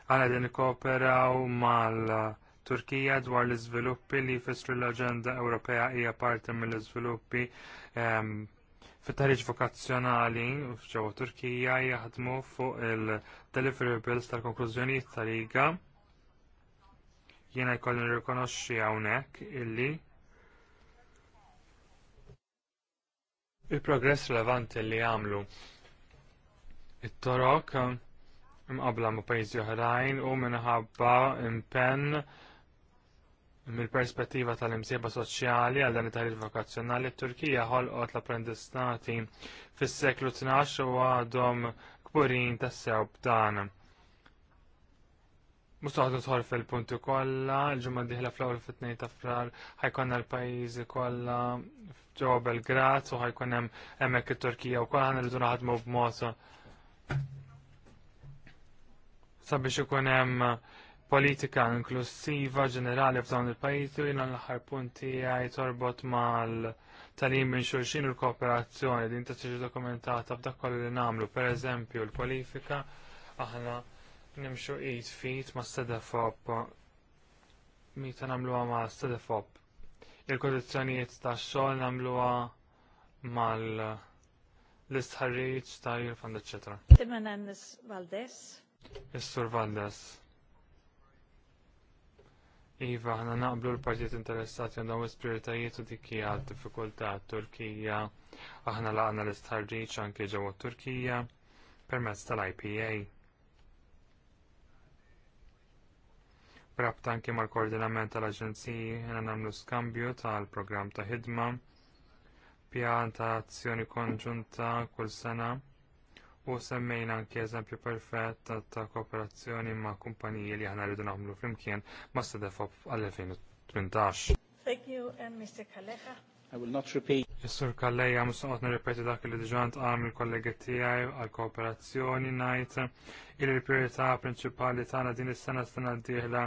Għana din kooperaw mal-Turkija dwar l-izviluppi li jfissru l-Aġenda Ewropea hija parti mill-izviluppi ehm, fit tariġ vokazzjonali ġewwa Turkija jaħdmu fuq il-deliverables tal-konklużjonijiet tal-liga. Jiena jkolli nirrikonoxxi hawnhekk illi il-progress relevanti li għamlu. It-torok imqabla ma' pajjiżi oħrajn u minħabba impenn mill-perspettiva tal-imsieba soċjali għal dan it-tarif vokazzjonali t-Turkija ħolqot l-apprendistati fis-seklu 12 u għadhom kburin tas-sew b'dan. Mustaħdu tħor fil-punti kolla, l-ġumma diħla fl-ewwel fit ta' frar ħajkonna l-pajjiżi kollha ġewwa Belgrat, u ħajkon hemm hemmhekk it-Turkija wkoll ħanirridu naħdmu mosa sabiex ikun hemm politika inklusiva ġenerali f'dawn il-pajjiżi u jiena l-aħħar punti għaj torbot mal talim minn xulxin u l-kooperazzjoni din ta' tiġi dokumentata f'dak kollu li nagħmlu, pereżempju l-kwalifika aħna nimxu id fit ma' Stedefop mita namluwa ma' Stedefop il-kondizjonijiet ta' xogħol namluwa mal l-istħarriċ ta' jirfan eccetera. Timenannis Valdes. Is-Sur Valdes. Iva, ħana naqblu l-partijiet interessati għandhom ispiritajiet u dikija diffikultà Turkija. Aħna laqna l-istħarriċ anke ġewwa Turkija permezz tal-IPA. rabta anki mal-koordinament tal-Aġenziji ħena nagħmlu skambju tal-programm ta' ħidma, pjan ta' azzjoni konġunta kull sena u semmejna anke eżempju perfett ta' kooperazzjoni ma' kumpaniji li aħna rridu nagħmlu flimkien ma' Sedefop għal 2018 Thank you and Mr. Kaleha. I will not repeat. Is-sur Kalleja musnaqot nirrepeti dak li diġant għam il-kollegi tiegħi għal kooperazzjoni ngħid il priorità prinċipali tagħna din is-sena sena d-dieħla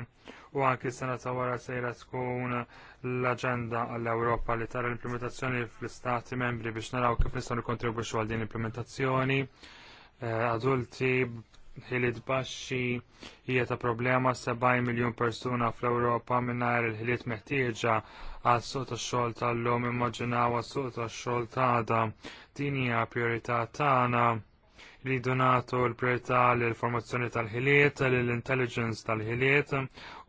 u anki s-sena ta' wara sejra tkun l-aġenda għall-Ewropa li tara l-implementazzjoni fl-istati membri biex naraw kif nistgħu nikkontribwixxu għal din l-implementazzjoni. Eh, adulti ħiliet baxxi hija ta' problema 70 miljun persuna fl-Ewropa mingħajr il-ħiliet meħtieġa għal suq xol xogħol tal-lum immaġinaw għas suq xol xogħol tagħda. Din hija priorità tagħna li donatu l-priorità lill formazzjoni tal-ħiliet, l-intelligence tal-ħiliet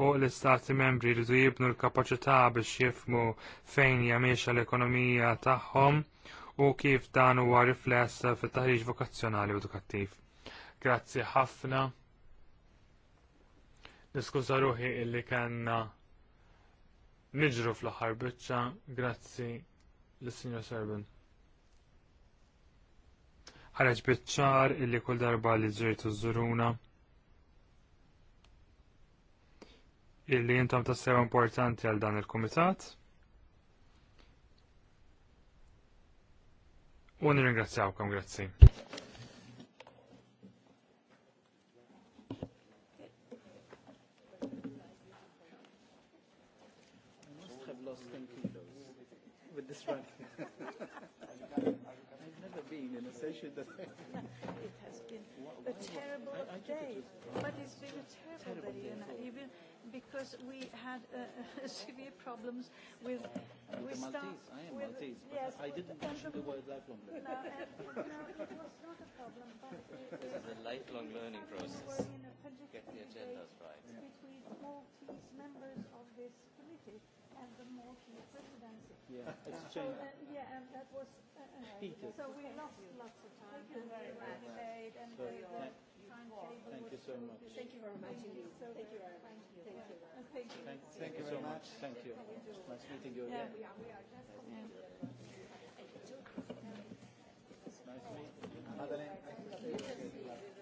u l-istati membri li jibnu l-kapaċità biex jifmu fejn jamiex l-ekonomija tagħhom u kif dan huwa rifless fit-taħriġ vokazzjonali u edukattiv. Grazzi ħafna. Niskuża ruħi illi kellna niġru fl-aħħar biċċa grazzi l sinjor Serben. Ħareġ biċċar illi kull darba li ġejtu zuruna. illi jintom tassew importanti għal dan il-Kumitat. U nirringrazzjawkom, grazzi. it has been a terrible day, but it's been a terrible, day, you know, even because we had uh, severe problems with. And we the Maltese, I am with, Maltese, but yes, I didn't mention the, the word lifelong learning. No, and, no, it was not a problem, but it, this is a lifelong learning process. Get the agendas right. Between Maltese members of this committee and the Maltese presidency. Yeah, it's so uh, yeah, and that was. Uh, uh, so we lost lots of time. Thank you very much. Delayed and so, the, the Thank you so much. Thank you very much indeed. So thank you very much. Thank you. Thank you. Thank, thank you so much. Thank you. Nice meeting you again. Yeah, we are, we are just coming. Nice meeting you. Madeleine, I can